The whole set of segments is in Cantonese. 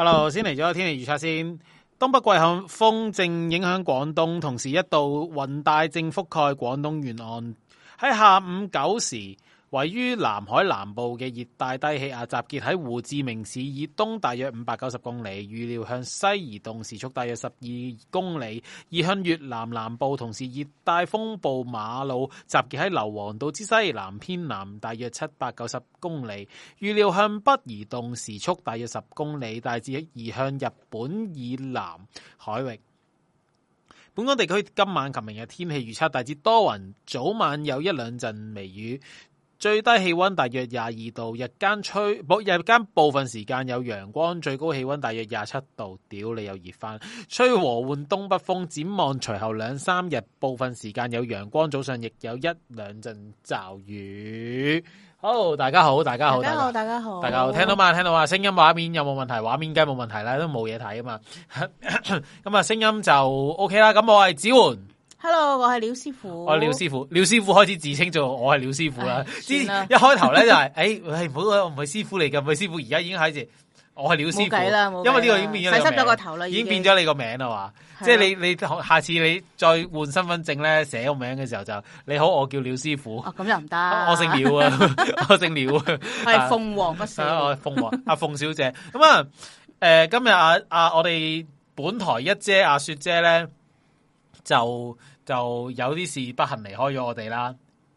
Hello，先嚟咗天氣預測先，東北季候風正影響廣東，同時一道雲帶正覆蓋廣東沿岸。喺下午九時。位於南海南部嘅熱帶低氣壓集結喺胡志明市以東大約五百九十公里，預料向西移動，時速大約十二公里，移向越南南部。同時，熱帶風暴馬路集結喺硫磺島之西南偏南大約七百九十公里，預料向北移動，時速大約十公里，大致移向日本以南海域。本港地區今晚及明日天氣預測大致多雲，早晚有一兩陣微雨。最低氣溫大約廿二度，日間吹日間部分時間有陽光，最高氣溫大約廿七度。屌你又熱翻，吹和緩東北風。展望隨後兩三日，部分時間有陽光，早上亦有一兩陣驟雨。好，大家好，大家好，大家好，大家好，大家好，聽到嘛？聽到嘛？聲音畫面有冇問題？畫面梗係冇問題啦，都冇嘢睇啊嘛。咁啊，聲 音就 OK 啦。咁我係子桓。hello，我係廖師傅。我係廖師傅，廖師傅開始自稱做我係廖師傅啦。之前一開頭咧就係，誒，唔好，我唔係師傅嚟㗎，唔係師傅，而家已經開始，我係廖師傅。冇計啦，因為呢個已經變咗你個名，洗濕咗個頭啦，已經變咗你個名啦嘛。即係你你下次你再換身份證咧，寫個名嘅時候就，你好，我叫廖師傅。哦，咁又唔得，我姓廖啊，我姓廖啊，係鳳凰乜啊，我係鳳凰阿鳳小姐。咁啊，誒，今日啊啊，我哋本台一姐阿雪姐咧，就就有啲事不幸離開咗我哋啦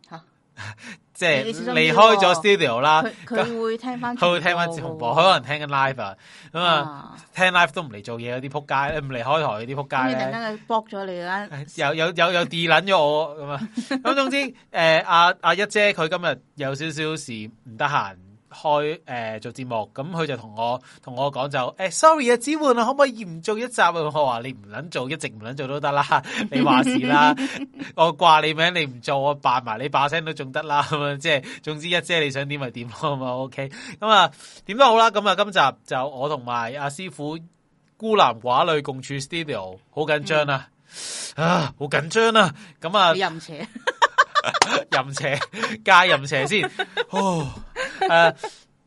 哈， 即係離開咗 studio 啦，佢就會聽翻佢會聽翻節目，佢、啊、可能聽緊 live 啊，咁、嗯、啊聽 live 都唔嚟做嘢，有啲撲街，唔嚟開台，有啲撲街等佢卜咗你啦，有有有有地撚咗我咁啊，咁總之誒阿阿一姐佢今日有少少事唔得閒。開誒、呃、做節目，咁佢就同我同我講就誒、欸、sorry 啊，子桓啊，可唔可以唔做一集啊？我話你唔捻做，一直唔捻做都得啦，你話事啦。 我掛你名，你唔做我扮埋你把聲都仲得啦。咁樣即係，總之一姐你想點咪點咯，係咪 OK？咁啊，點都好啦。咁啊，今集就我同埋阿師傅孤男寡女共處 studio，好緊張啊，嗯、啊，好緊張啊。咁啊，任淫 邪，戒淫邪先、 uh,。哦，誒，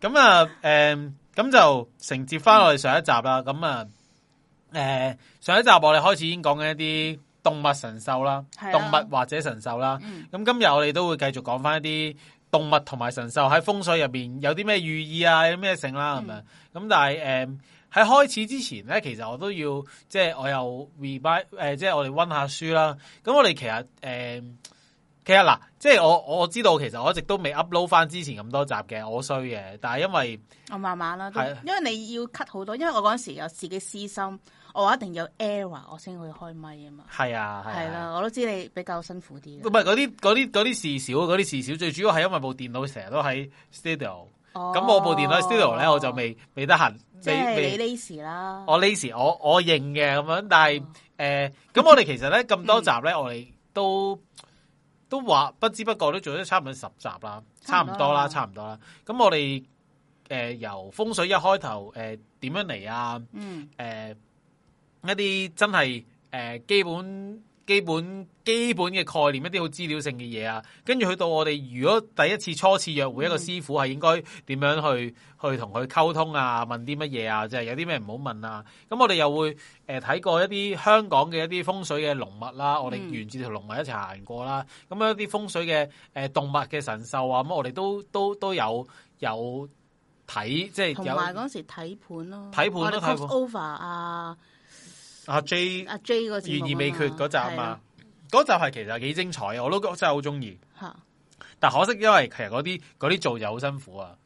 咁啊，誒，咁就承接翻我哋上一集啦。咁啊，誒，上一集我哋開始已經講緊一啲動物神獸啦，是啊、動物或者神獸啦。咁、嗯 uh, 今日我哋都會繼續講翻一啲動物同埋神獸喺風水入邊有啲咩寓意啊，有咩性啦咁樣。咁、嗯 uh, 但係誒喺開始之前咧，其實我都要即係、就是、我又 rebuy，誒，即係、uh, 我哋溫下書啦。咁我哋其實誒。Uh, 其實嗱，即係我我知道，其實我一直都未 upload 翻之前咁多集嘅，我衰嘅。但係因為我慢慢啦，係是因為你要 cut 好多，因為我嗰陣時有自己私心，我話一定有 error，我先去開咪啊嘛。係啊，係啦、啊啊，我都知你比較辛苦啲。唔係嗰啲嗰啲嗰啲事少，嗰啲事少，最主要係因為部電腦成日都喺 studio，咁、oh, 我部電腦 studio 咧，我就未未得閒，即係你呢時啦。我呢時我我認嘅咁樣，但係誒，咁、oh. 呃、我哋其實咧咁多集咧，嗯、我哋都。都話不知不覺都做咗差唔多十集啦，差唔多啦，差唔多啦。咁我哋誒由風水一開頭誒點樣嚟啊？嗯，誒、呃、一啲真係誒、呃、基本。基本基本嘅概念，一啲好資料性嘅嘢啊，跟住去到我哋，如果第一次初次約會，一個師傅係應該點樣去去同佢溝通啊？問啲乜嘢啊？即係有啲咩唔好問啊？咁我哋又會呃、睇過一啲香港嘅一啲風水嘅龍脈啦，我哋沿住條龍脈一齊行過啦。咁、嗯嗯、一啲風水嘅誒、呃、動物嘅神獸啊，咁我哋都都都有有睇，即係同埋嗰陣時睇盤咯，睇盤都睇 over 啊。阿 J 阿 J 懸疑未決嗰集啊，嗰的集係其實幾精彩，我都真係好中意。吓的，但可惜因為其實嗰啲嗰啲做就好辛苦啊。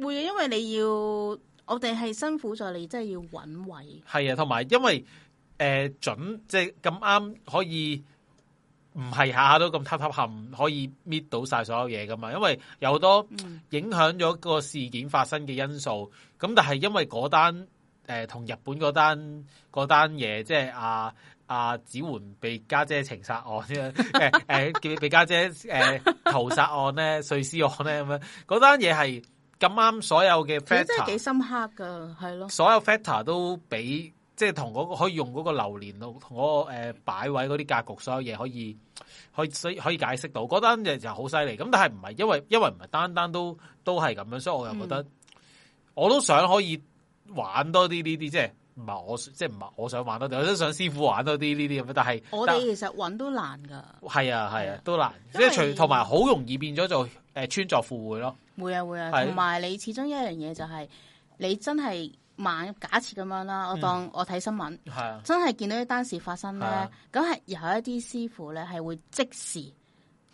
會因為你要我哋係辛苦在你，真係要揾位。係啊，同埋因為誒、呃、准即係咁啱可以，唔係下下都咁塌塌陷，可以搣到晒所有嘢㗎嘛？因為有好多影響咗個事件發生嘅因素。咁、嗯、但係因為嗰單。誒，同日本嗰單嗰單嘢，即係阿阿子桓被家姐情殺案，誒誒， 叫俾家姐誒謀殺案咧、碎屍案咧咁樣，嗰單嘢係咁啱所有嘅。即係幾深刻噶，係咯。所有 factor 都俾，即係同嗰可以用嗰個流年同嗰誒擺位嗰啲格局，所有嘢可以可以所以可以解釋到，嗰單嘢就好犀利。咁但係唔係，因為因為唔係單單都都係咁樣，所以我又覺得，嗯、我都想可以。玩多啲呢啲，即係唔係我即係唔係我想玩多啲，我都想師傅玩多啲呢啲咁樣。但係我哋其實搵都難噶，係啊係啊，啊啊都難。為即係除同埋好容易變咗做誒，穿鑿附會咯、啊。會啊會啊，同埋你始終一樣嘢就係、是，你真係玩假設咁樣啦。嗯、我當我睇新聞，係啊，真係見到啲單事發生咧，咁係、啊、有一啲師傅咧係會即時。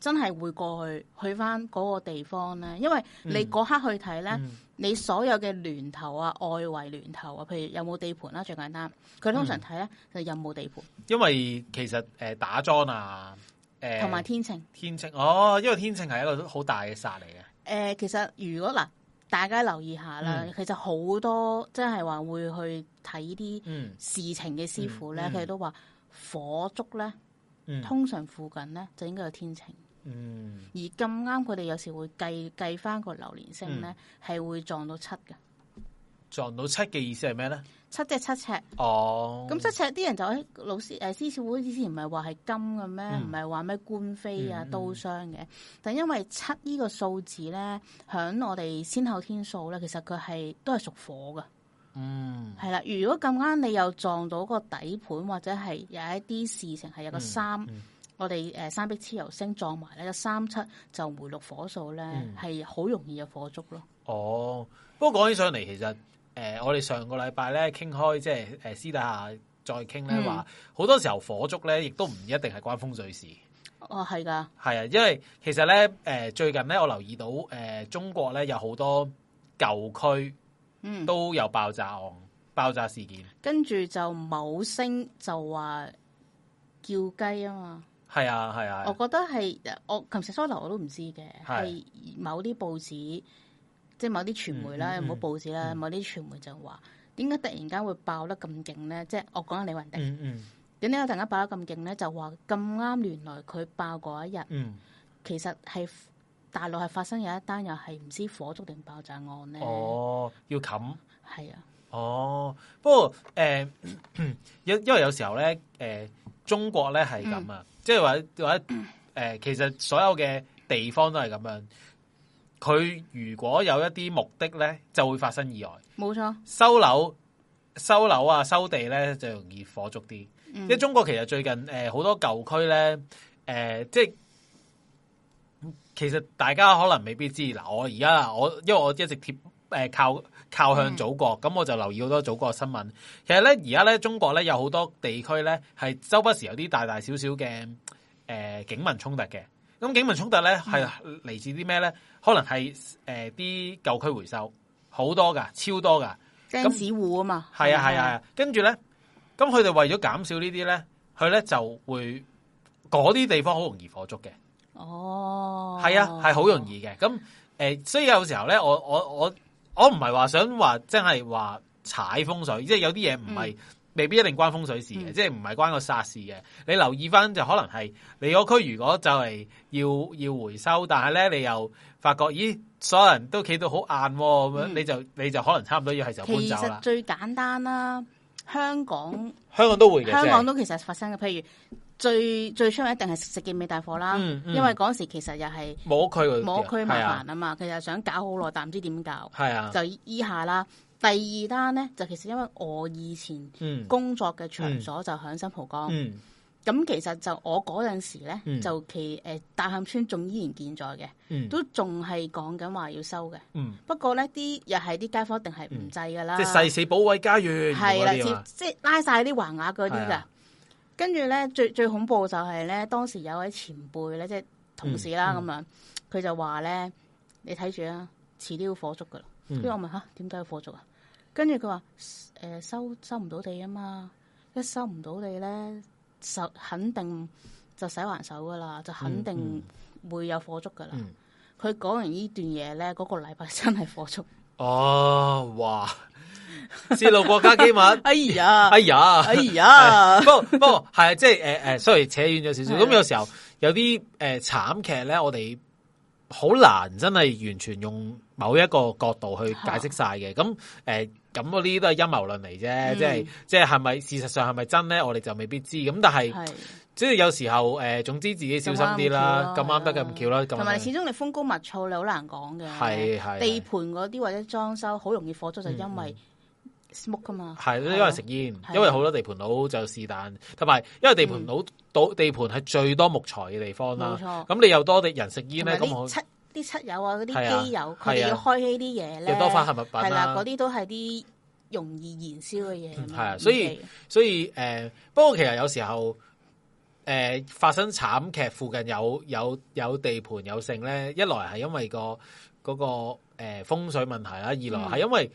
真係會過去去翻嗰個地方咧，因為你嗰刻去睇咧，嗯嗯、你所有嘅巒頭啊、外圍巒頭啊，譬如有冇地盤啦，最簡單，佢通常睇咧、嗯、就有冇地盤。因為其實誒、呃、打樁啊，誒同埋天秤天秤哦，因為天秤係一個好大嘅煞嚟嘅。誒、呃，其實如果嗱，大家留意一下啦，嗯、其實好多即係話會去睇啲事情嘅師傅咧，佢哋、嗯嗯嗯、都話火燭咧，嗯、通常附近咧就應該有天秤。嗯，而咁啱佢哋有時會計計翻個流年星咧，係、嗯、會撞到七嘅，撞到七嘅意思係咩咧？七即七赤哦，咁七赤啲人就喺、哎、老師誒，師、啊、少、嗯、官之前唔係話係金嘅咩？唔係話咩官非啊刀傷嘅，但因為七個數呢個數字咧，響我哋先後天數咧，其實佢係都係屬火㗎。嗯，係啦，如果咁啱你又撞到個底盤，或者係有一啲事情係有個三。嗯嗯我哋誒，三碧蚩尤星撞埋咧，三、那、七、個、就梅六火數咧，係好、嗯、容易有火燭咯。哦，不過講起上嚟，其實誒、呃，我哋上個禮拜咧，傾開即係誒、呃、私底下再傾咧，話好、嗯、多時候火燭咧，亦都唔一定係關風水事。哦，係噶，係啊，因為其實咧，誒、呃、最近咧，我留意到誒、呃、中國咧有好多舊區，都有爆炸案，嗯、爆炸事件。跟住就冇聲就話叫雞啊嘛～係啊，係啊。我覺得係，我其實 s 留我都唔知嘅，係某啲報紙，即係某啲傳媒啦，嗯嗯、某些報紙啦，嗯嗯、某啲傳媒就話，點解突然間會爆得咁勁咧？即係我講下李雲迪。嗯，點解突然間爆得咁勁咧？就話咁啱原來佢爆嗰一日，嗯，嗯，其實係大陸係發生有一單又係唔知火燭定爆炸案咧。哦，要冚。係啊。哦，不過誒，因、呃、因為有時候咧，誒、呃，中國咧係咁啊。即係話或者誒、呃，其實所有嘅地方都係咁樣。佢如果有一啲目的咧，就會發生意外。冇錯，收樓收樓啊，收地咧就容易火燭啲。嗯、因為中國其實最近誒呃、好多舊區咧，誒、呃、即係其實大家可能未必知。嗱，我而家我因為我一直貼誒、呃、靠。靠向祖國，咁我就留意好多祖國嘅新聞。其實咧，而家咧，中國咧有好多地區咧，係周不時有啲大大小小嘅誒、呃、警民衝突嘅。咁警民衝突咧係嚟自啲咩咧？嗯、可能係誒啲舊區回收，好多噶，超多噶。釘子戶啊嘛。係啊係啊，啊跟住咧，咁佢哋為咗減少呢啲咧，佢咧就會嗰啲地方好容易火燭嘅。哦，係啊，係好容易嘅。咁誒、呃，所以有時候咧，我我我。我我唔係話想話真係話踩風水，即係有啲嘢唔係未必一定關風水事嘅，嗯、即係唔係關個煞事嘅。你留意翻就可能係你嗰區如果就係要要回收，但係咧你又發覺，咦，所有人都企到好硬咁樣，嗯、你就你就可能差唔多要係就搬走啦。其實最簡單啦，香港香港都會嘅，香港都其實發生嘅，譬如。最最出名一定係食食健美大貨啦，因為嗰時其實又係摸區摸區麻煩啊嘛，佢又想搞好耐，但唔知點搞。係啊，就以下啦。第二單咧，就其實因為我以前工作嘅場所就響新蒲崗，咁其實就我嗰陣時咧，就其誒大磡村仲依然健在嘅，都仲係講緊話要收嘅。不過咧啲又係啲街坊一定係唔制噶啦，即係誓死保衞家園，係啦，即係拉晒啲橫額嗰啲嘅。跟住咧，最最恐怖的就係咧，當時有位前輩咧，即係同事啦咁樣，佢就話咧，你睇住啊，遲啲要火燭噶啦。跟住我問下，點解要火燭啊？跟住佢話，誒、呃，收收唔到地啊嘛，一收唔到地咧，就肯定就使還手噶啦，就肯定會有火燭噶啦。佢講、嗯嗯、完段呢段嘢咧，嗰、那個禮拜真係火燭。哦、啊，哇！洩露國家機密，哎呀，哎呀，哎呀，不不係，即係誒誒，sorry 扯遠咗少少。咁有時候有啲誒，慘劇咧，我哋好難真係完全用某一個角度去解釋晒嘅。咁誒咁嗰啲都係陰謀論嚟啫，即係即係係咪事實上係咪真咧？我哋就未必知。咁但係即係有時候誒，總之自己小心啲啦。咁啱得咁巧啦，同埋始終你風高物燥，你好難講嘅。係係地盤嗰啲或者裝修好容易火燭，就因為。smoke 噶嘛，係因為食煙，因為好多地盤佬就是但，同埋因為地盤佬，地盤係最多木材嘅地方啦。咁你又多啲人食煙咧，冇錯。啲漆，啲漆油啊嗰啲機油，佢哋要開呢啲嘢咧，多化學物品。係啦，嗰啲都係啲容易燃燒嘅嘢。係啊，所以所以誒，不過其實有時候誒發生慘劇，附近有有有地盤有剩咧，一來係因為個嗰個誒風水問題啦，二來係因為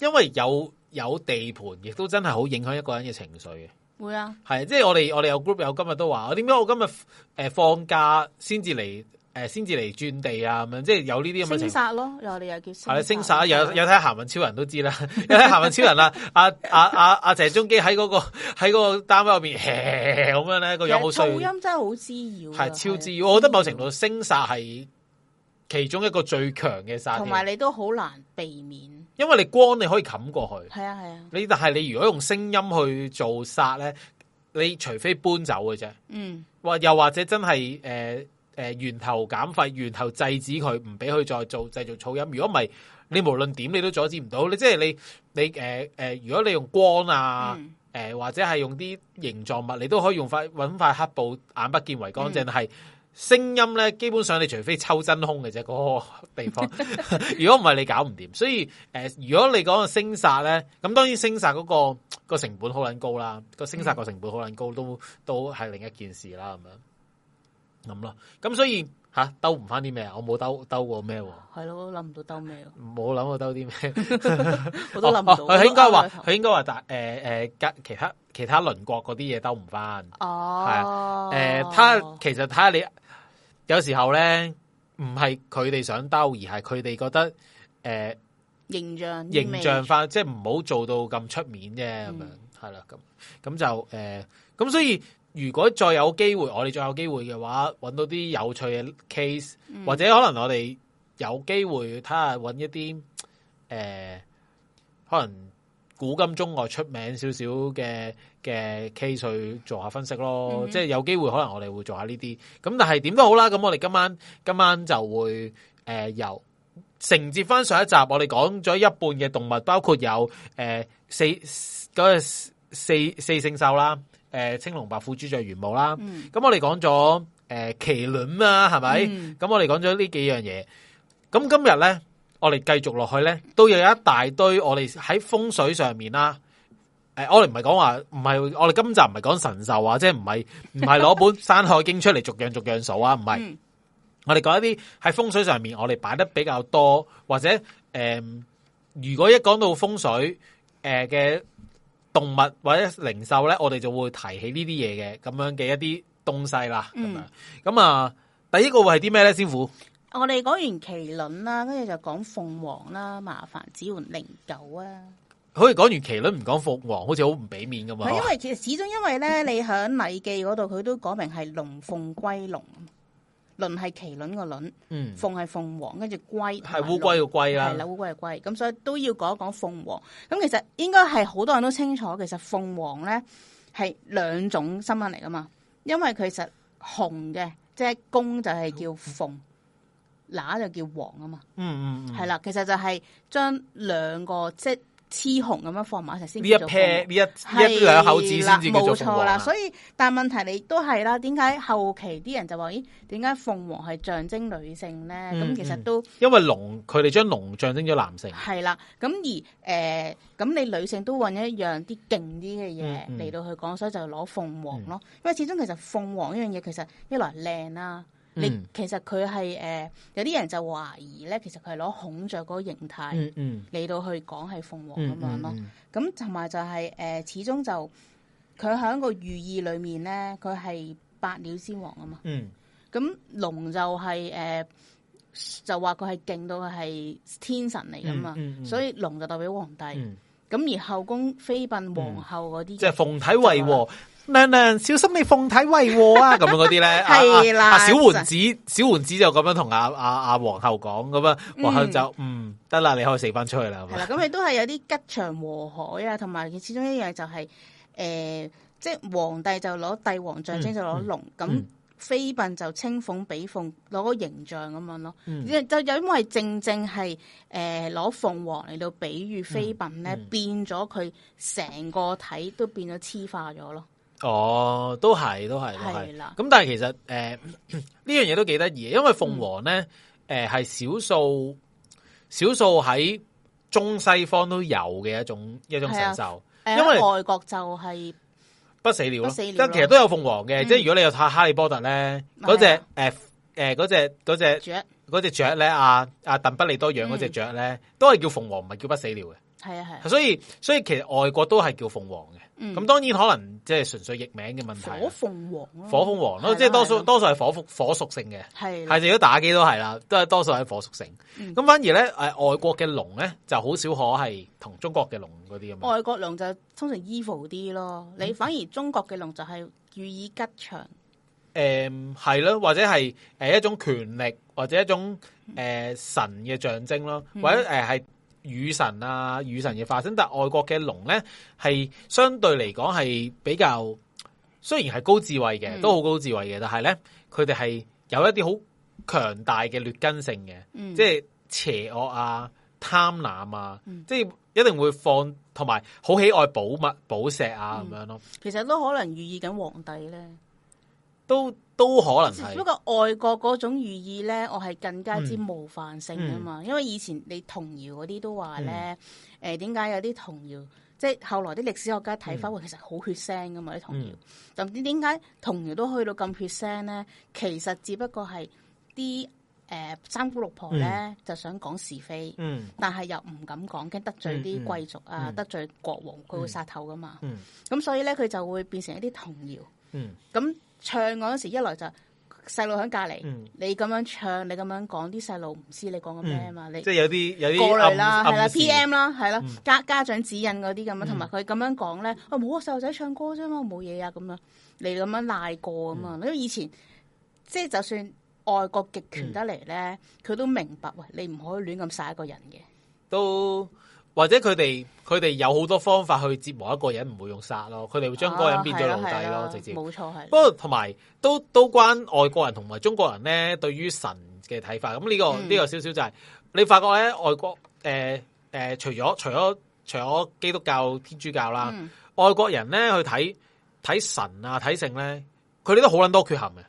因為有有地盤，亦都真係好影響一個人嘅情緒嘅。會啊，係即係我哋我哋有 group 有今日都話，我點解我今日誒放假先至嚟誒先至嚟轉地啊咁樣，即係有呢啲咁嘅，聲煞咯，我哋又叫係啦，聲煞。有睇下咸文超人都知啦， 有睇下咸文超人啦，阿阿阿阿謝宗基喺嗰、嗰個喺個單位入邊，咁 樣咧個樣好衰，噪音真係好滋擾，係超滋擾。的我覺得某程度聲煞係其中一個最強嘅殺，同埋你都好難避免。因為你光你可以冚過去，係啊係啊。是啊你但係你如果用聲音去做殺咧，你除非搬走嘅啫。嗯，或又或者真係誒誒源頭減費、源頭制止佢，唔俾佢再做製造噪音。如果唔係，你無論點你都阻止唔到。你即係你你誒誒、呃呃，如果你用光啊，誒、嗯呃、或者係用啲形狀物，你都可以用塊揾塊黑布，眼不見為乾淨係。嗯聲音咧，基本上你除非抽真空嘅啫，嗰個地方，如果唔係你搞唔掂。所以如果你講個聲殺咧，咁當然聲殺嗰個個成本好撚高啦，個聲殺個成本好撚高，都都係另一件事啦咁樣。咁咯，咁所以嚇兜唔翻啲咩？我冇兜兜過咩喎？係咯，諗唔到兜咩？冇諗過兜啲咩？我都諗唔到。佢、 哦哦、應該話，佢應該話、呃、其他其他其他鄰國嗰啲嘢兜唔翻。哦、啊，係啊、呃他，其實睇下你。有時候咧，唔係佢哋想兜，而係佢哋覺得，誒、呃、形象、形象化，象即係唔好做到咁出面啫，咁樣係啦，咁咁就誒，咁、呃、所以如果再有機會，我哋再有機會嘅話，揾到啲有趣嘅 case，嗯、或者可能我哋有機會睇下揾一啲誒、呃，可能古今中外出名少少嘅嘅 case 去做下分析咯，即係有機會可能我哋會做下呢啲，咁但係點都好啦，咁我哋今晚今晚就會誒由承接翻上一集，我哋講咗一半嘅動物，包括有誒四嗰個四四聖獸啦，誒青龍白虎朱雀玄武啦，咁我哋講咗誒麒麟啦，係咪？咁我哋講咗呢幾樣嘢，咁今日咧我哋繼續落去咧，都有一大堆我哋喺風水上面啦。誒，我哋唔係講話，唔係我哋今集唔係講神獸啊，即係唔係唔係攞本《山海經》出嚟逐樣逐樣數啊，唔係， 我哋講一啲喺風水上面我哋擺得比較多，或者誒、呃，如果一講到風水誒嘅、呃、動物或者靈獸咧，我哋就會提起呢啲嘢嘅咁樣嘅一啲東西啦。咁樣咁啊， 第一個會係啲咩咧？師傅，我哋講完麒麟啦，跟住就講鳳凰啦，麻煩子桓零九啊。好似講完麒麟唔講鳳凰，好似好唔俾面噶嘛？因為其實始終因為咧，你喺禮記嗰度佢都講明係龍鳳龜龍，麟係麒麟個麟，鳳係鳳凰，跟住龜係烏龜個龜啊，係啦，烏龜係龜，咁所以都要講一講鳳凰。咁其實應該係好多人都清楚，其實鳳凰咧係兩種身份嚟噶嘛。因為其實雄嘅即係公就係叫鳳，乸就叫凰啊嘛。嗯，嗯嗯，係啦，其實就係將兩個即。雌雄咁樣放埋一齊先，呢一 pair 呢一的一兩口子先至叫做鳳凰。所以，但問題你都係啦，點解後期啲人就話，咦？點解鳳凰係象徵女性咧？咁、嗯、其實都因為龍，佢哋將龍象徵咗男性。係啦，咁、嗯、而誒，咁、呃、你女性都揾一樣啲勁啲嘅嘢嚟到去講，所以就攞鳳凰咯。嗯、因為始終其實鳳凰呢樣嘢，其實一來靚啦、啊。.你其實佢係誒有啲人就懷疑咧，其實佢係攞孔雀嗰個形態嚟到去講係鳳凰咁樣咯。咁同埋就係誒，始終就佢喺個寓意裏面咧，佢係百鳥先王啊嘛。嗯，咁龍、hm 嗯嗯 in ja 嗯嗯嗯、就係誒就話佢係勁到佢係天神嚟噶嘛，所以龍就代表皇帝。咁而後宮妃嬪皇后嗰啲，即係鳳體為和。娘娘小心你鳳體違和啊！咁樣嗰啲咧，係啦 的、啊，小燕子小燕子就咁樣同阿阿阿皇后講咁啊，皇后就嗯得啦，嗯，你可以死翻出去啦。係啦，咁佢、嗯、都係有啲吉祥和藹啊，同埋其始終一樣就係、是、誒、呃，即係皇帝就攞帝王象徵就攞龍，咁妃嬪就清鳳比鳳攞個形象咁樣咯。嗯、就因為正正係誒攞鳳凰嚟到比喻妃嬪咧，嗯嗯、變咗佢成個體都變咗雌化咗咯。哦，都係，都係，都係。咁但係其實誒呢樣嘢都幾得意嘅，因為鳳凰咧誒係少數少數喺中西方都有嘅一種一種神獸。因為外國就係不死鳥咯，但其實都有鳳凰嘅。即係如果你有睇哈利波特咧，隻誒誒隻隻嗰隻雀咧，阿阿鄧不利多養嗰隻雀咧，都係叫鳳凰，唔係叫不死鳥嘅。係啊係。所以所以其實外國都係叫鳳凰嘅。咁當然可能即係純粹譯名嘅問題。火鳳凰，火鳳凰咯，即係多數多數係火火屬性嘅，係係如果打機都係啦，都係多數係火屬性。咁反而咧，外國嘅龍咧就好少可係同中國嘅龍嗰啲咁外國龍就通常 evil 啲咯，你反而中國嘅龍就係寓意吉祥。誒，係咯，或者係一種權力，或者一種誒神嘅象徵咯，或者係。雨神啊，雨神嘅化身，但係外國嘅龍咧，係相對嚟講係比較，雖然係高智慧嘅，嗯、都好高智慧嘅，但係咧，佢哋係有一啲好強大嘅劣根性嘅，嗯、即係邪惡啊、貪婪啊，嗯、即係一定會放，同埋好喜愛寶物、寶石啊咁、嗯、樣咯。其實都可能寓意緊皇帝咧。都都可能，只不過外國嗰種寓意咧，我係更加之模仿性啊嘛。因為以前你童謠嗰啲都話咧，誒，點解有啲童謠？即係後來啲歷史學家睇返，其實好血腥噶嘛啲童謠。咁點點解童謠都去到咁血腥咧？其實只不過係啲誒三姑六婆咧，就想講是非，但係又唔敢講，驚得罪啲貴族啊，得罪國王，佢會殺頭噶嘛。咁所以咧，佢就會變成一啲童謠。咁唱嗰陣時，一來就細路喺隔籬，你咁樣唱，你咁樣講，啲細路唔知你講緊咩啊嘛，你即係有啲有啲過濾啦，係啦 P M 啦，係啦家家長指引嗰啲咁啊，同埋佢咁樣講咧，我冇啊，細路仔唱歌啫嘛，冇嘢啊，咁樣你咁樣賴過啊嘛，因為以前即係就算外國極權得嚟咧，佢都明白喂，你唔可以亂咁殺一個人嘅，都。或者佢哋佢哋有好多方法去折磨一個人，唔會用殺咯，佢哋會將個個人變做奴隸咯，啊啊啊、直接。冇錯係。啊、不過同埋都都關外國人同埋中國人咧對於神嘅睇法，咁、這、呢個呢、嗯、個少少就係、是、你發覺咧外國誒誒、呃、除咗除咗除咗基督教天主教啦，嗯、外國人咧去睇睇神啊睇聖咧，佢哋、啊、都好捻多缺陷嘅，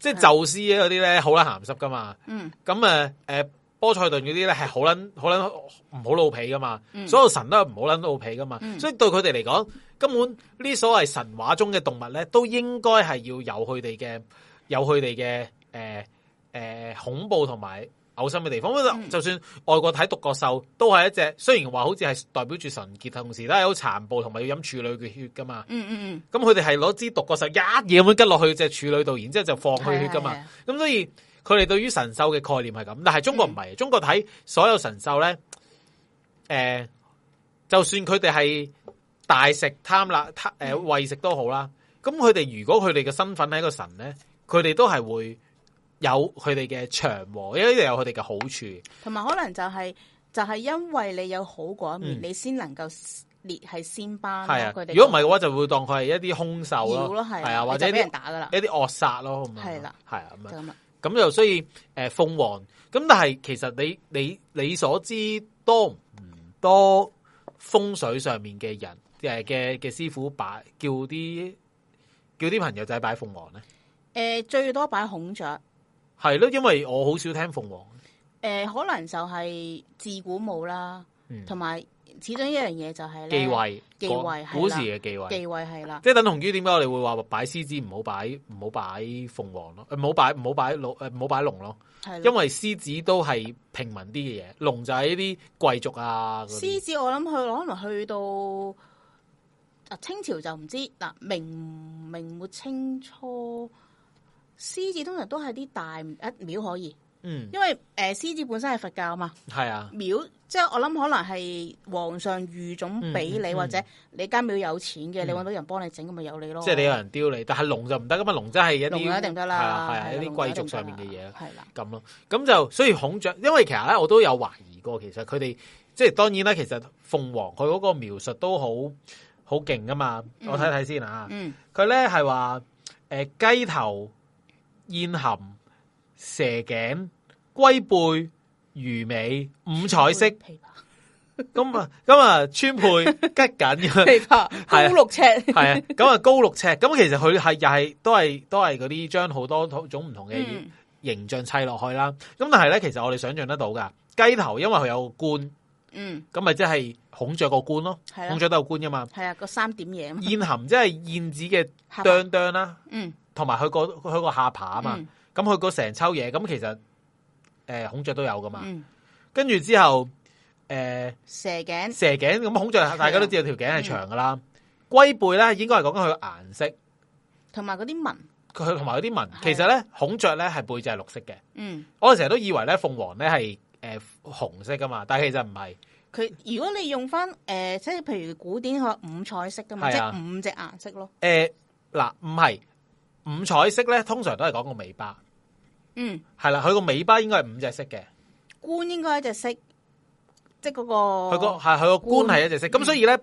即係宙斯嗰啲咧好撚鹹濕噶嘛。嗯。咁誒、嗯。波塞頓嗰啲咧係好撚好撚唔好露皮噶嘛，嗯、所有神都係唔好撚露皮噶嘛，嗯、所以對佢哋嚟講，根本呢所謂神話中嘅動物咧，都應該係要有佢哋嘅有佢哋嘅誒誒恐怖同埋噁心嘅地方。嗯、就算外國睇獨角獸，都係一隻雖然話好似係代表住純潔，同時都係好殘暴同埋要飲處女嘅血噶嘛。嗯嗯嗯。咁佢哋係攞支獨角獸一嘢咁樣拮落去隻處女度，然之後就放佢血噶嘛。咁所以。佢哋對於神獸嘅概念係咁，但係中國唔係，嗯、中國睇所有神獸咧，誒、呃，就算佢哋係大食貪啦，貪誒喂食都好啦，咁佢哋如果佢哋嘅身份係一個神咧，佢哋都係會有佢哋嘅祥和，因為有佢哋嘅好處，同埋可能就係、是、就係、是、因為你有好嗰一面，嗯、你才能夠在先能夠列係仙班。係啊，如果唔係嘅話，就會當佢係一啲凶獸咯，係啊，或者俾人打噶啦，一啲惡殺咯，好唔好？係啦，係啊，咁啊。咁就所以，誒、呃、鳳凰。咁但係其實你你你所知多唔多風水上面嘅人，嘅、呃、嘅師傅擺叫啲叫啲朋友仔擺鳳凰咧、呃？最多擺孔雀，係咯，因為我好少聽鳳凰。呃、可能就係自古冇啦，同埋、嗯。始終一樣嘢，就係咧，忌諱慧，忌諱，古時嘅忌諱，的忌諱，係啦，即係等同於點解我哋會話擺獅子唔好擺，唔好擺鳳凰咯，誒，唔好擺唔好擺龍，誒的，唔好擺龍咯，係，因為獅子都係平民啲嘅嘢，龍就係呢啲貴族啊。獅子我諗去可能去到啊清朝就唔知，嗱，明明末清初，獅子通常都係啲大一廟、啊、可以，嗯，因為誒獅、呃、子本身係佛教啊嘛，係啊的，廟。即係我諗，可能係皇上御種俾你，嗯嗯、或者你間廟有錢嘅，嗯、你搵到人幫你整，咁咪、嗯、有你咯。即係你有人雕你，但係龍就唔得，㗎嘛。龍真係一啲，一定得啦，係啊，係啊，啊一啲貴族上面嘅嘢，係啦，咁咯、啊。咁就所以孔雀，因為其實咧，我都有懷疑過，其實佢哋即係當然啦，其實鳳凰佢嗰個描述都好好勁噶嘛。嗯、我睇睇先啊，佢咧係話誒雞頭、燕頷、蛇頸、龜背。魚尾五彩色，咁啊咁啊，川配吉緊，係啊，高六尺，係啊，咁啊高六尺，咁其實佢係又係都係都係嗰啲將好多種唔同嘅形象砌落去啦。咁但係咧，其實我哋想象得到噶，雞頭因為佢有個冠，嗯，咁咪即係孔雀個冠咯，孔雀都有冠噶嘛，係啊，個三點嘢嘛，燕含即係燕子嘅啄啄啦，嗯，同埋佢個佢個下巴啊嘛，咁佢成抽嘢，咁其實。誒，孔雀都有噶嘛、嗯？跟住之後，誒、呃，蛇頸頸蛇頸咁孔雀，大家都知道條頸係長噶啦、嗯。龜背咧，應該係講緊佢顏色同埋嗰啲紋。佢同埋嗰啲紋，的其實咧孔雀咧係背脊係綠色嘅。嗯，我哋成日都以為咧鳳凰咧係誒紅色噶嘛，但係其實唔係。佢如果你用翻誒即係譬如古典去五彩色噶嘛，即係的五隻顏色咯。誒、呃，嗱唔係五彩色咧，通常都係講個尾巴。嗯，係啦，佢個尾巴應該係五隻色嘅，冠應該係一隻色，即係嗰個佢個係佢個冠係一隻色，咁、嗯、所以咧，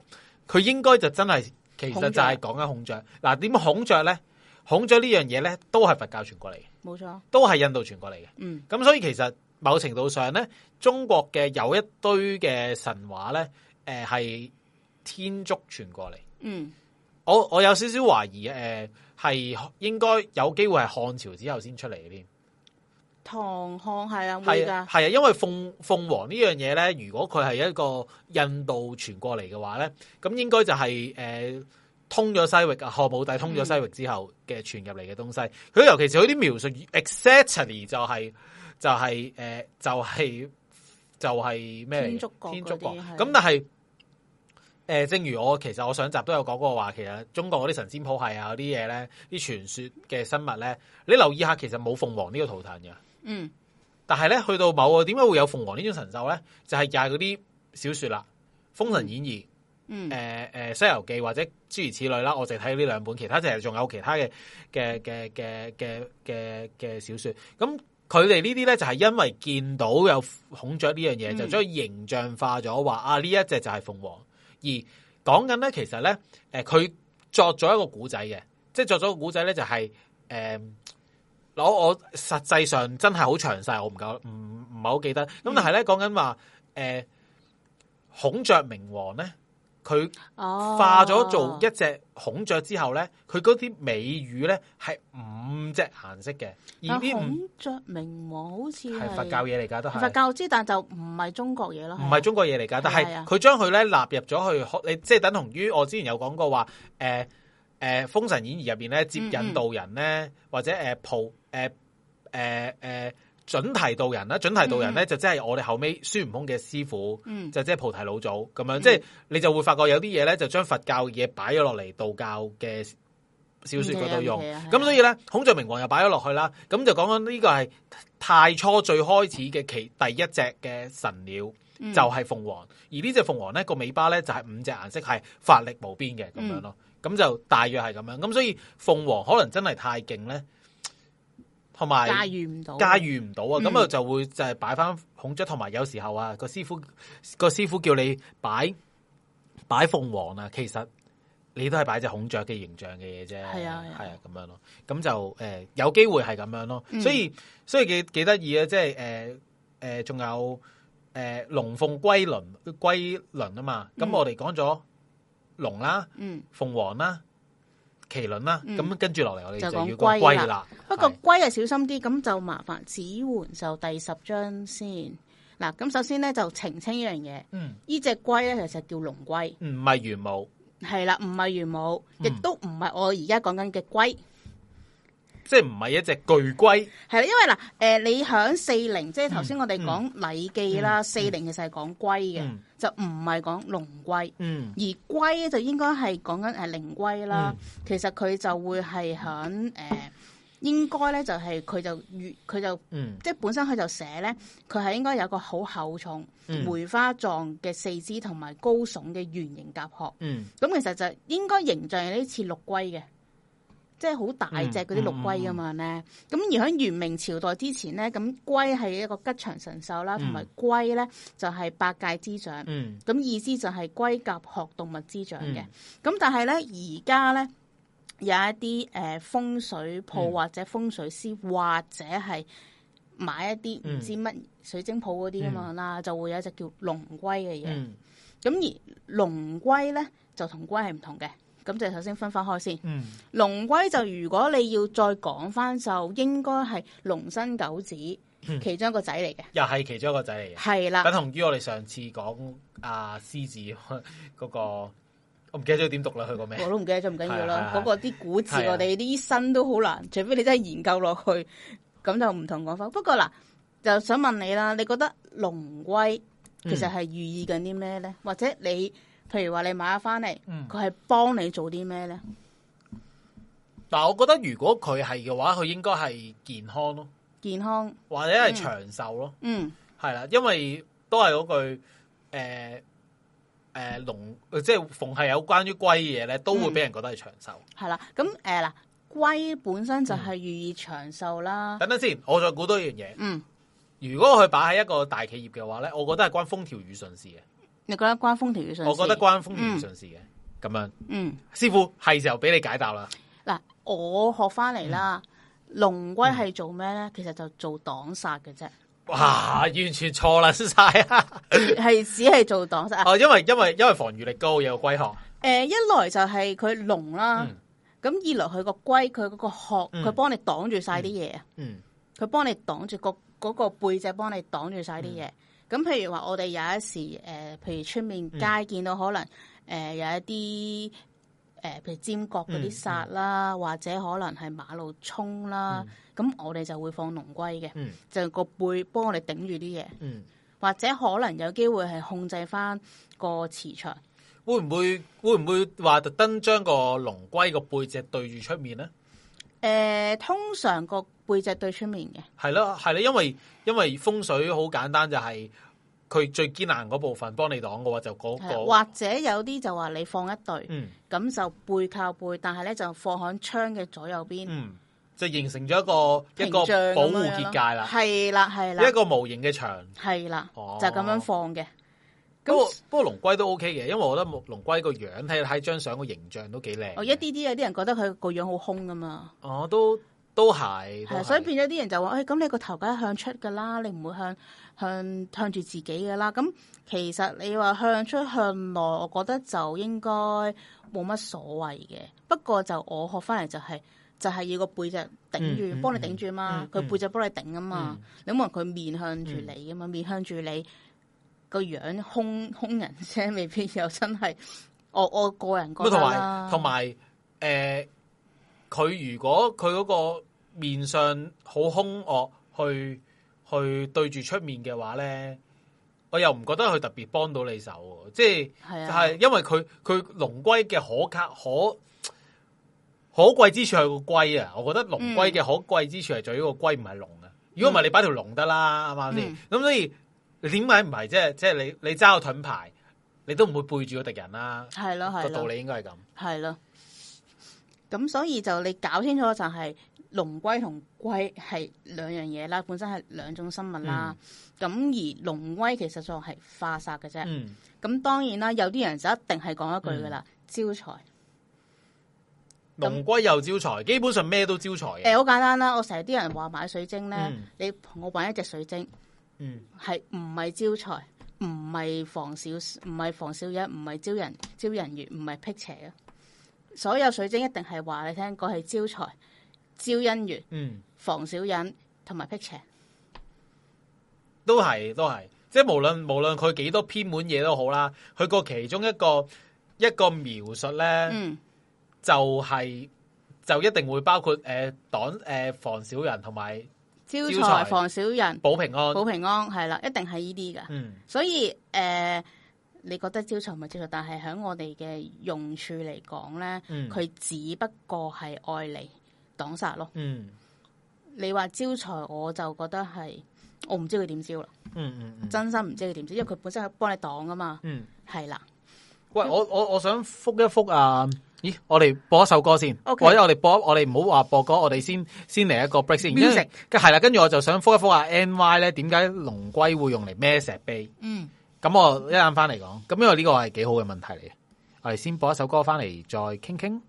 佢應該就真係其實就係講緊孔雀。嗱，點孔雀咧？孔雀呢樣嘢咧，都係佛教傳過嚟，冇錯，都係印度傳過嚟嘅。嗯，咁所以其實某程度上咧，中國嘅有一堆嘅神話咧，誒、呃、係天竺傳過嚟。嗯，我我有少少懷疑，誒、呃、係應該有機會係漢朝之後先出嚟嘅添。唐漢係啊，係啊，係啊，因為鳳鳳凰呢樣嘢咧，如果佢係一個印度傳過嚟嘅話咧，咁應該就係、是、誒、呃、通咗西域啊，漢武帝通咗西域之後嘅傳入嚟嘅東西。佢尤其是佢啲描述，exactly 就係、是、就係、是、誒、呃、就係、是、就係、是、咩？就是、天竺國，天竺國。咁的但係誒、呃，正如我其實我上集都有講過話，其實中國嗰啲神仙譜係啊，嗰啲嘢咧，啲傳說嘅生物咧，你留意下，其實冇鳳凰呢個圖騰嘅。嗯，但係咧，去到某點解會有鳳凰呢種神獸咧？就係又係嗰啲小說啦，《封神演義》嗯，誒誒、呃，呃《西遊記》或者諸如此類啦。我淨睇呢兩本，其他就係仲有其他嘅嘅嘅嘅嘅嘅嘅小說。咁佢哋呢啲咧就係、是、因為見到有孔雀呢樣嘢，嗯、就將形象化咗話啊呢一隻就係鳳凰。而講緊咧，其實咧，誒、呃、佢作咗一個古仔嘅，即係作咗個古仔咧，就係、是、誒、就是。呃我我實際上真係好詳細，我唔夠唔唔係好記得。咁但係咧講緊話，誒、欸、孔雀明王咧，佢化咗做一隻孔雀之後咧，佢嗰啲尾羽咧係五隻顏色嘅，而啲五孔雀明王好似係佛教嘢嚟㗎，都係佛教之但就唔係中國嘢咯，唔係中國嘢嚟㗎，的但係佢將佢咧納入咗去，你即係等同於我之前有講過話，誒、欸、誒、欸《封神演義呢》入面咧接引道人咧，嗯嗯或者誒、呃誒誒誒，準提道人啦，準提道人咧、嗯、就即係我哋後尾，孫悟空嘅師傅，嗯、就即係菩提老祖咁樣，即係、嗯、你就會發覺有啲嘢咧就將佛教嘢擺咗落嚟道教嘅小說嗰度用，咁、嗯嗯嗯嗯、所以咧孔雀明王又擺咗落去啦，咁就講緊呢個係太初最開始嘅其第一隻嘅神鳥，嗯、就係鳳凰，而呢隻鳳凰咧個尾巴咧就係五隻顏色係法力無邊嘅咁樣咯，咁、嗯、就大約係咁樣，咁所以鳳凰可能真係太勁咧。同埋駕馭唔到駕馭唔到啊，咁啊、嗯、就，就會就係擺翻孔雀，同埋有，有時候啊個師傅個師傅叫你擺擺鳳凰啊，其實你都係擺隻孔雀嘅形象嘅嘢啫，係啊係啊，啊，咁樣咯，咁就誒、呃、有機會係咁樣咯，所以所以幾幾得意啊，即係誒誒仲有誒龍鳳龜麟龜麟啊嘛，咁我哋講咗龍啦，鳳凰啦。麒麟啦、啊，咁跟住落嚟我哋就講龜啦。就龜了，不過龜係小心啲，咁是就麻煩。子桓就第十章先。嗱，咁首先咧就澄清一樣嘢。嗯，這隻龜呢隻龜咧其實叫龍龜，唔係玄武。係啦，唔係玄武，亦都唔係我而家講緊嘅龜。嗯即係唔係一隻巨龜，係啦，因為嗱，誒、呃，你響四靈，嗯、即係頭先我哋講《禮記》啦、嗯，四靈其實係講龜嘅，就唔係講龍龜，嗯，龜嗯而龜就應該係講緊係靈龜啦。嗯、其實佢就會係響誒，應該咧就係佢就越佢就，就嗯，即係本身佢就寫咧，佢係應該有一個好厚重、嗯、梅花狀嘅四肢同埋高聳嘅圓形甲殼，嗯，咁其實就應該形象有啲似陸龜嘅。即係好大隻嗰啲陸龜啊嘛咧，咁、嗯嗯、而喺元明朝代之前咧，咁龜係一個吉祥神獸啦，同埋、嗯、龜咧就係百介之長，咁、嗯、意思就係龜甲殼動物之長嘅。咁、嗯、但係咧而家咧有一啲誒風水鋪或者風水師、嗯、或者係買一啲唔知乜水晶鋪嗰啲咁樣啦，嗯嗯、就會有一隻叫龍龜嘅嘢。咁、嗯、而龍龜咧就跟龜是不同龜係唔同嘅。咁就首先分翻開先。龍龜、嗯、就如果你要再講翻，就應該係龍生九子其中一個仔嚟嘅。又係其中一個仔嚟嘅。係啦的。等同於我哋上次講啊獅子嗰、嗰個，我唔記得咗點讀啦，去個名的？我都唔記得咗，唔緊要啦。嗰個啲古字，我哋啲醫生都好難，除非你真係研究落去，咁就唔同講法。不過嗱，就想問你啦，你覺得龍龜其實係寓意緊啲咩咧？嗯、或者你？譬如話你買咗翻嚟，佢係幫你做啲咩咧？嗱，我覺得如果佢係嘅話，佢應該係健康咯，健康或者係長壽咯。嗯，係啦，因為都係嗰句誒誒龍，即係逢係有關於龜嘅嘢咧，都會俾人覺得係長壽。係啦、嗯，咁誒嗱，龜、呃、本身就係寓意長壽啦、嗯。等等先，我再估多一樣嘢。嗯，如果佢擺喺一個大企業嘅話咧，我覺得係關風調雨順事嘅。你覺得關風調雨順事，我覺得關風調雨順事嘅咁樣。嗯，師傅係時候俾你解答啦。嗱，我學翻嚟啦，龍龜係做咩咧？其實就做擋煞嘅啫。哇，完全錯啦，晒係只係做擋煞。哦，因為因為因為防禦力高，有龜殼。誒，一來就係佢龍啦，咁二來佢個龜，佢嗰個殼，佢幫你擋住晒啲嘢。嗯，佢幫你擋住個個背脊，幫你擋住晒啲嘢。咁譬如話我哋有一時誒、呃，譬如出面街見到可能誒、呃、有一啲誒、呃，譬如尖角嗰啲煞啦，嗯嗯、或者可能係馬路沖啦，咁、嗯、我哋就會放龍龜嘅，嗯、就個背幫我哋頂住啲嘢，嗯、或者可能有機會係控制翻個磁場，會唔會會唔會話特登將個龍龜個背脊對住出面咧？誒、呃，通常個。背脊對出面嘅係咯，係啦，因為因為風水好簡單，就係、是、佢最艱難嗰部分幫你擋嘅話，就嗰、那個或者有啲就話你放一對，咁、嗯、就背靠背，但係咧就放喺窗嘅左右邊，嗯就形成咗一個屏障 一個保護結界啦，係啦，係啦，一個無形嘅牆，係啦，是哦、就咁樣放嘅。不過那不過龍龜都 OK 嘅，因為我覺得龍龜個樣睇睇張相個形象都幾靚。哦，一啲啲有啲人覺得佢個樣好空㗎嘛。哦，都。都係，是都是所以變咗啲人就話，誒、哎，咁你個頭梗係向出㗎啦，你唔會向向向住自己㗎啦。咁其實你話向出向內，我覺得就應該冇乜所謂嘅。不過就我學翻嚟就係、是、就係、是、要個背脊頂住，幫你頂住嘛。佢、嗯嗯嗯、背脊幫你頂啊嘛。嗯、你冇人佢面向住你啊嘛，面向住你個、嗯、樣兇兇人啫，未必有真係。我我個人覺得同埋同埋誒，佢、呃、如果佢嗰、那個。面上好凶惡，去去對住出面嘅話咧，我又唔覺得佢特別幫到你手，即係，係因為佢佢龍龜嘅可卡可可貴之處係個龜啊！我覺得龍龜嘅可貴之處係在、嗯、一個龜，唔係龍啊！如果唔係，你擺條龍得啦，啱啱先？咁所以點解唔係？即係即係你你揸個盾牌，你都唔會背住個敵人啦。係咯，係個道理應該係咁。係咯，咁所以就你搞清楚就係、是。龍龜同龜係兩樣嘢啦，本身係兩種生物啦。咁、嗯、而龍龜其實就係化煞嘅啫。咁、嗯、當然啦，有啲人就一定係講一句噶啦，招財龍龜又招財，那基本上咩都招財誒，好、欸、簡單啦，我成日啲人話買水晶咧，嗯、你同我揾一隻水晶，係唔係招財？唔係防小唔係防小人，唔係招人招人緣，唔係辟邪嘅。所有水晶一定係話你聽，嗰係招財。招姻緣，嗯，防小人同埋辟邪都係都係。即係無論無論佢幾多偏門嘢都好啦，佢個其中一個一個描述咧，嗯，就係、是、就一定會包括誒擋誒防小人同埋招財防小人保平安保平安係啦，一定係呢啲噶。嗯、所以誒、呃，你覺得招財咪招財？但係響我哋嘅用處嚟講咧，佢、嗯、只不過係愛你。擋殺咯，嗯，你話招財，我就覺得係，我唔知佢點招啦，嗯嗯，真心唔知佢點招，因為佢本身係幫你擋啊嘛，嗯，係啦，喂，我我我想覆一覆啊，咦，我哋播一首歌先，或者 Okay. 我哋播，我哋唔好話播歌，我哋先先嚟一個 break 先 music，係啦，跟住我就想覆一覆啊，N Y 咧，點解龍龜會用嚟孭石碑？嗯，咁我一陣翻嚟講，咁因為呢個係幾好嘅問題嚟嘅。我哋先播一首歌翻嚟再傾傾。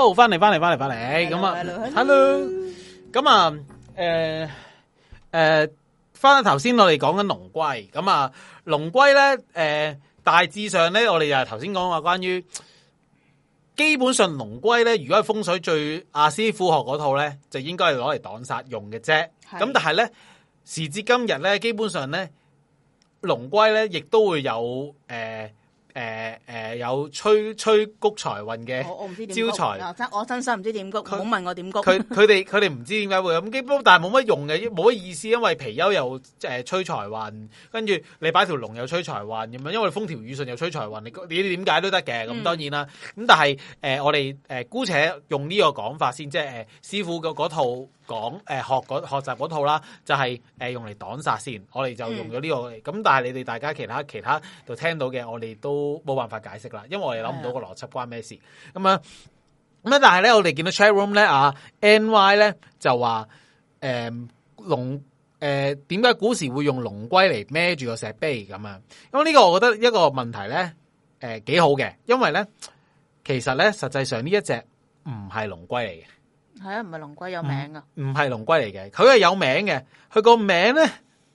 好，翻嚟，翻嚟，翻嚟，翻嚟，咁啊，hello，咁啊，誒，誒、呃，翻到頭先我哋講緊龍龜，咁啊，龍龜咧，誒、呃，大致上咧，我哋又係頭先講話關於，基本上龍龜咧，如果係風水最阿師傅學嗰套咧，就應該係攞嚟擋煞用嘅啫。咁是但係咧，時至今日咧，基本上咧，龍龜咧，亦都會有誒，呃誒誒、呃呃呃，有吹吹谷財運嘅招財，我唔知他我真心唔知點谷，唔好他問我點谷。佢佢哋佢哋唔知點解會咁，基本 但係冇乜用嘅，冇乜意思，因為貔貅又誒、呃、吹財運，跟住你擺條龍又吹財運咁樣，因為風調雨順又吹財運，你你點解都得嘅。咁當然啦，咁、嗯、但係誒、呃、我哋誒、呃、姑且用呢個講法先，即係誒、呃、師傅嘅嗰套。講誒，學嗰學習嗰套啦，就係、是、誒用嚟擋殺先，我哋就用咗呢個嚟。咁、嗯、但係你哋大家其他其他就聽到嘅，我哋都冇辦法解釋啦，因為我哋諗唔到個邏輯關咩事。咁啊咁啊，但係咧我哋見到 chat room 咧啊，N Y 咧就話誒龍誒點解古時會用龍龜嚟孭住個石碑咁啊？咁呢個我覺得一個問題咧，誒、呃、幾好嘅，因為咧其實咧實際上呢一隻唔係龍龜嚟嘅。係啊，唔係龍龜有名啊？唔係龍龜嚟嘅，佢係有名嘅，佢個名咧，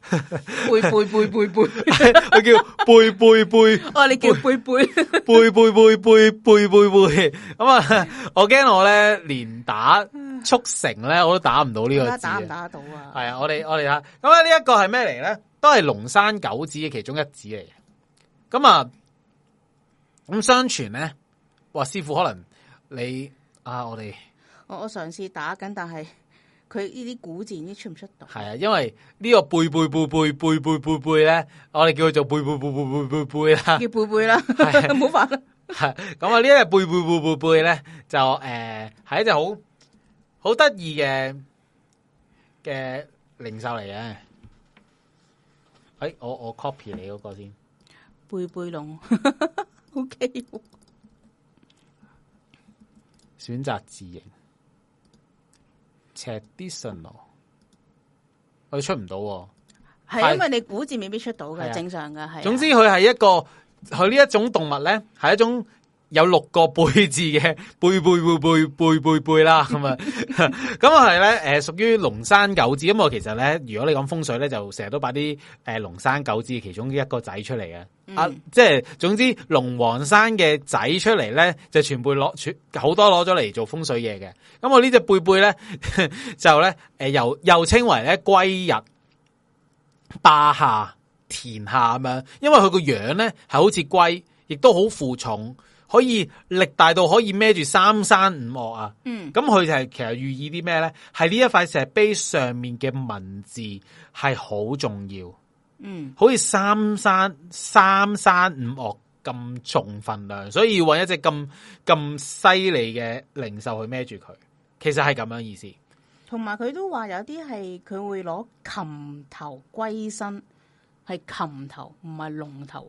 貝貝貝貝貝，佢叫貝貝貝。哦，你叫貝貝貝貝貝貝貝貝貝。咁啊，我驚我咧連打速成咧，我都打唔到呢個字。打唔打得到啊？係啊，我哋我哋吓。咁啊，呢一個係咩嚟咧？都係龍生九子嘅其中一子嚟嘅。咁啊，咁相傳咧，話師傅可能你啊，我哋。我我嘗試打緊，但係佢呢啲古字已經出唔出到？係啊，因為呢個貝貝貝貝貝貝貝貝咧，我哋叫佢做貝貝貝貝貝貝貝啦，叫貝貝啦，冇法啦。咁啊，呢一隻貝貝貝貝貝咧，就誒係一隻好好得意嘅嘅靈獸嚟嘅。誒，我我 copy 你嗰個先，貝貝龍，OK，選擇字型。traditional 佢出唔到，係因為你古字未必出到嘅，的正常嘅係。是的總之佢係一個佢呢一種動物咧，係一種。有六個貝字嘅貝貝貝貝貝貝貝啦，咁啊，咁啊係咧，誒屬於龍山九子。咁我其實咧，如果你講風水咧，就成日都擺啲誒龍山九子其中一個仔出嚟嘅，嗯、啊，即係總之龍王山嘅仔出嚟咧，就全部攞，好多攞咗嚟做風水嘢嘅。咁我隻背背呢隻貝貝咧， 就咧，誒又又稱為咧龜日、霸下、田下咁樣，因為佢個樣咧係好似龜，亦都好負重。可以力大到可以孭住三山五岳啊！嗯，咁佢就係其實寓意啲咩咧？係呢一塊石碑上面嘅文字係好重要，嗯，好似三山三山五岳咁重分量，所以要揾一隻咁咁犀利嘅靈獸去孭住佢，其實係咁樣意思。同埋佢都話有啲係佢會攞，琴頭龜身，係琴頭唔係龍頭。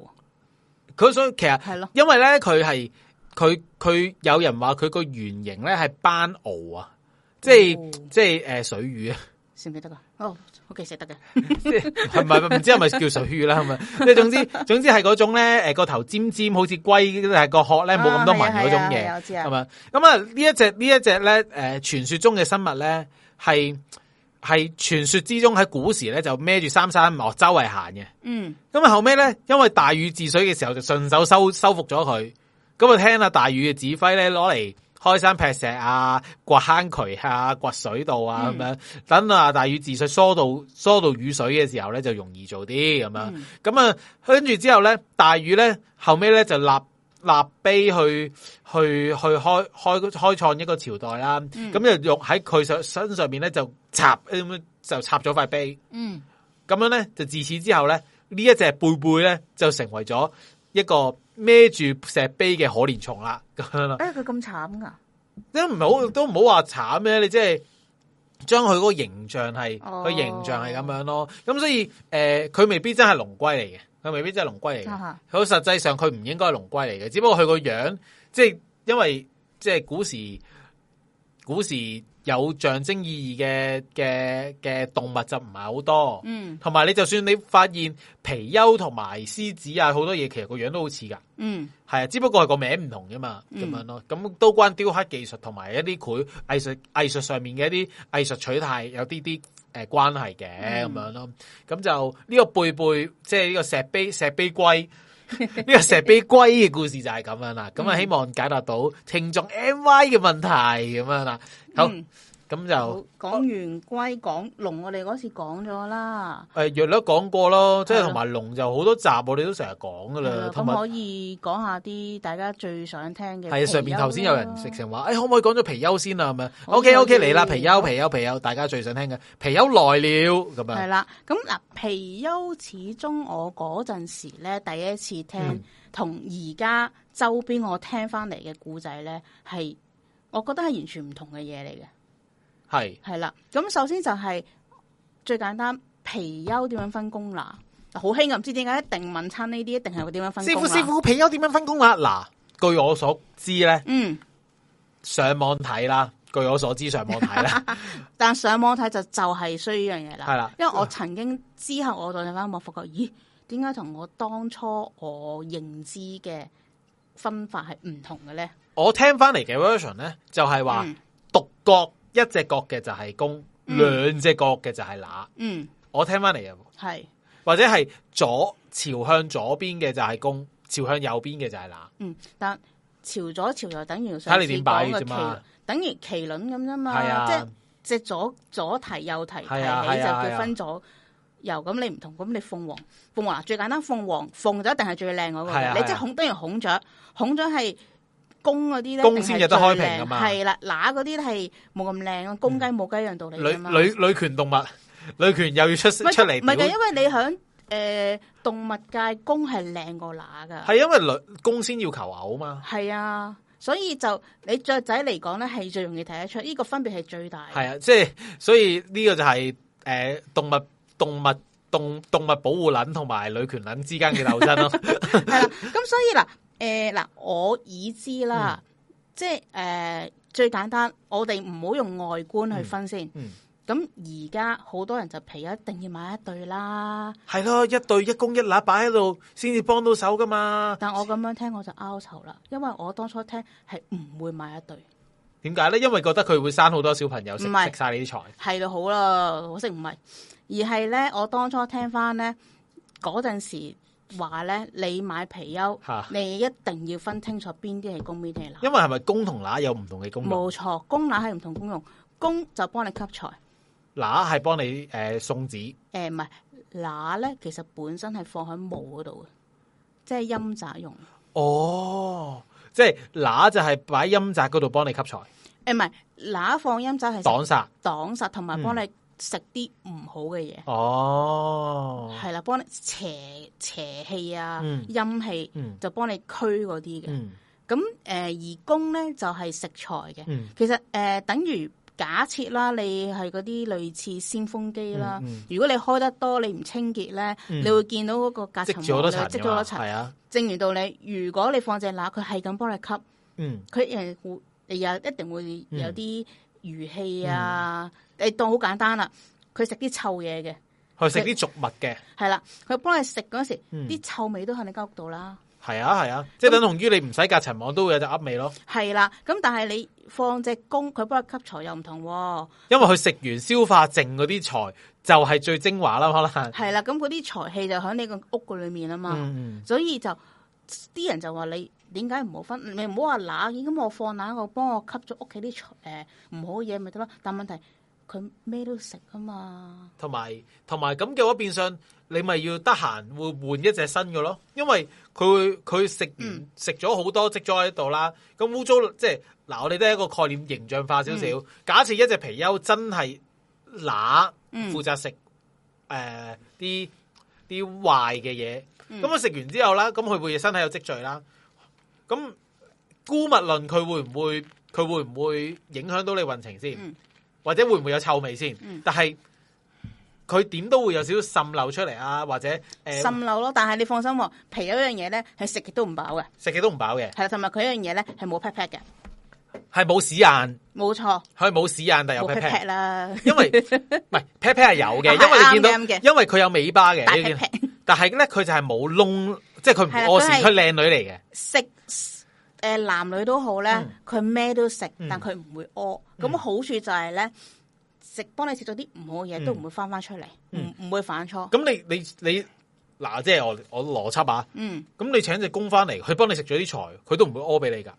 佢，所以其實係咯，因為咧佢係佢佢有人話佢個原型咧係斑鰲啊，即係、哦、即係誒水魚啊，識唔記得噶？哦，OK 食得嘅，係咪唔知係咪叫水魚啦？係咪？ 即係總之總之係嗰種咧誒個頭尖尖，好似龜但係個殼咧冇咁多紋嗰種嘢，係咪、啊？咁啊呢一隻呢一隻咧誒傳說中嘅生物咧係。是係傳說之中喺古時咧就孭住三山石周圍行嘅，咁啊後尾咧因為大禹治水嘅時候就順手收收復咗佢，咁啊聽阿大禹嘅指揮咧攞嚟開山劈石啊、掘坑渠啊、掘水道啊咁樣等到到，等阿大禹治水疏到疏到雨水嘅時候咧就容易做啲咁樣，咁啊跟住之後咧大禹咧後尾咧就立。立碑去去去開開開創一個朝代啦，咁、嗯、就用喺佢上身上邊咧就插就插咗塊碑，咁、嗯、樣咧就自此之後咧呢一隻貝貝咧就成為咗一個孭住石碑嘅可憐蟲啦咁樣啦。誒、欸，佢咁慘噶？嗯、都唔好都唔好話慘咩？你即係將佢嗰個形象係個、哦、形象係咁樣咯。咁所以誒，佢、呃、未必真係龍龜嚟嘅。佢未必真係龍龜嚟嘅，佢實際上佢唔應該係龍龜嚟嘅，只不過佢個樣，即係因為即係古時古時有象徵意義嘅嘅嘅動物就唔係好多，嗯，同埋你就算你發現貔貅同埋獅子啊，好多嘢其實個樣都好似噶，嗯，係啊，只不過係個名唔同㗎嘛，咁、嗯、樣咯，咁都關雕刻技術同埋一啲佢藝術藝術上面嘅一啲藝術取態有啲啲。誒，關係嘅咁樣咯，咁就呢個贔屓，即係呢個石碑石碑龜，呢 個石碑龜嘅故事就係咁樣啦。咁啊、嗯，就希望解答到聽眾 M Y 嘅問題咁樣啦。好。嗯咁就講完龜，講龍，我哋嗰次講咗啦。誒，弱略講過咯，即係同埋龍就好多集我哋都成日講噶啦。咁可唔可以講下啲大家最想聽嘅？係上面頭先有人食成話，誒、哎，可唔可以講咗貔貅先啊？咁樣。O K O K，嚟啦，貔貅，貔貅，貔貅，大家最想聽嘅貔貅來了咁樣，係啦，咁嗱，貔貅始終我嗰陣時咧第一次聽，同而家周邊我聽翻嚟嘅故仔咧，係我覺得係完全唔同嘅嘢嚟嘅。係係啦，咁是首先就係最簡單貔貅點樣分工啦，好興啊！唔知點解，一定晚餐呢啲一定係會點樣分工傅，師傅貔貅點樣分工啊？嗱，據我所知咧，嗯，上網睇啦，據我所知上網睇啦，但上網睇就就係需要呢樣嘢啦，係啦的，因為我曾經之後我再睇翻，莫發覺咦，點解同我當初我認知嘅分法係唔同嘅咧？我聽翻嚟嘅 version 咧，就係話獨角。一隻角嘅就係公，兩隻角嘅就係乸。嗯，我聽翻嚟啊，係或者係左朝向左邊嘅就係公，朝向右邊嘅就係乸。嗯，但朝左朝右等於睇你點擺啫嘛，等於麒麟咁啫嘛，即係只左左提，右提，你就叫分左右。咁你唔同，咁你鳳凰鳳凰最簡單，鳳凰鳳就一定係最靚嗰個。你即係孔，當然孔雀孔雀係。公嗰啲咧，公先有得開屏噶嘛？係啦，乸嗰啲係冇咁靚咯。公雞冇雞樣道理噶嘛？女女女權動物，女權又要出出嚟？唔係噶，因為你響誒動物界，公係靚過乸噶。係因為女公先要求偶嘛？係啊，所以就你雀仔嚟講咧，係最容易睇得出呢個分別係最大。係啊，即係所以呢個就係誒動物動物動動物保護撚同埋女權撚之間嘅鬥爭咯。係啦，咁所以嗱。誒，嗱、呃，我已知啦，嗯、即係誒、呃，最簡單，我哋唔好用外觀去分先。咁而家好多人就皮一定要買一對啦。係咯，一對一公一乸擺喺度，先至幫到手㗎嘛。但我咁樣聽，我就拗愁啦，因為我當初聽係唔會買一對。點解咧？因為覺得佢會生好多小朋友，食晒是你啲財。係咯，好啦，我識唔係，而係咧，我當初聽翻咧嗰陣時。話咧，你買貔貅，哈你一定要分清楚邊啲係公，邊啲係乸。因為係咪公同乸有唔同嘅功用？冇錯，公乸係唔同功用，公就幫你吸財，乸係幫你誒、呃、送子。誒唔係，乸咧其實本身係放喺墓嗰度嘅，即係陰宅用。哦，即係乸就係擺喺陰宅嗰度幫你吸財。誒唔係，乸放陰宅係擋煞，擋煞同埋幫你、嗯。食啲唔好嘅嘢，哦，係啦，幫你邪邪氣啊，陰氣就幫你驅嗰啲嘅。咁誒，而功咧就係食材嘅。其實誒，等於假設啦，你係嗰啲類似先鋒機啦。如果你開得多，你唔清潔咧，你會見到嗰個隔塵膜積咗一層。係啊，正如道理，如果你放隻乸，佢係咁幫你吸，嗯，佢誒會有一定會有啲餘氣啊。誒，當好簡單啦，佢食啲臭嘢嘅，佢食啲濁物嘅，係啦，佢幫你食嗰時，啲、嗯、臭味都喺你間屋度啦。係啊係啊，嗯、即係等同於你唔使隔塵網都會有隻噏味咯。係啦，咁但係你放隻公，佢幫佢吸財又唔同。因為佢食完消化淨嗰啲財，就係、是、最精華啦可能。係啦，咁嗰啲財氣就喺你個屋個裏面啊嘛，嗯、所以就啲人就話你點解唔好分？你唔好話嗱，咁我放乸，我幫我吸咗屋企啲誒唔好嘢咪得咯？但問題。佢咩都食啊嘛，同埋同埋，咁嘅話，變相你咪要得閒會換一隻新嘅咯。因為佢，佢食完食咗好多積咗喺度啦，咁污糟即係嗱，我哋都係一個概念形象化少少。嗯、假設一隻貔貅真係乸負責食誒啲啲壞嘅嘢，咁啊食完之後啦，咁佢會身體有積聚啦，咁姑勿論佢會唔會佢會唔會影響到你運程先？嗯或者會唔會有臭味先？嗯、但係佢點都會有少少滲漏出嚟啊！或者誒滲、呃、漏咯，但係你放心，皮有一樣嘢咧係食極都唔飽嘅，食極都唔飽嘅。係啦，同埋佢一樣嘢咧係冇 pat pat 嘅，係冇屎眼，冇錯錯，佢冇屎眼，但有 pat pat 啦。因為唔係 pat pat 係有嘅， 因為你見到，因為佢有尾巴嘅 股，但係咧佢就係冇窿，即係佢唔屙屎，佢靚女嚟嘅。食誒，男女都好、嗯、什麼都好咧，佢咩都食，但佢唔會屙。咁、嗯、好處就係、是、咧，食幫你食咗啲唔好嘢、嗯、都唔會翻翻出嚟，唔唔、嗯、會犯錯。咁你你你嗱，即係我我邏輯啊。嗯。咁你請隻公翻嚟，佢幫你食咗啲財，佢都唔會屙俾你噶。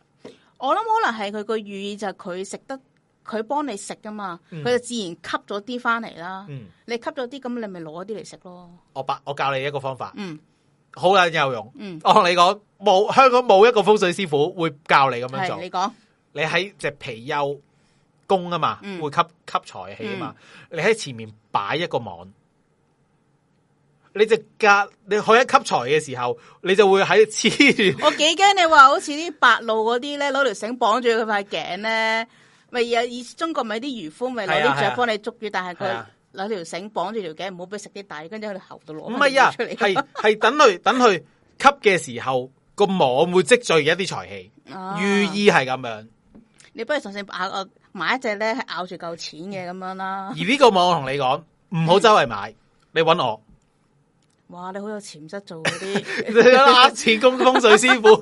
我諗可能係佢個寓意就係佢食得，佢幫你食噶嘛，佢、嗯、就自然吸咗啲翻嚟啦。你吸咗啲，咁你咪攞啲嚟食咯。我把我教你一個方法。嗯。好有有用。我同你講，冇香港冇一個風水師傅會教你咁樣做。你講，你喺隻貔貅供啊嘛，嗯、會吸吸財氣啊嘛。嗯、你喺前面擺一個網，你只隔你去一吸財嘅時候，你就會喺度黐住。 我幾驚你話好似啲白鷺嗰啲咧，攞條繩綁住佢塊頸咧，咪有？以中國咪啲漁夫咪攞啲雀幫你捉住，是啊是啊、但係佢。是啊攞條繩綁住條頸，唔好俾佢食啲大，跟住喺度喉度攞唔係啊，係係等佢等佢吸嘅時候，個網會積聚一啲財氣，啊、寓意係咁樣。你不如順便咬誒買一隻咧，係咬住嚿錢嘅咁樣啦。而呢個網我同你講，唔好周圍買，嗯、你揾我。哇！你好有潛質做嗰啲， 你呃錢公風水師傅唔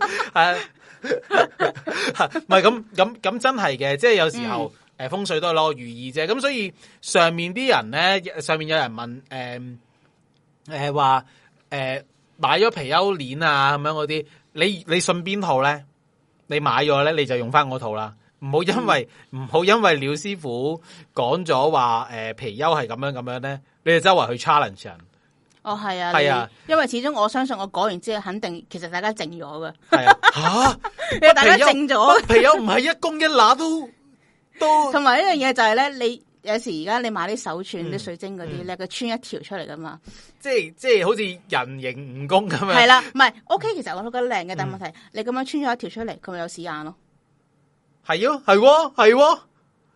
係咁咁咁真係嘅？即係有時候。嗯誒，風水都係攞寓意啫，咁所以上面啲人咧，上面有人問，誒、呃，誒、呃、話，誒、呃、買咗貔貅鏈啊，咁樣嗰啲，你你信邊套咧？你買咗咧，你就用翻我套啦，唔好因為唔好、嗯、因為廖師傅講咗話，誒、呃、貔貅係咁樣咁樣咧，你哋周圍去 challenge 人。哦，係啊，係啊，因為始終我相信我講完之後，肯定其實大家靜咗噶。吓 啊，你大家靜咗、啊，貔貅唔係一公一乸都。同埋一樣嘢就係咧，你有時而家你買啲手串啲、嗯、水晶嗰啲咧，佢穿一條出嚟噶嘛？即係即係好似人形蜈蚣咁樣。係啦，唔係 OK，其實我都覺得靚嘅，嗯、但係問題你咁樣穿咗一條出嚟，佢咪有屎眼咯？係啊、哦，係喎、哦，係喎、哦。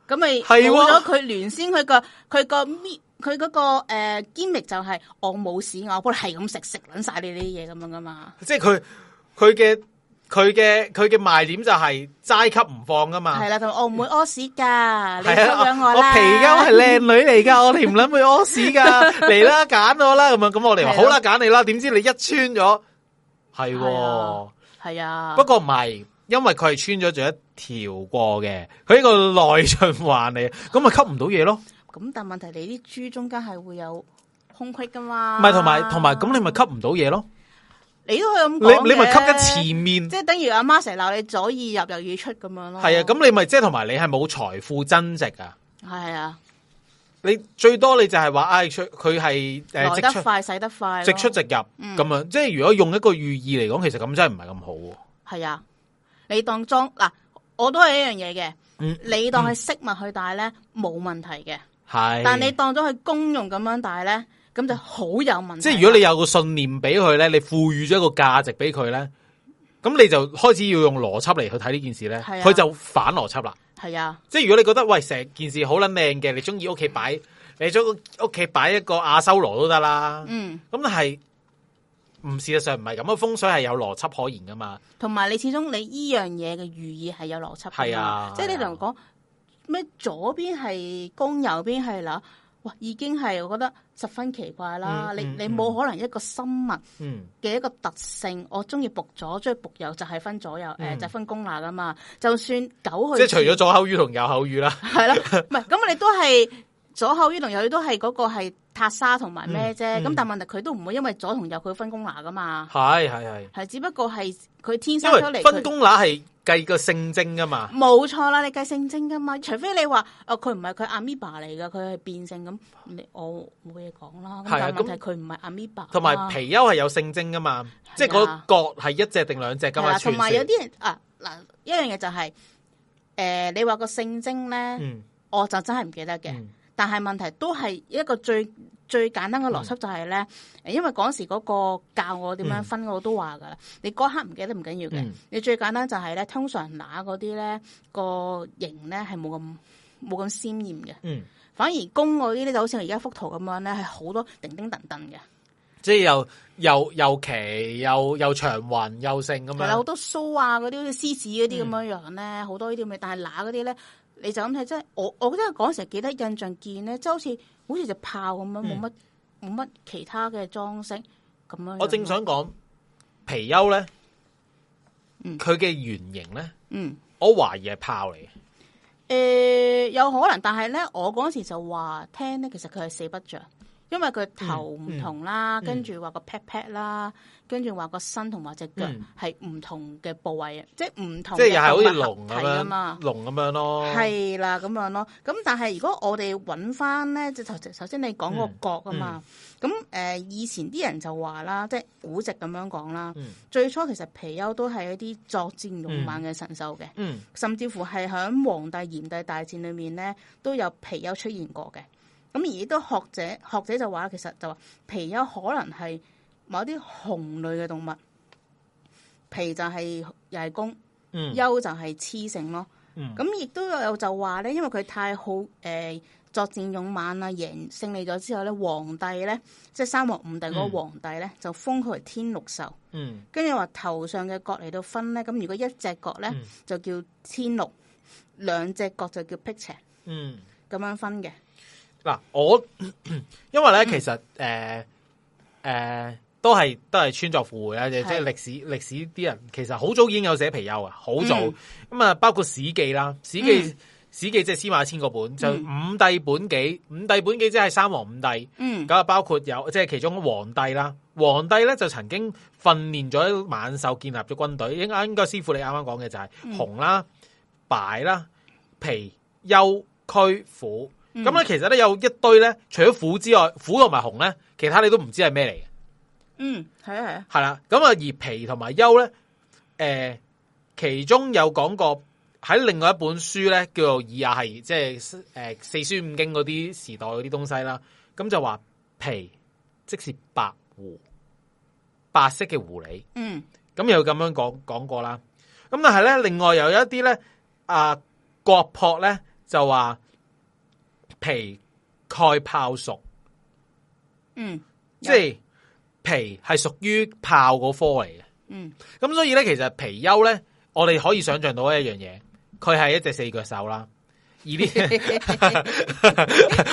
咁咪破咗佢，領先佢個佢、佢個咪佢嗰個誒，堅、呃、力就係、是、我冇屎眼不我係咁食食撚晒你呢啲嘢咁樣噶嘛？即係佢佢嘅。佢嘅佢嘅賣點就係齋吸唔放噶嘛，係啦，同埋我唔會屙屎噶，你選我啦。我皮膠係靚女嚟噶，我哋唔諗會屙屎噶，嚟啦揀我啦咁樣，咁我哋話好啦揀你啦。點知你一穿咗係，係啊。不過唔係，因為佢係穿咗仲一條過嘅，佢呢個內循環嚟，咁咪吸唔到嘢咯。咁但係問題你啲豬中間係會有空隙噶嘛？唔係同埋同埋，咁你咪吸唔到嘢咯。你都可以咁講，你你咪吸得前面，即係等於阿媽成日鬧你左耳入右耳出咁樣咯。係啊，咁你咪即係同埋你係冇財富增值啊。係啊，你最多你就係話，哎，出佢係誒來得快，使得快，直出直入咁樣。嗯、即係如果用一個寓意嚟講，其實咁真係唔係咁好，啊。係啊，你當裝嗱，啊，我都係一樣嘢嘅。嗯、你當係飾物去帶咧，冇問題嘅。係是，但你當咗係公用咁樣帶咧。咁就好有問題，即係如果你有個信念俾佢咧，你賦予咗一個價值俾佢咧，咁你就開始要用邏輯嚟去睇呢件事咧，佢是、啊、就反邏輯啦。係是啊，即係如果你覺得喂成件事好捻靚嘅，你中意屋企擺，你中意屋企擺一個亞修羅都得啦。嗯，咁係唔事實上唔係咁嘅風水係有邏輯可言噶嘛。同埋你始終你呢樣嘢嘅寓意係有邏輯，係是啊，即係你同佢講咩左邊係公右邊，右邊係乸哇！已經係我覺得十分奇怪啦，嗯嗯嗯。你你冇可能一個生物嘅一個特性，嗯、我中意仆左，中意仆右，就係、係、分左右誒，嗯呃，就係、分公乸㗎嘛。就算狗去，即係除咗左口語同右口語啦，係啦、啊，唔係咁我哋都係左口語同右口語都係嗰個係。擦沙同埋咩啫？咁、嗯嗯、但問題佢都唔會因為左同右佢分公乸噶嘛？係係係，係只不過係佢天生出嚟分公乸係計個性徵噶嘛？冇錯啦，你計性徵噶嘛？除非你話佢唔係佢阿米巴嚟㗎，佢係變性咁，我冇嘢講啦。但係問題佢唔係阿米巴、啊，同埋貔貅係有性徵噶嘛？啊、即係個角係一隻定兩隻噶嘛？同埋、啊、全說 有啲人啊嗱，一樣嘢就係、是、誒、呃，你話個性徵咧，嗯、我就真係唔記得嘅。嗯但係問題都係一個最最簡單嘅邏輯就係、是、咧，嗯、因為嗰時嗰個教我點樣分的我都話㗎喇，嗯、你嗰刻唔記得唔緊要嘅。嗯、你最簡單就係、是、咧，通常乸嗰啲咧個型咧係冇咁冇咁鮮豔嘅，嗯、反而公嗰啲咧就好似而家幅圖咁樣咧，係好多叮叮噔噔嘅，即係又又又奇又又長雲又盛咁樣。係啦、嗯，好多鬚啊嗰啲好似獅子嗰啲咁樣樣咧，好多呢啲咁嘅，但係乸嗰啲咧。你就咁睇，即係我，我覺得係嗰時候記得印象見咧，即係好似好似隻炮咁樣，冇乜冇乜其他嘅裝飾咁樣。我正想講貔貅咧，的呢嗯，佢嘅原型咧，嗯，我懷疑係炮嚟嘅。誒，有可能，但係咧，我嗰時就話聽咧，其實佢係四不像。因為佢頭唔同啦，跟住話個 pat pat 啦，跟住話個身同埋隻腳係唔同嘅部位啊，嗯、即係唔同。即係又係好似龍咁樣，龍咁樣咯。係啦，咁樣咯。咁但係如果我哋揾翻咧，即頭首先你講個角啊嘛。咁誒、嗯嗯嗯，以前啲人就話啦，即係古籍咁樣講啦。嗯、最初其實貔貅都係一啲作戰勇猛嘅神獸嘅，嗯嗯、甚至乎係響皇帝炎帝大戰裏面咧，都有貔貅出現過嘅。咁而都學者學者就話，其實就話貔貅可能係某啲熊類嘅動物，貔就係、是、又係公，嗯，貅就係雌性咯，嗯。咁亦都有就話咧，因為佢太好、呃、作戰勇猛啦，贏勝，勝利咗之後咧，皇帝咧，即三皇五帝嗰個皇帝咧，嗯、就封佢為天祿獸，嗯。跟住話頭上嘅角嚟到分咧，咁如果一隻角咧、嗯、就叫天祿，兩隻角就叫辟邪，嗯，咁樣分嘅。嗱、啊，我因為咧，其實誒誒，都係都係穿鑿附會啦，即係歷史歷史啲人其實好早已經有寫貔貅啊，好早咁啊，嗯、包括史記啦，史記、嗯、史記即係司馬遷個本就五帝本紀，五帝本紀即係三皇五帝，咁啊，包括有即係其中皇帝啦，皇帝咧就曾經訓練咗猛獸，建立咗軍隊，應應該師傅你啱啱講嘅就係、是、熊啦、白啦、貔貅、貙虎。咁咧，嗯、其實咧有一堆咧，除咗虎之外，虎同埋熊咧，其他你都唔知係咩嚟嘅。嗯，係啊，係啊，係啦。咁啊，而貔同埋貅咧，誒、呃，其中有講過喺另外一本書咧，叫做《爾雅》係，即係誒四書五經嗰啲時代嗰啲東西啦。咁就話貔即是白狐，白色嘅狐狸。嗯。咁又咁樣講講過啦。咁但係咧，另外又有一啲咧，啊，郭璞咧就話。貔，蓋豹屬，嗯，即係貔係屬於豹嗰科嚟嘅，嗯，咁所以咧，其實貔貅咧，我哋可以想象到一樣嘢，佢係一隻四腳獸啦。而呢，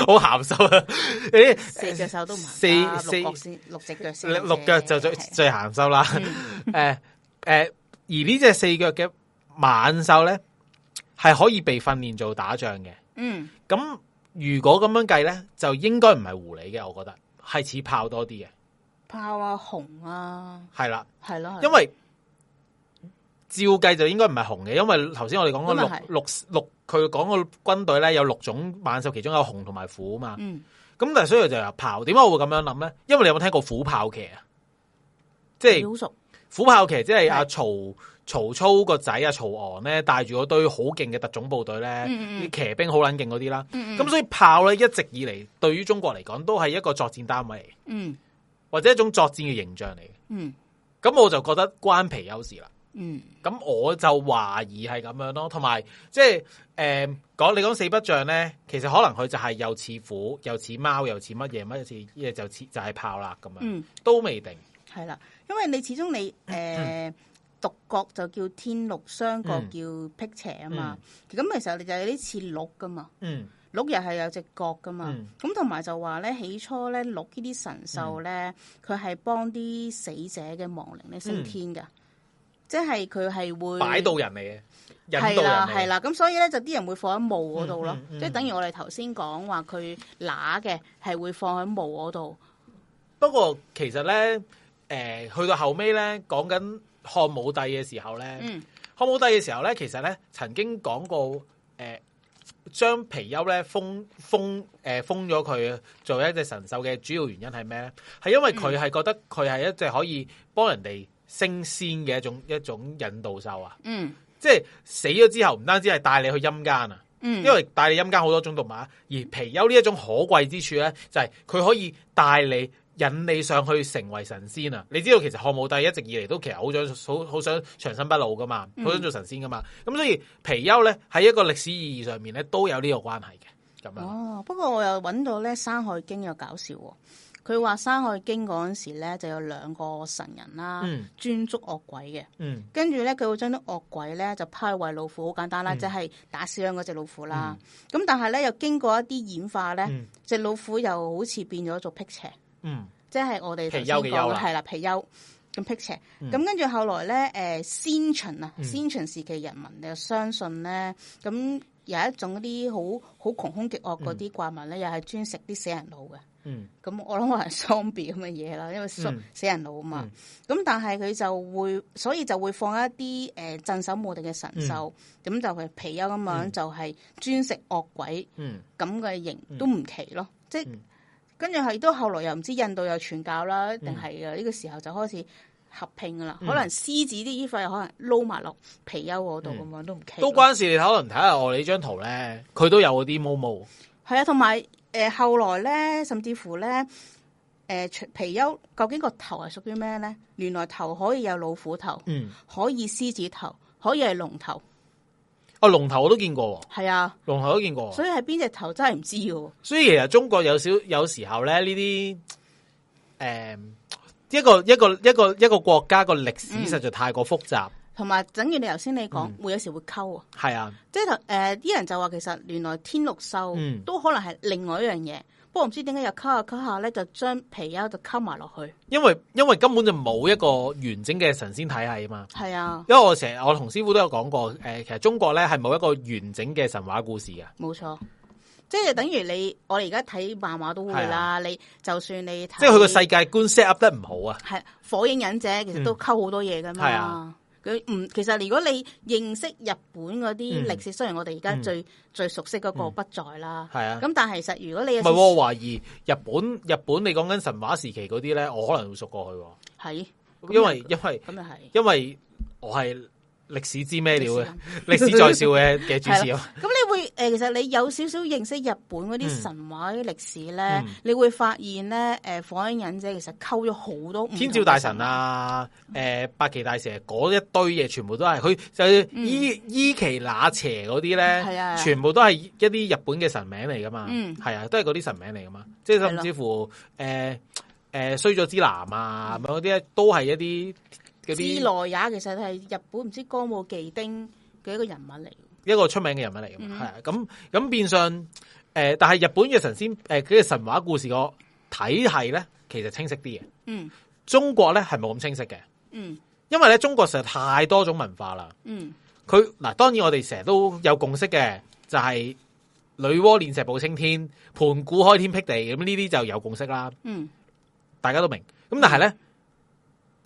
好鹹濕啊！誒，四隻獸都唔四四六隻腳，六六腳就最最鹹濕啦。誒誒，而呢隻四腳嘅猛獸咧，係可以被訓練做打仗嘅，嗯，咁。如果咁樣計咧，就應該唔係狐狸嘅，我覺得係似豹多啲嘅，豹啊，熊啊，係啦的，係咯，因為照計就應該唔係熊嘅，因為頭先我哋講嗰六六六，佢講個軍隊咧有六種猛獸，其中有熊同埋虎啊嘛，咁、嗯、但係所以就係豹，點解我會咁樣諗咧？因為你有冇聽過虎豹騎啊？即係虎豹騎，即係阿曹。曹操個仔啊，曹昂咧，帶住嗰堆好勁嘅特種部隊咧，啲騎、嗯嗯、兵好撚勁嗰啲啦。咁、嗯嗯、所以炮咧，一直以嚟對於中國嚟講，都係一個作戰單位嚟，嗯、或者一種作戰嘅形象嚟。咁、嗯、我就覺得關皮有事啦。咁、嗯、我就懷疑係咁樣咯。同埋即係誒，講、呃、你講四不像咧，其實可能佢就係又似虎，又似貓，又似乜嘢，乜似嘢就似就係炮啦咁樣。嗯、都未定係啦，因為你始終你誒。呃嗯獨角就叫天祿，雙角叫辟邪啊嘛。咁、嗯嗯、其實你就有啲似鹿噶嘛。嗯、鹿又係有隻角噶嘛。咁同埋就話咧，起初咧，鹿呢啲神獸咧，佢係幫啲死者嘅亡靈咧升天噶。嗯、即係佢係會擺到人嚟嘅，係啦係啦。咁所以咧，就啲人會放喺墓嗰度咯。嗯嗯嗯、即係等於我哋頭先講話佢乸嘅，係會放喺墓嗰度。不過其實咧，誒、呃，去到後尾咧，講緊。漢武帝嘅時候咧，嗯、漢武帝嘅時候咧，其實咧曾經講過，誒、呃，將貔貅咧封封，誒封咗佢、呃、做一隻神獸嘅主要原因係咩咧？係因為佢係覺得佢係一隻可以幫人哋升仙嘅一種一種引導獸啊。嗯，即係死咗之後，唔單止係帶你去陰間啊。嗯，因為帶你陰間好多種動物，而貔貅呢一種可貴之處咧，就係、是、佢可以帶你。引你上去成為神仙啊！你知道其實漢武帝一直以嚟都其實好想好好想長生不老噶嘛，好想做神仙噶嘛。咁、嗯、所以貔貅咧喺一個歷史意義上面咧都有呢個關係嘅咁樣哦，不過我又揾到咧《山海經》又搞笑喎、哦，佢話《山海經時呢》嗰陣時咧就有兩個神人啦，嗯、專捉惡鬼嘅。嗯呢，跟住咧佢會將啲惡鬼咧就派去餵老虎，好簡單啦，就係、嗯、打死嗰隻老虎啦。咁、嗯、但係咧又經過一啲演化咧，隻、嗯、老虎又好似變咗做辟邪。嗯，即係我哋頭先講啦，係啦貔貅咁 picture，咁跟住後來咧，誒先秦啊，先秦時期人民就相信咧，咁有一種啲好好窮凶極惡嗰啲怪物咧，又係專食啲死人腦嘅，嗯，咁我諗係 zombie 咁嘅嘢啦，因為死人腦啊嘛，咁但係佢就會，所以就會放一啲誒鎮守墓地嘅神獸，咁就係貔貅咁樣，就係專食惡鬼，嗯，咁嘅形都唔奇咯，即係。跟住係都後來又唔知印度又傳教啦，定係啊呢個時候就開始合併噶啦。嗯、可能獅子啲衣服又可能撈埋落貔貅嗰度咁樣，嗯、都唔奇。都關事，你可能睇下我呢張圖咧，佢都有嗰啲毛毛。係啊、嗯，同埋誒，後來咧，甚至乎咧，誒、呃，貔貅究竟個頭係屬於咩咧？原來頭可以有老虎頭，嗯，可以獅子頭，可以係龍頭。個龍頭我都見過，係啊，龍頭都見過，所以係邊隻頭真係唔知嘅。所以其實中國有少有時候咧，呢啲誒一個一個一個一個國家個歷史實在太過複雜，同埋、嗯、等於你頭先你講、嗯、會有時會溝啊，係啊，即係誒啲人就話其實原來天禄壽、嗯、都可能係另外一樣嘢。我唔知點解入溝下溝下咧，就將皮衣就溝埋落去。因為因為根本就冇一個完整嘅神仙體系啊嘛。係是啊，因為我成日我同師傅都有講過，誒，其實中國咧係冇一個完整嘅神話故事嘅。冇錯，即係等於你，我哋而家睇漫畫都會啦。是啊、你就算你看，睇，即係佢個世界觀 set up 得唔好啊。係、啊、火影忍者其實都溝好多嘢噶嘛、嗯。是啊。佢唔，其實如果你認識日本嗰啲歷史，嗯、雖然我哋而家最、嗯、最熟悉嗰個不在啦，係、嗯、啊，咁但係其實如果你有、就是，唔係喎懷疑日本日本你講緊神話時期嗰啲咧，我可能會熟過去喎，係，因為因為、就是、因為我係。歷史知咩料嘅歷，史 歷史在笑嘅嘅主持咁 你會，其實你有少少認識日本嗰啲神話嘅歷史咧，嗯、你會發現咧、呃、火影忍者其實溝咗好多天照大神啊，八、呃、岐大蛇嗰一堆嘢全部都係佢就伊伊奇那邪嗰啲咧，啊、全部都係一啲日本嘅神名嚟噶嘛，係、嗯、啊，都係嗰啲神名嚟噶嘛，即係甚至乎衰咗之男啊咁嗰啲咧都係一啲。之來也，其實係日本唔知歌舞伎丁嘅一個人物嚟，一個出名嘅人物嚟嘅，係、嗯、啊。咁咁變相誒，但係日本嘅神仙誒，佢嘅神話故事個體系咧，其實清晰啲嘅。嗯，中國咧係冇咁清晰嘅。嗯，因為咧中國實在太多種文化啦。嗯，佢嗱，當然我哋成日都有共識嘅，就係女媧煉石補青天，盤古開天辟地，咁呢啲就有共識啦。嗯，大家都明。咁但係咧。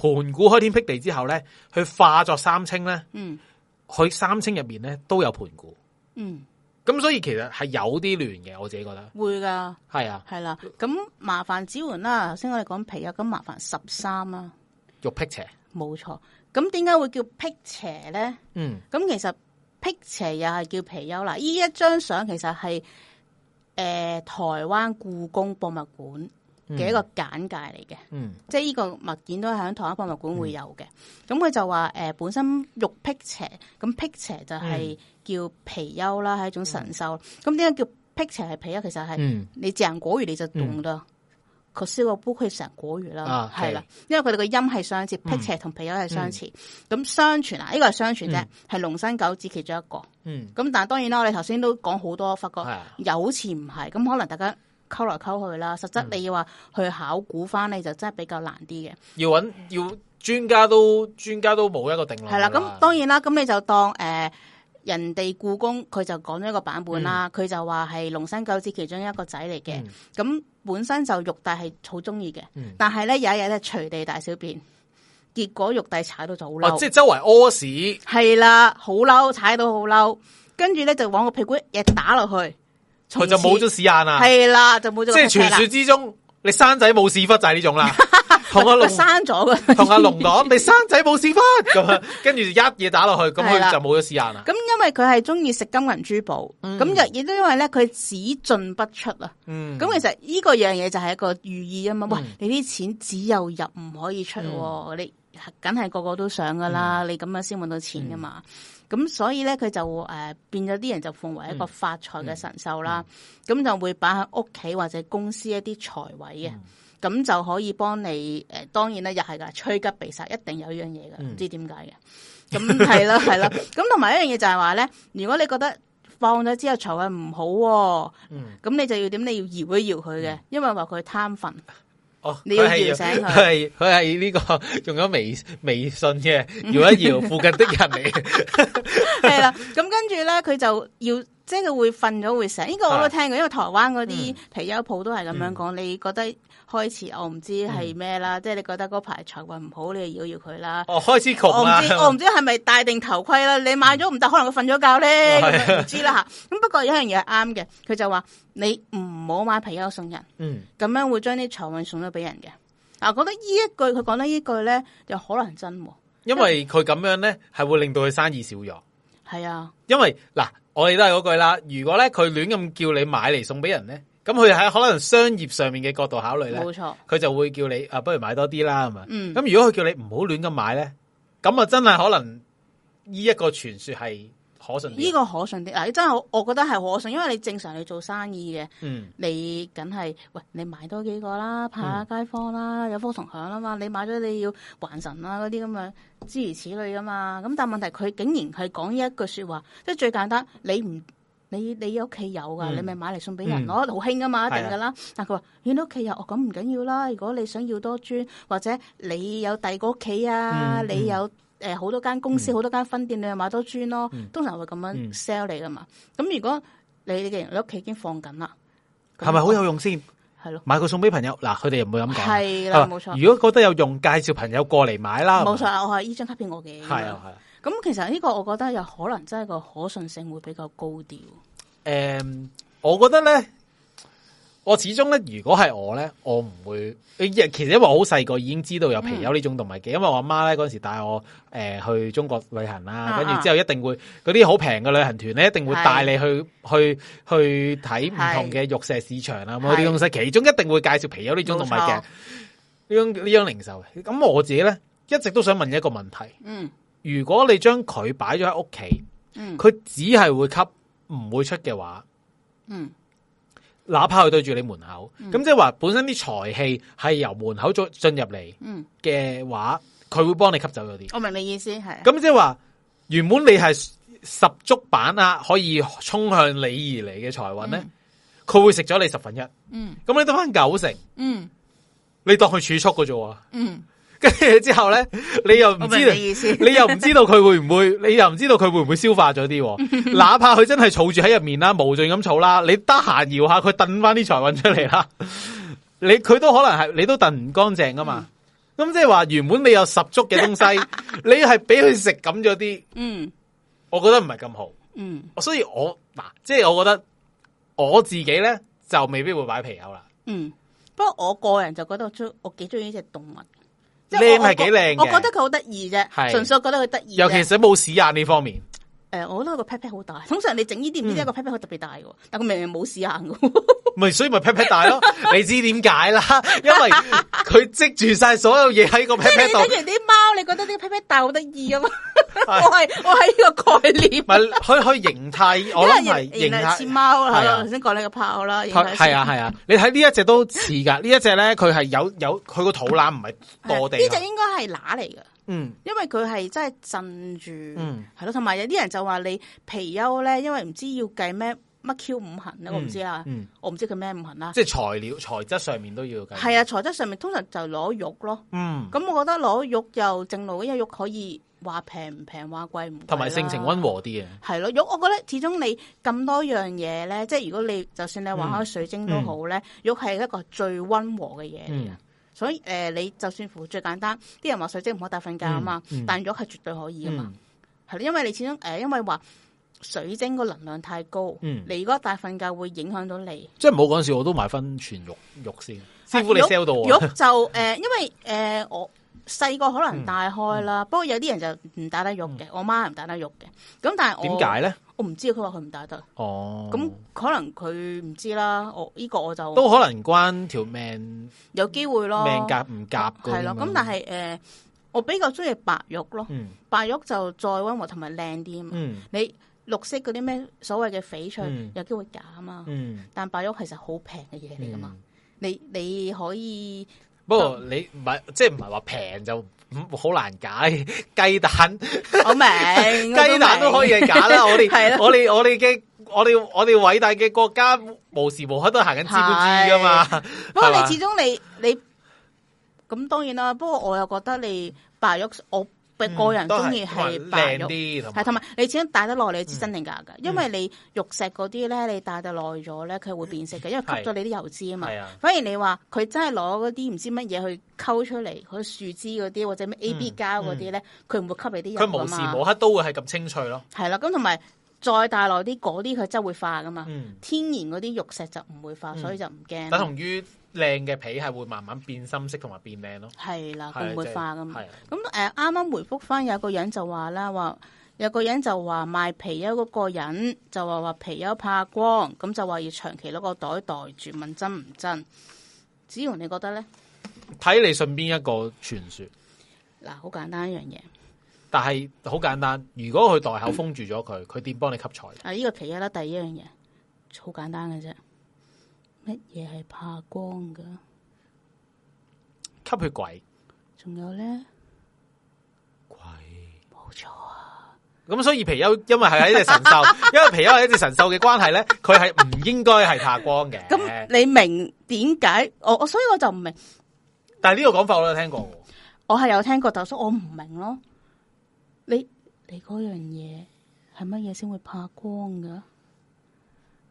盤古開天闢地之後咧，佢化作三清咧。嗯，佢三清入面咧，都有盤古。嗯，咁所以其實係有啲亂嘅，我自己覺得。會噶的。係啊。係啦，咁麻煩子桓啦。頭先我哋講貔貅，咁麻煩十三啊。玉辟僻邪錯。冇錯。咁點解會叫辟邪咧？嗯。咁其實辟邪又係叫貔貅啦。依一張相其實係誒、呃、台灣故宮博物館。嘅一個簡介嚟嘅，即係呢個物件都喺台灣博物館會有嘅。咁佢就話誒，本身玉辟邪，咁辟邪就係叫貔貅啦，係一種神獸。咁點解叫辟邪係貔貅？其實係你食果月你就凍啦，佢燒個煲佢食果月啦，係啦。因為佢哋個音係相似，辟邪同貔貅係相似。咁相傳啊，呢個係相傳啫，係龍生九子其中一個。咁但係當然啦，我哋頭先都講好多，發覺有似唔係，咁可能大家。溝來溝去啦，實質你要話去考古翻，你就真係比較難啲嘅。要揾要專家都專家都冇一個定論。係啦，咁當然啦，咁你就當誒、呃、人哋故宮佢就講咗一個版本啦，佢、嗯、就話係龍生九子其中一個仔嚟嘅。咁、嗯、本身就玉帝係好中意嘅，嗯、但係咧有一日咧隨地大小便，結果玉帝踩到就好嬲，啊，即係周圍屙屎。係啦，好嬲，踩到好嬲，跟住咧就往個屁股一打落去。佢就冇咗屎眼啦，係啦，就冇咗。即係傳說之中，你生仔冇屎忽就係呢種啦。同阿龍生咗嘅，同阿龍講：你生仔冇屎忽咁跟住一嘢打落去，咁佢就冇咗屎眼啦。咁因為佢係中意食金銀珠寶，咁亦都因為咧佢只進不出啦。咁其實呢個樣嘢就係一個寓意啊嘛。喂，你啲錢只有入唔可以出，你梗係個個都想噶啦。你咁樣先搵到錢噶嘛。咁所以咧，佢就誒、呃、變咗啲人就奉為一個發財嘅神獸啦，咁、嗯嗯、就會擺喺屋企或者公司一啲財位嘅。咁、嗯、就可以幫你誒、呃，當然咧又係噶催吉避煞，一定有一樣嘢嘅，唔、嗯、知點解嘅，咁係啦係啦，咁同埋一樣嘢就係話咧，如果你覺得放咗之後財位唔好，哦，咁、嗯、你就要點？你要搖一搖佢嘅，嗯、因為話佢貪瞓。哦，你要搖醒佢，係佢係呢個仲有微微信嘅搖一搖附近的人嚟，係啦，咁跟住咧佢就要。即係佢會瞓咗會醒，呢個我都聽過，因為台灣嗰啲貔貅鋪都係咁樣講。你覺得開始我唔知係咩啦，即係你覺得嗰排財運唔好，你就搖搖佢啦。哦，開始窮我唔知，我唔知係咪戴定頭盔啦？你買咗唔得，可能佢瞓咗覺咧，唔知啦吓。咁不過有一樣嘢係啱嘅，佢就話你唔好買貔貅送人，嗯，咁樣會將啲財運送咗俾人嘅。嗱，覺得呢一句佢講得呢句咧，又可能真。因為佢咁樣咧，係會令到佢生意少咗。係啊，因為嗱。我哋都係嗰句啦，如果咧佢亂咁叫你買嚟送俾人咧，咁佢喺可能商業上面嘅角度考慮咧，冇錯，佢就會叫你啊，不如買多啲啦，係嘛，嗯，咁如果佢叫你唔好亂咁買咧，咁啊真係可能呢一個傳說係。呢個可信啲，你真係我我覺得係可信，因為你正常你做生意嘅，嗯、你梗係喂，你買多幾個啦，派下街坊啦，嗯、有福同享啊嘛，你買咗你要還神啦嗰啲咁樣，諸如此類噶嘛。咁但係問題佢竟然係講一句說話，即係最簡單，你唔你你屋企有噶，你咪、嗯、買嚟送俾人咯，好興噶嘛，一定噶啦。是的 但佢話你屋企有，咁唔緊要啦。如果你想要多磚，或者你有第二個屋企啊，嗯、你有。誒，好多間公司，好、嗯、多間分店，你去買多磚咯，通常會咁樣 sell 你噶嘛。咁、嗯、如果你嘅人你屋企已經放緊啦，係咪好有用先？係咯，買個送俾朋友，嗱，佢哋又唔會咁講，係啦，冇錯。如果覺得有用，介紹朋友過嚟買啦，冇錯。係咪我係呢張卡片我嘅，係啊係啊。咁其實呢個我覺得有可能真係個可信性會比較高啲。誒、嗯，我覺得咧。我始終咧，如果係我咧，我唔會，其實因為我好細個已經知道有貔貅呢種動物嘅，嗯、因為我阿媽咧嗰陣時帶我誒、呃、去中國旅行啦、啊，跟住、啊、之後一定會嗰啲好平嘅旅行團咧，一定會帶你去是去去睇唔同嘅玉石市場啊，咁嗰啲東西，其中一定會介紹貔貅呢種動物嘅呢種呢種零售。咁我自己咧一直都想問一個問題，嗯，如果你將佢擺咗喺屋企，佢只係會吸唔會出嘅話，嗯。哪怕佢對住你門口，咁、嗯、即係話本身啲財氣係由門口進進入嚟嘅話，佢、嗯、會幫你吸走咗啲。我明你意思係。咁即係話原本你係十足板啊，可以衝向你而嚟嘅財運咧，佢、嗯、會食咗你十分一。嗯，咁你得翻九成。嗯，你當佢儲蓄嗰啫喎。嗯。跟住之後咧，你又唔知道，你，意思你又唔知道佢會唔會， 你又唔知道佢會唔會消化咗啲，哪怕佢真係儲住喺入面啦，無盡咁儲啦，你得閒搖下佢，揈翻啲財運出嚟啦，你佢 都可能係你都揈唔乾淨噶嘛咁即係話原本你有十足嘅東西， 你係俾佢食咁咗啲，嗯，我覺得唔係咁好，嗯，所以我嗱，即係我覺得我自己咧就未必會擺貔貅啦，嗯，不過我個人就覺得我中我幾中意呢隻動物。靚係幾靚嘅，我覺得佢好得意啫，純粹係，覺得佢得意，尤其是冇屎眼呢方面。誒，我覺得個 pat pat 好大，通常你整呢啲唔知一個 pat pat 好特別大嘅，但佢明明冇屎眼嘅，唔係，所以咪 pat pat 大咯。你知點解啦？因為佢積住晒所有嘢喺個 pat pat 度。即係你睇完啲貓，你覺得啲 pat pat 大好得意啊嘛？我係我係呢個概念，唔係佢佢形態，我諗唔係形態。似貓啦，頭先講呢個炮啦，係係啊係啊，你睇呢一隻都似噶，呢一隻咧佢係有有佢個肚腩唔係多地。呢隻應該係乸嚟嘅。嗯，因為佢係真係鎮住，係咯，同埋有啲人就話你貔貅咧，因為唔知要計咩乜 Q 五行咧，嗯嗯、我唔知啊，嗯、我唔知佢咩五行啦。即係材料材質上面都要計。係啊，材質上面通常就攞玉咯。嗯，咁我覺得攞玉又正路，因為玉可以話平唔平，話貴唔貴，同埋性情溫和啲嘢，係咯，玉我覺得始終你咁多樣嘢咧，嗯、即係如果你就算你玩開水晶都好咧，嗯嗯、玉係一個最溫和嘅嘢。嗯所以誒、呃，你就算符最簡單，啲人話水晶唔可以戴瞓覺啊嘛，但、嗯嗯、玉係絕對可以噶嘛。係、嗯、因為你始終誒、呃，因為話水晶個能量太高，嗯、你如果戴瞓覺會影響到你。即係唔好講笑，我都買翻全玉玉先，師傅父果你 sell 到玉就誒、呃，因為誒、呃、我。細個可能戴開啦，不過有啲人就唔戴得玉嘅，我媽唔戴得玉嘅。咁但係我點解咧？我唔知道，佢話佢唔戴得。哦，咁可能佢唔知啦。我呢個我就都可能關條命，有機會咯。命夾唔夾係咯。咁但係誒，我比較中意白玉咯。白玉就再溫和同埋靚啲啊嘛。你綠色嗰啲咩所謂嘅翡翠，有機會假啊嘛。但白玉其實好平嘅嘢嚟噶嘛。你你可以。不過你唔係即係唔係話平就唔好，難解雞蛋，我明雞蛋都可以係假啦。我哋 是的 我哋我哋嘅我哋我哋偉大嘅國家無時無刻都行緊資本主義㗎嘛。的吧不過你始終你你咁，當然啦。不過我又覺得你白玉我。個個人中意係白玉，啲、嗯，同埋你始終戴得耐，你知真定假嘅。嗯、因為你玉石嗰啲咧，你戴得耐咗咧，佢會變色嘅，因為吸咗你啲油脂啊嘛。啊反而你話佢真係攞嗰啲唔知乜嘢去溝出嚟，佢樹脂嗰啲或者咩 A B 膠嗰啲咧，佢唔、嗯嗯、會吸你啲油脂。佢無時無刻都會係咁清脆咯。係啦、啊，咁同埋再戴耐啲嗰啲，佢真會化噶嘛。嗯、天然嗰啲玉石就唔會化，所以就唔驚。等、嗯、同靚嘅皮係會慢慢變深色同埋變靚咯，係啦，佢唔會化㗎嘛咁。咁誒，啱啱回覆翻有個人就話啦，話有個人就話賣貔貅嗰個人就話，話貔貅怕光，咁就話要長期攞個袋袋住問真唔真。子桓你覺得呢，睇你信邊一個傳說。嗱，好簡單一樣嘢，但係好簡單。如果佢袋口封住咗佢，佢點幫你吸財？啊，呢個貔貅啦，第一樣嘢，好簡單嘅啫。乜嘢係怕光噶？吸血鬼還呢？仲有咧？鬼？冇錯啊。咁所以貔貅因為係一隻神獸，因為貔貅係一隻神獸嘅關係咧，佢係唔應該係怕光嘅。咁你明點解？我我所以我就唔明。但係呢個講法我都有聽過，我係有聽過，但係我唔明咯。你你嗰樣嘢係乜嘢先會怕光噶？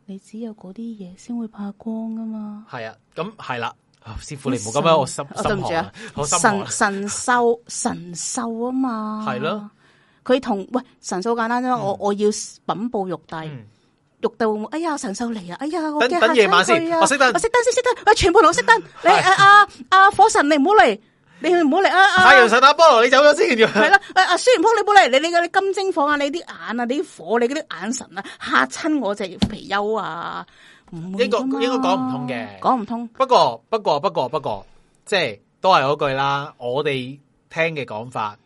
你只有嗰啲嘢先會怕光㗎嘛，係啊，咁係啦，師傅你唔好咁樣，我心唔住神啊，心神神獸神獸啊嘛，係咯的，佢同喂神獸好簡單啫，嗯，我我要稟報玉帝，玉、嗯、帝會唔會哎呀，神獸嚟啊，哎呀我、啊等，等夜晚先，熄燈，熄燈，熄熄燈，我全部都熄燈，你阿阿阿火神你唔好嚟。你唔好嚟啊！太陽神打波羅，你走咗先。係啦，阿孫悟空，你唔好嚟。你你啲金睛火啊！你啲眼啊，你啲火，你嗰啲眼神啊嚇，嚇親我隻貔貅啊！應該應該講唔通嘅，講唔通不。不過不過不過不過，即係、就是、都係嗰句啦。我哋聽嘅講法，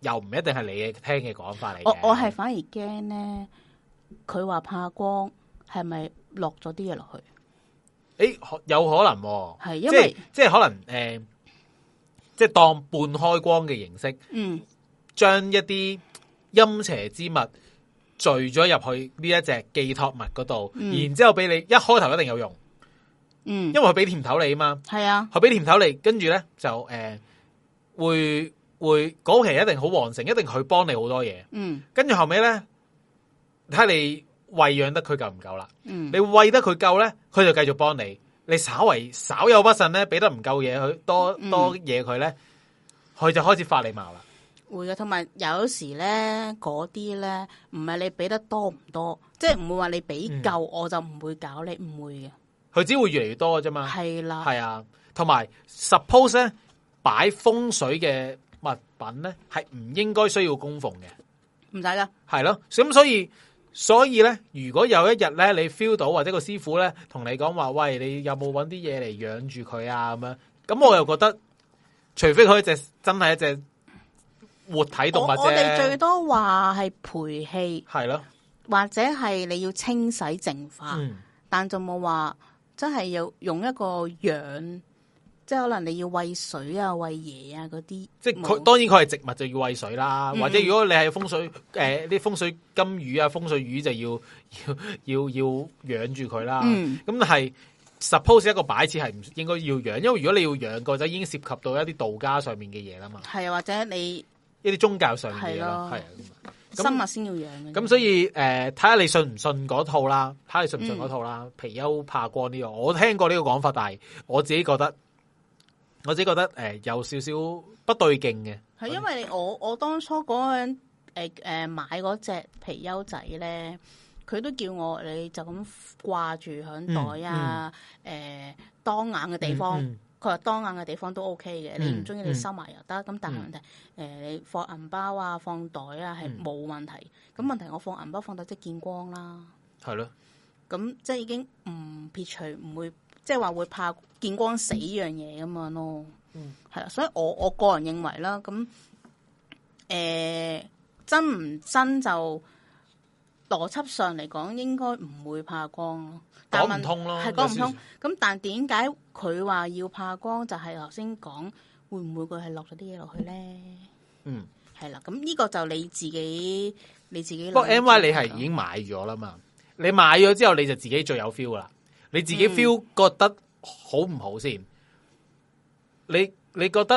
又唔一定係你聽嘅講法嚟。我我係反而驚咧，佢話怕光是是，係咪落咗啲嘢落去？誒，有可能係、啊，因為即係可能誒。呃即係當半開光嘅形式，將、嗯、一啲陰邪之物聚咗入去呢一隻寄託物嗰度，嗯、然之後俾你一開頭一定有用，嗯，因為佢俾甜頭你啊嘛，係啊，佢俾甜頭你，跟住咧就誒、呃、會會嗰期一定好旺盛，一定佢幫你好多嘢，嗯，跟住後尾咧睇你餵養得佢夠唔夠啦，嗯，你餵得佢夠咧，佢就繼續幫你。你稍為稍有不慎咧，俾得唔夠嘢佢，多多嘢佢咧，佢、嗯、就開始發禮貌啦。會噶，同埋有時咧，嗰啲咧唔係你俾得多唔多，即係唔會話你俾夠、嗯、我就唔會搞你，唔會嘅。佢只會越嚟越多嘅啫嘛。係啦的，係啊，同埋 suppose 咧擺風水嘅物品咧係唔應該需要供奉嘅，唔使噶，係咯，咁所以。所以咧，如果有一日咧，你 feel 到或者個師傅咧同你講話，喂，你有冇揾啲嘢嚟養住佢啊？咁樣，咁我又覺得，除非佢一隻真係一隻活體動物啫。我哋最多話係培氣，係咯的，或者係你要清洗淨化，嗯、但就冇話真係要用一個養。即係可能你要喂水啊，喂嘢啊嗰啲，即係佢當然佢係植物就要喂水啦，嗯、或者如果你係風水誒啲、呃、風水金魚啊，風水魚就要要要要養住佢啦。咁係、嗯、suppose 一個擺設係唔應該要養，因為如果你要養，或就已經涉及到一啲道家上面嘅嘢啦嘛。係啊，或者你一啲宗教上面嘅咯，係啊，生物先要養嘅。咁所以誒睇下你信唔信嗰套啦，睇下你信唔信嗰套啦，貔貅、嗯、怕光呢、呢個我聽過呢個講法，但係我自己覺得。我自己覺得誒、呃、有少少不對勁嘅，係因為我我當初嗰個人誒誒買嗰隻貔貅仔咧，佢都叫我你就咁掛住響袋啊誒、嗯嗯呃、當眼嘅地方，佢話、嗯嗯、當眼嘅地方都 OK 嘅，嗯、你唔中意你收埋又得。咁、嗯、但係問題誒、嗯呃，你放銀包啊，放袋啊，係冇問題。咁、嗯、問題係我放銀包放袋即係見光啦，係咯的，咁即係已經唔撇除唔會。即係話會怕見光死呢樣嘢咁樣咯。係啦、嗯，所以我我個人認為啦，咁誒、欸、真唔真就邏輯上嚟講應該唔會怕光咯，講唔通咯，係講唔通。咁但係點解佢話要怕光？就係頭先講會唔會佢係落咗啲嘢落去咧？嗯，係啦，咁呢個就你自己你自己。不過 NY 你係已經買咗啦嘛，你買咗之後你就自己最有 feel 啦。你自己 feel 覺，覺得好唔好先？嗯、你你覺得？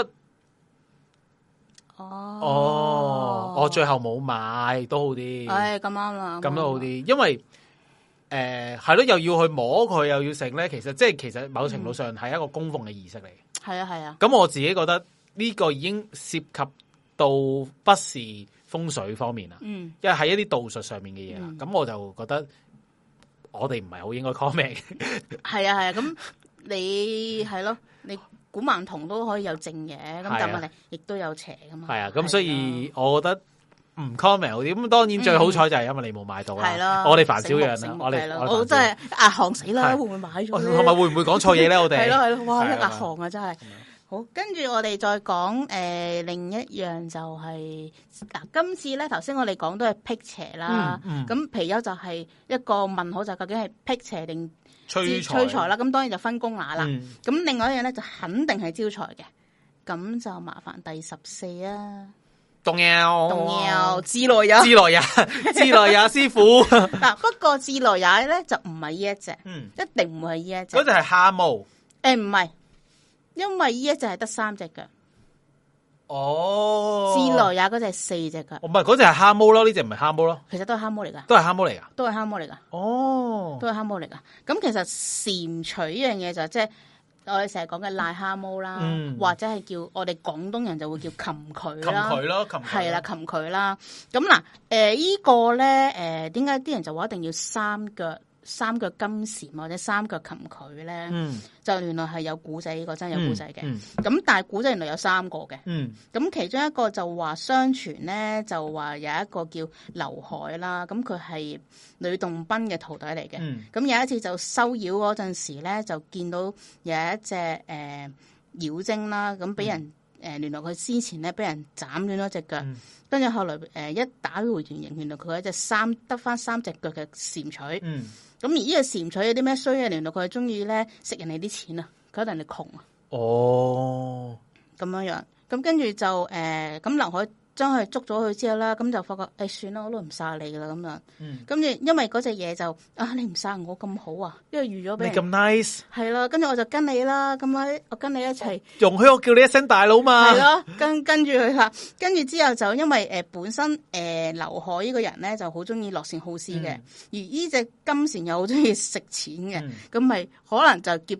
哦哦，我、哦、最後冇買，都好啲。唉、哎，咁啱啦，咁都好啲，好好因為誒係咯，又要去摸佢，又要食咧。其實即係其實某程度上係一個供奉嘅儀式嚟。係啊係啊。咁我自己覺得呢個已經涉及到不是風水方面啦，嗯，因為係一啲道術上面嘅嘢啦。咁、嗯、我就覺得。我哋唔係好應該 comment，係啊係啊，咁、啊、你係咯、啊，你古曼童都可以有正嘢，咁但係你亦都有邪噶嘛，係啊，咁、啊、所以我覺得唔 comment 好啲，咁當然最好彩就係因為你冇買到啦係咯，我哋煩少樣啦，我哋我真係牙煙死啦，啊、會唔會買咗同埋會唔會講錯嘢咧？我哋係咯係咯，哇，一牙煙啊真係。好，跟住我哋再講誒、呃，另一樣就係、是、嗱，今次咧頭先我哋講都係辟邪啦，咁貔貅就係一個問號，就究竟係辟邪定催財啦？咁才才當然就分公乸啦。咁、嗯、另外一樣咧就肯定係招財嘅，咁就麻煩第十四啦，仲有仲有自來也，自來也，自來也師傅。嗱、嗯，不過自來也咧就唔係呢一隻，嗯，一定唔會係呢一隻，嗰隻係夏目誒，唔係。因為依一隻只係得三隻腳，哦，自來也嗰隻係四隻腳。唔係，嗰隻係蝦毛咯，呢隻唔係蝦毛咯，是哈是哈，其實都係蝦毛嚟噶，都係蝦毛嚟噶，都係蝦毛嚟噶。哦，都係蝦毛嚟噶。咁其實蟾蜍呢樣嘢就即、是、係我哋成日講嘅癩蝦毛啦，嗯、或者係叫我哋廣東人就會叫蠄蟝啦，係啦，蠄蟝啦。咁嗱，誒，依、呃這個咧，誒、呃，點解啲人就話一定要三腳？三腳金蟬或者三腳蟾蜍咧，嗯、就原來係有古仔，呢個真係有古仔嘅。咁、嗯嗯、但係古仔原來有三個嘅。咁、嗯、其中一個就話相傳咧，就話有一個叫劉海啦，咁佢係呂洞賓嘅徒弟嚟嘅。咁、嗯、有一次就收妖嗰陣時咧，就見到有一隻誒、呃、妖精啦，咁俾人。誒，原來佢之前咧俾人斬斷咗隻腳，跟住、嗯、後來誒、呃、一打回原形，原來佢係一隻三，得返三隻腳嘅蟾蜍，咁、嗯、而呢個蟾蜍有啲咩衰嘅？原來佢中意咧食人哋啲錢啊，佢一定係窮啊。哦，咁樣樣，咁跟住就誒，咁、呃、劉海。將佢捉咗佢之後啦，咁就發覺誒、哎，算啦，我都唔殺你㗎啦，咁樣。嗯。咁就，因為嗰隻嘢就啊，你唔殺我咁好啊，因為預咗俾你咁 nice。係啦，跟住我就跟你啦，咁我我跟你一齊。容許我叫你一聲大佬嘛。係咯，跟跟住佢啦，跟住之後就因為誒、呃、本身誒劉海呢個人咧就線好中意樂善好施嘅，嗯、而呢隻金蟾又好中意食錢嘅，咁咪、嗯、可能就劫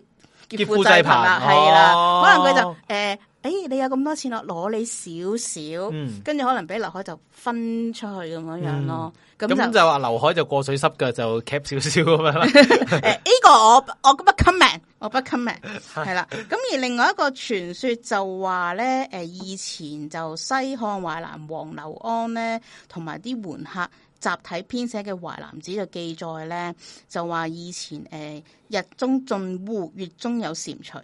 劫富濟貧啦，係啦、哦，可能佢就誒。呃誒、哎，你有咁多錢咯，攞你少少，跟住，嗯、可能俾劉海就分出去咁樣樣咯，咁、嗯、就、嗯、就話劉海就過水濕嘅，就 cap 少少咁樣啦。誒，呢個我不我不 comment，我不 comment 係啦。 咁而另外一個傳說就話咧，誒，以前就西漢淮南王劉安咧，同埋啲門客集體編寫嘅《淮南子》就記載咧，就話以前誒日中盡烏，月中有蟾蜍。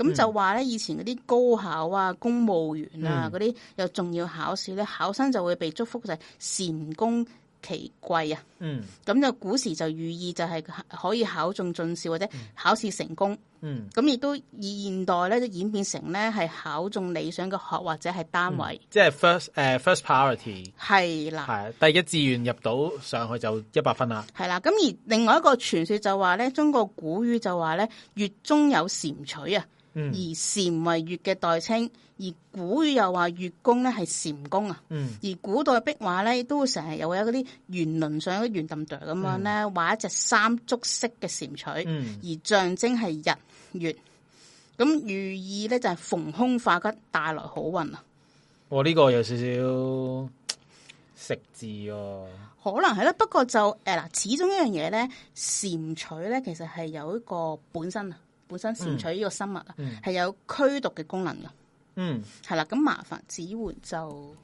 咁就話咧，以前嗰啲高考啊、公務員啊嗰啲，有重要考試咧，考生就會被祝福就係蟾宮奇貴啊。嗯，咁就古時就寓意就係可以考中進士或者考試成功。嗯，咁亦都以現代咧就演變成咧係考中理想嘅學或者係單位，嗯、即係 first 誒、uh, first priority 係啦，係第一志願入到上去就一百分啦。係啦，咁而另外一個傳說就話咧，中國古語就話咧，月中有蟾蜍啊。嗯、而蟾為月嘅代稱，而古語又話月宮咧係蟾宮啊。嗯，而古代壁畫咧都會成日又會有嗰啲圓輪上的元的、嗯、畫一個圓凼度咁樣咧畫一隻三足式嘅蟾蜍，嗯、而象徵係日月。咁寓意咧就係逢凶化吉，帶來好運啊！我呢、這個有少少食字、哦、可能係啦。不過就誒嗱、哎，始終一樣嘢咧，蟾蜍咧其實係有一個本身。本身攝取呢個生物啊，係、嗯、有驅毒嘅功能嘅。嗯，係啦，咁麻煩指援，紙糊就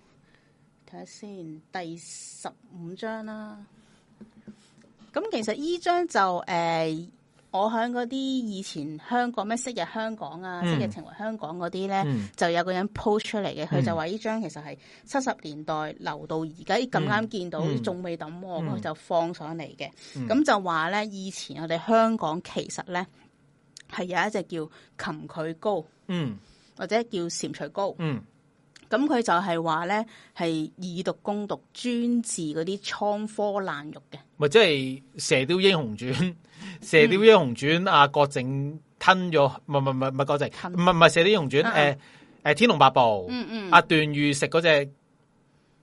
睇下先，第十五章啦。咁其實呢張就誒、呃，我喺嗰啲以前香港咩昔日香港啊，昔日成為香港嗰啲咧，嗯、就有個人 po 出嚟嘅，佢就話呢張其實係七十年代留到而家，咁啱見到仲未抌喎，咁、嗯、就放上嚟嘅。咁、嗯、就話咧，以前我哋香港其實咧。係有一隻叫琴佢膏，嗯，或者叫蟾蜍膏。嗯，嗯，嗯，咁佢就係話咧，係以毒攻毒，專治嗰啲倉科爛肉嘅。咪即係《射雕英雄傳》，《射雕英雄傳》阿、啊、郭靖吞咗，唔唔唔唔，郭，唔係，唔係《射雕英雄傳》，誒、誒，《天龍八部》啊，嗯、嗯，阿段譽食嗰隻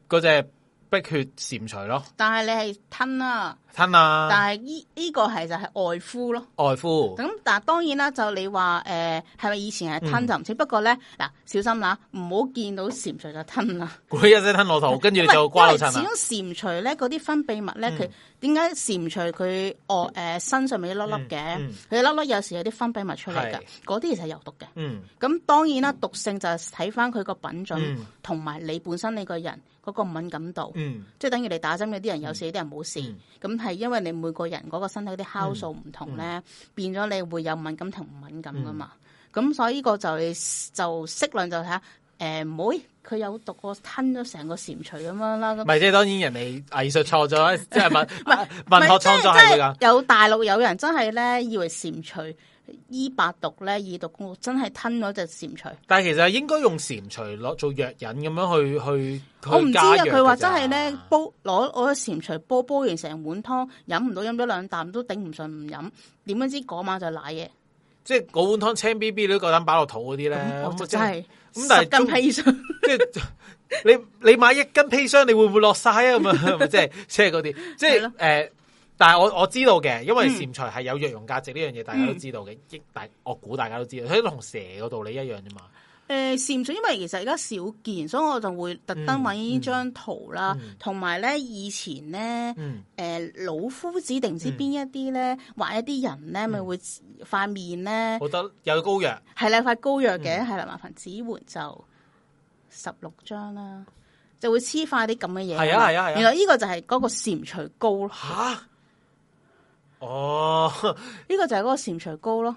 嗰隻碧血蟾蜍咯。但係你係吞啊！吞啊！但係依依個係就係外敷咯，外敷。咁但係當然啦，就你話誒係咪以前係吞就唔知。不過咧，嗱小心啦，唔好見到蟾蜍就吞啦。佢一隻吞落頭，跟住你就瓜落層啦。始終蟾蜍咧嗰啲分泌物咧，佢點解蟾蜍佢惡誒身上面一粒粒嘅，佢一粒粒有時有啲分泌物出嚟噶，嗰啲其實有毒嘅。嗯。咁當然啦，毒性就係睇翻佢個品種，同埋你本身你個人嗰個敏感度。嗯。即係等於你打針嗰啲人有事，啲人冇事。咁係因為你每個人嗰個身體啲酵素唔同咧，嗯嗯、變咗你會有敏感同唔敏感噶嘛，咁、嗯、所以呢個就是、就適量就睇下，誒，唔好佢有毒，我吞咗成個蟾蜍咁樣啦。唔係，即係當然人哋藝術創作， 即係文唔係 文學創作嚟噶。有大陸有人真係咧以為蟾蜍。醫百毒咧，耳毒真係吞咗隻蟾蜍。但係其實應該用蟾蜍攞做藥引咁樣去去。我唔知啊，佢話真係咧煲攞咗個蟾蜍煲煲完成碗湯，飲唔到飲咗兩啖都頂唔順，唔飲。點樣知嗰晚就瀨嘢。即係嗰碗湯青 B B，你都夠膽擺落肚嗰啲咧。我就真係咁，但係斤砒霜。即係你你買一斤砒霜，你會唔會落晒啊？咁啊，即係即係嗰啲，即係誒。但係我我知道嘅，因為蟾蜍係有藥用價值呢樣嘢，大家都知道嘅，亦大我估大家都知道，佢都同蛇個道理一樣啫嘛。誒，蟾蜍因為其實而家少見，所以我就會特登搵呢張圖啦，同埋咧以前咧，誒老夫子定唔知邊一啲咧畫一啲人咧，咪會塊面咧，得有膏藥，係啦塊膏藥嘅，係啦麻煩紙糊就十六張啦，就會黐塊啲咁嘅嘢。係啊係啊係啊，原來呢個就係嗰個蟾蜍膏吓。哦，呢、oh, 個就係嗰個蟾蜍膏咯，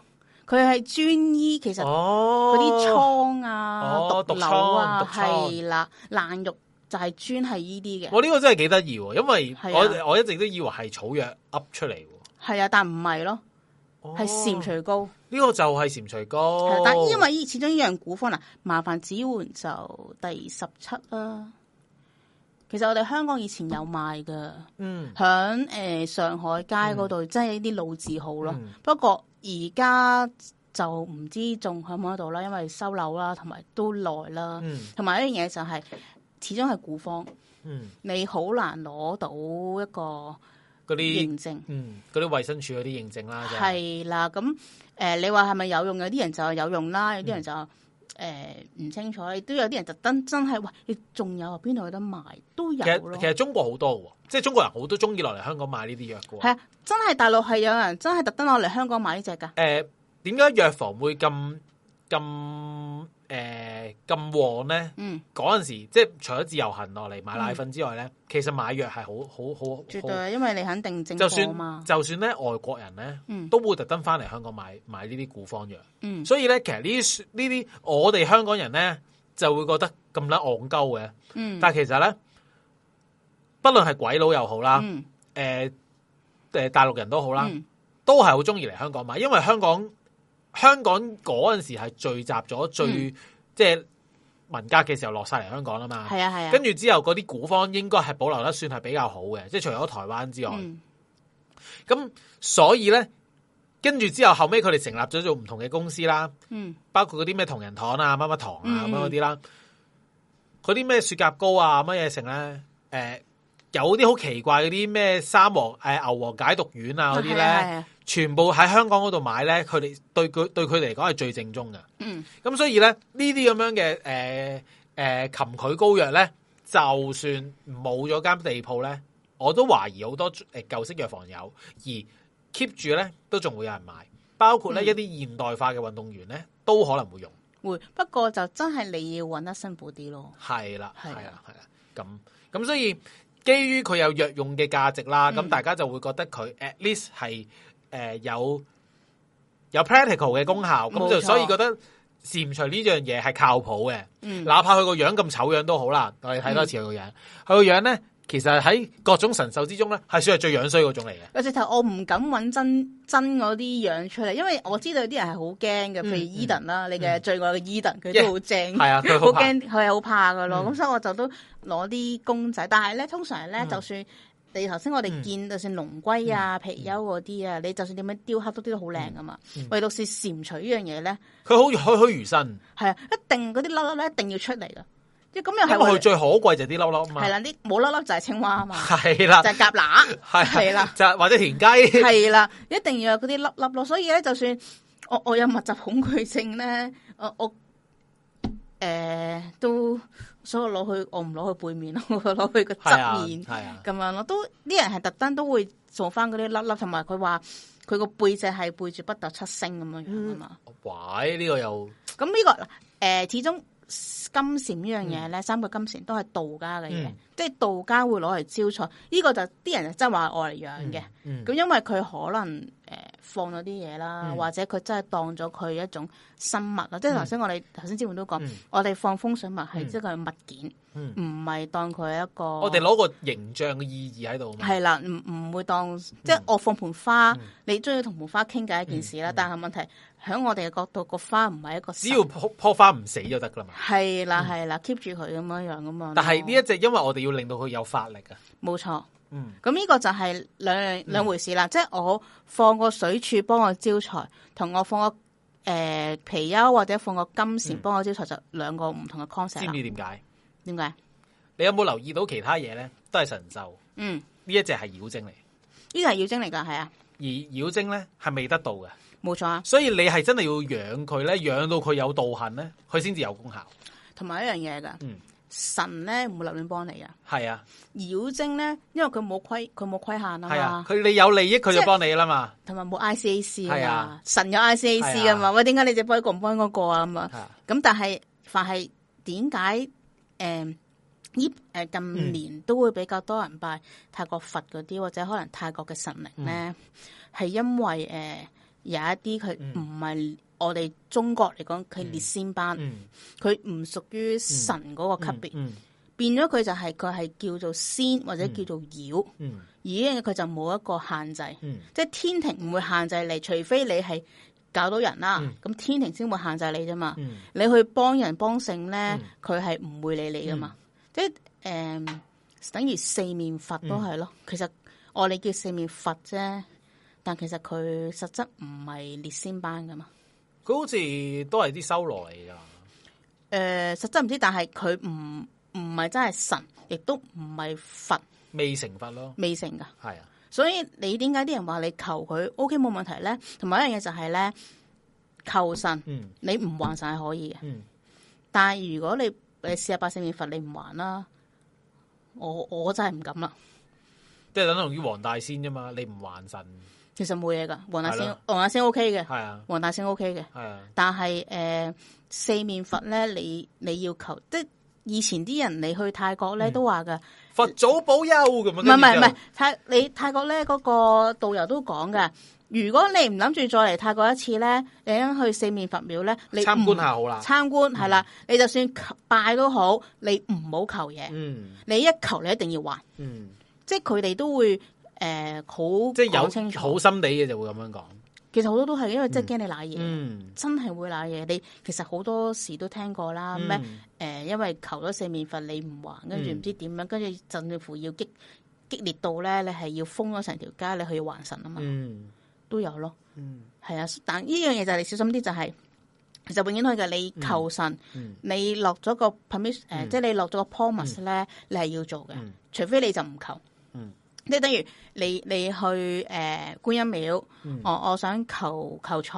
佢係專醫其實嗰啲瘡啊、oh, 毒瘤啊，係啦，啊、是的爛肉就係專係呢啲嘅。我呢、哦這個真係幾得意，因為我我一直都以為係草藥噏出嚟。係啊，但唔係咯，係蟾蜍膏。呢個就係蟾蜍膏，但因為依始終依樣古方啦，麻煩指煥就第十七啦。其實我哋香港以前有賣噶，喺誒、嗯呃、上海街嗰度，嗯、即係啲老字號咯。嗯、不過而家就唔知仲喺唔喺度啦，因為收樓啦，同埋都耐啦。同埋一樣嘢就係、是，始終係古方，嗯、你好難攞到一個嗰啲認證。嗯，嗰啲衛生署嗰啲認證啦，係、就、啦、是。咁誒、呃，你話係咪有用？有啲人就有用啦，有啲人，人就。嗯誒唔、呃、清楚，都有啲人特登真係，喂，你仲有邊度有得賣？都有咯。其實，其實中國好多喎、啊，即係中國人好多中意落嚟香港買呢啲藥嘅。係啊，真係大陸係有人真係特登落嚟香港買呢隻㗎。點解、呃、藥房會咁？咁誒咁旺咧，嗰陣、嗯、時即係除咗自由行落嚟買奶粉之外咧，嗯、其實買藥係好好好好，絕對因為你肯定正貨嘛。就算就算咧外國人咧，嗯、都會特登翻嚟香港買買呢啲古方藥。嗯，所以咧其實呢啲呢啲我哋香港人咧就會覺得咁撚戇鳩嘅。嗯，但係其實咧，不論係鬼佬又好啦，誒誒、嗯呃、大陸人好、嗯、都好啦，都係好中意嚟香港買，因為香港。香港嗰陣時係聚集咗最、嗯、即係文革嘅時候落晒嚟香港啦嘛，係啊係啊。跟住、啊、之後嗰啲古方應該係保留得算係比較好嘅，即係除咗台灣之外，咁、嗯、所以咧，跟住之後後尾，佢哋成立咗做唔同嘅公司啦，嗯、包括嗰啲咩同仁堂啊、乜乜堂啊咁樣嗰啲啦，嗰啲咩雪蛤膏啊乜嘢成咧，誒、呃，有啲好奇怪嗰啲咩三黃誒牛黃解毒丸啊嗰啲咧。全部喺香港嗰度買咧，佢哋對佢對佢嚟講係最正宗嘅。咁、嗯、所以咧，這些這呃呃、呢啲咁樣嘅琴誒擒佢膏藥咧，就算冇咗間地鋪咧，我都懷疑好多誒舊式藥房有而 keep 住咧，都仲會有人買。包括咧一啲現代化嘅運動員咧，嗯、都可能會用。會不過就真係你要搵得辛苦啲咯。係啦，係啦，係啦。咁咁的所以基於佢有藥用嘅價值啦，咁、嗯、大家就會覺得佢 at least 係。誒、呃，有有 practical 嘅功效，咁錯就所以覺得蟾蜍呢樣嘢係靠譜嘅，嗯、哪怕佢個樣咁醜樣都好啦。我哋睇多次佢個樣，佢個、嗯、樣咧，其實喺各種神獸之中咧，係算係最，最樣衰嗰種嚟嘅。我直頭我唔敢搵真真嗰啲樣出嚟，因為我知道有啲人係好驚嘅，嗯、譬如 Edan 啦，你嘅最愛嘅 Edan 佢都好正，係啊，佢好驚，佢係好怕㗎咯。咁、嗯、所以我就都攞啲公仔，但係咧，通常咧，就算、嗯。你頭先我哋見到，算龍龜啊、貔貅，嗰啲啊，嗯嗯、你就算點樣雕刻都啲都好靚噶嘛。嗯嗯、唯獨是蟾蜍呢樣嘢咧,佢好栩栩如生。係啊，一定嗰啲粒粒咧一定要出嚟噶，即咁又係。佢最可貴就係啲粒粒啊嘛。係啦，啲冇粒粒就係青蛙啊嘛。係啦的，就係蛤乸。係啦，就或者田雞。係 啦，一定要有嗰啲粒粒咯。所以咧，就算我我有密集恐懼症咧，我我。誒、呃，都所以攞去，我唔攞去背面咯，攞去個側面咁、啊、樣咯。啊、都啲人係特登都會做翻嗰啲粒粒，同埋佢話佢個背脊係背住北斗七星咁樣樣啊嘛。拐呢個又咁呢個，誒、呃，始終金蟾呢樣嘢咧，嗯、三個金蟾都係道家嘅嘢，即係、嗯、道家會攞嚟招財。呢、這個就啲人係真話愛嚟養嘅，咁、嗯嗯、因為佢可能。誒，放咗啲嘢啦，或者佢真係當咗佢一種生物啦。即係頭先我哋頭先師傅都講，我哋放風水物係即係佢物件，唔係當佢一個。我哋攞個形象嘅意義喺度。係啦，唔唔會當，即係我放盆花，你中意同盆花傾偈一件事啦。但係問題喺我哋嘅角度，個花唔係一個。只要棵花唔死就得噶啦嘛。係啦係啦，keep 住佢咁樣樣咁樣。但係呢一隻，因為我哋要令到佢有法力啊。冇錯。嗯，咁呢個就係兩兩回事啦，嗯、即係我放個水柱幫我招財，同我放個誒、呃、貔貅或者放個金蟬幫我招財、嗯、就兩個唔同嘅 concept，知唔知點解？點解？你有冇留意到其他嘢咧？都係神獸，嗯，呢一隻係妖精嚟，呢個係妖精嚟噶，係啊，而妖精咧係未得道嘅，冇錯啊，所以你係真係要養佢咧，養到佢有道行咧，佢先至有功效，同埋一樣嘢噶，嗯。神咧唔會立亂幫你啊，係啊，妖精咧，因為佢冇規，佢冇規限啊嘛，佢、啊、你有利益佢就幫你啦嘛，同埋冇 I C A C 啊，神有 I C A C 噶嘛，喂、啊，點解你只波一個幫唔幫嗰個啊咁啊？咁但係凡係點解誒，呢、啊、誒近年都會比較多人拜泰國佛嗰啲，或者可能泰國嘅神靈咧，係、啊、因為誒、啊、有一啲佢唔係。我哋中國嚟講，佢列仙班，佢唔屬於神嗰個級別，嗯嗯嗯、變咗佢就係佢係叫做仙或者叫做妖，嗯嗯、而呢佢就冇一個限制，嗯、即係天庭唔會限制你，除非你係搞到人啦、啊，咁、嗯、天庭先會限制你啫嘛。嗯、你去幫人幫聖咧，佢係唔會理你噶嘛。嗯、即係誒、呃，等於四面佛都係咯。嗯、其實我哋叫四面佛啫，但其實佢實質唔係列仙班噶嘛。佢好似都係啲修羅嚟咋？誒、呃，實質唔知，但係佢唔唔係真係神，亦都唔係佛，未成佛咯，未成噶，係啊。所以你點解啲人話你求佢 OK 冇問題咧？同埋一樣嘢就係咧，求神，嗯、你唔還神係可以嘅。嗯、但係如果你誒四阿八聖面佛你唔還啦，我我真係唔敢啦。即係等同於黃大仙啫嘛，你唔還神。其實冇嘢噶，黃大仙的黃大仙 O K 嘅，的黃大仙 O K 嘅，的但係誒、呃、四面佛咧，你你要求，即係以前啲人嚟去泰國咧、嗯、都話噶，佛祖保佑咁樣唔係唔係唔係泰你泰國咧，嗰個導遊都講噶，如果你唔諗住再嚟泰國一次咧，你去四面佛廟咧，你參觀下好啦，參、嗯、觀係啦，你就算拜都好，你唔好求嘢，嗯，你一求你一定要還，嗯，即係佢哋都會。誒，好，即係有清楚好心理嘅，就會咁樣講。其實好多都係，因為即係驚你瀨嘢，真係會瀨嘢。你其實好多時都聽過啦，咩誒？因為求咗四面佛你唔還，跟住唔知點樣，跟住甚至乎要激激烈到咧，你係要封咗成條街，你去還神啊嘛。都有咯，係啊。但呢樣嘢就係你小心啲，就係其實永遠都係嘅。你求神，你落咗個 permission，誒，即係你落咗個 promise 咧，你係要做嘅，除非你就唔求。即係等於你你去誒觀音廟，我我想求求財，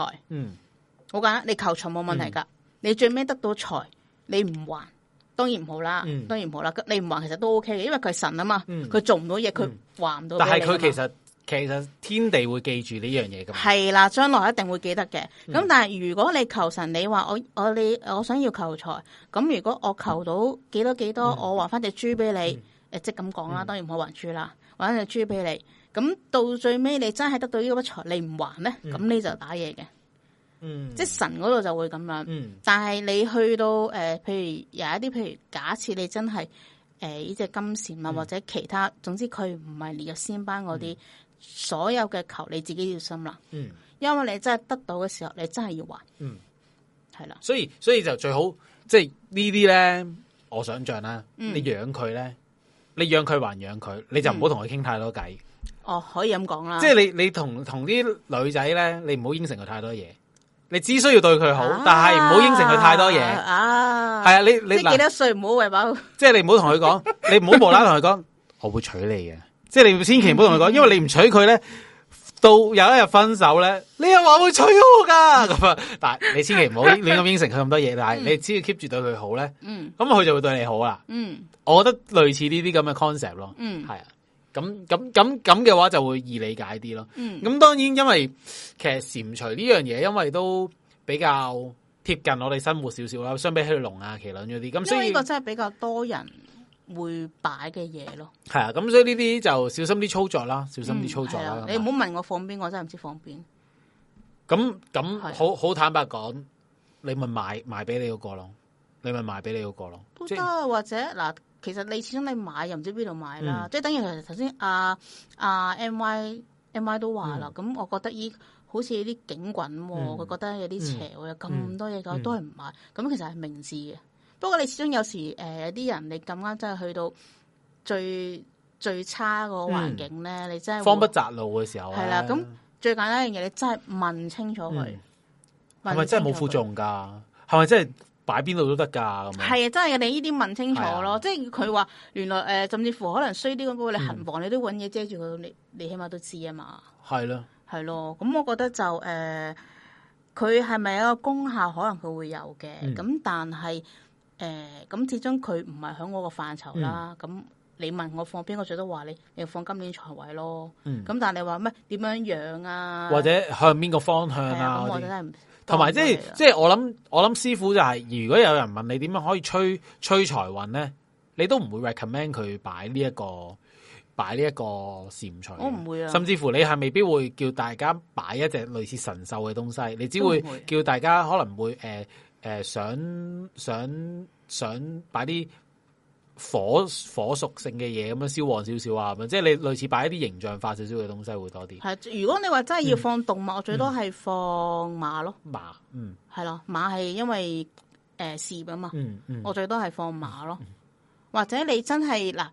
好簡單，你求財冇問題噶你最尾得到財，你唔還，當然唔好啦，當然唔好啦。你唔還其實都 O K 嘅，因為佢係神啊嘛，佢做唔到嘢，佢還唔到。但係佢其實其實天地會記住呢樣嘢，咁係啦，將來一定會記得嘅。咁但係如果你求神，你話我我你我想要求財，咁如果我求到幾多幾多，我還翻隻豬俾你，誒即咁講啦，當然唔可以還豬啦。玩隻豬俾你，咁到最尾你真係得到呢個筆財，你唔還咧，咁、嗯、你就打嘢嘅。嗯，即係神嗰度就會咁樣。嗯，但係你去到誒、呃，譬如有一啲，譬如假設你真係誒呢隻金蟾啊，嗯、或者其他，總之佢唔係列入仙班嗰啲，嗯、所有嘅球你自己要心啦。嗯，因為你真係得到嘅時候，你真係要還。嗯，係啦，所以所以就最好即係、就是、呢啲咧，我想像啦，嗯、你養佢咧。你養佢還養佢，你就唔好同佢傾太多偈。哦、嗯，可以咁講啦。即係你你同同啲女仔咧，你唔好應承佢太多嘢。你只需要對佢好，啊、但係唔好應承佢太多嘢，啊。啊，係啊，你你幾多歲唔好餵飽？即係你唔好同佢講，你唔好無啦啦同佢講，我會娶你嘅，啊。即係你千祈唔好同佢講，因為你唔娶佢咧。嗯到有一日分手咧，你又話會娶我噶，咁啊！但係你千祈唔好亂咁應承佢咁多嘢， 嗯、但係你只要 keep 住對佢好咧，咁佢、嗯、就會對你好啦。嗯，我覺得類似呢啲咁嘅 concept 咯。嗯，係啊，咁咁咁咁嘅話就會易理解啲咯。咁、嗯、當然因為其實蟾蜍呢樣嘢，因為都比較貼近我哋生活少少啦，相比起龍啊、麒麟嗰啲咁，所以呢個真係比較多人。會擺嘅嘢咯，係啊，咁所以呢啲就小心啲操作啦，小心啲操作啦，你唔好問我放邊，我真係唔知放邊。咁咁好好坦白講，你咪買買俾你嗰個咯，你咪買俾你嗰個咯。都得，或者嗱，其實你始終你買又唔知邊度買啦，即係等於頭先阿阿 M Y M Y 都話啦，咁我覺得依好似啲警棍，佢覺得有啲邪，有咁多嘢搞，都係唔買。咁其實係明智嘅。不過你始終有時誒、呃，有啲人你咁啱真係去到最最差個環境咧、嗯，你真係慌不擇路嘅時候係啦。咁最簡單一樣嘢，你真係問清楚佢，係咪、嗯、問 真係冇副作用噶？係咪他真係擺邊度都得噶？係啊，真係你呢啲問清楚咯。是的即係佢話原來誒、呃，甚至乎可能衰啲咁，不、嗯、你行房你都搵嘢遮住佢，你你起碼都知啊嘛。係咯的，係咯。咁我覺得就誒，佢係咪有一個功效？可能佢會有嘅。咁、嗯、但係。誒，咁、欸、始終佢唔係喺我個範疇啦。咁、嗯、你問我放邊個最多話你，你放今年財位咯。咁、嗯、但係你話咩？點樣樣啊？或者向邊個方向啊？咁、啊、我真係唔同埋，即係即係我諗，我諗師傅就係、是，如果有人問你點樣可以吹吹財運咧，你都唔會 recommend 佢擺呢一個擺呢一個禪財。我唔會啊，甚至乎你係未必會叫大家擺一隻類似神獸嘅東西，你只會，會、啊、叫大家可能會誒。呃誒、呃，想想想擺啲火火屬性嘅嘢，咁樣燒旺少少啊，咁樣即係你類似擺一啲形象化少少嘅東西會多啲。係，如果你話真係要放動物，嗯、我最多係放馬咯。馬，嗯，係咯，馬係因為誒，事業、呃、啊嘛，嗯嗯嗯我最多係放馬咯。嗯嗯或者你真係嗱，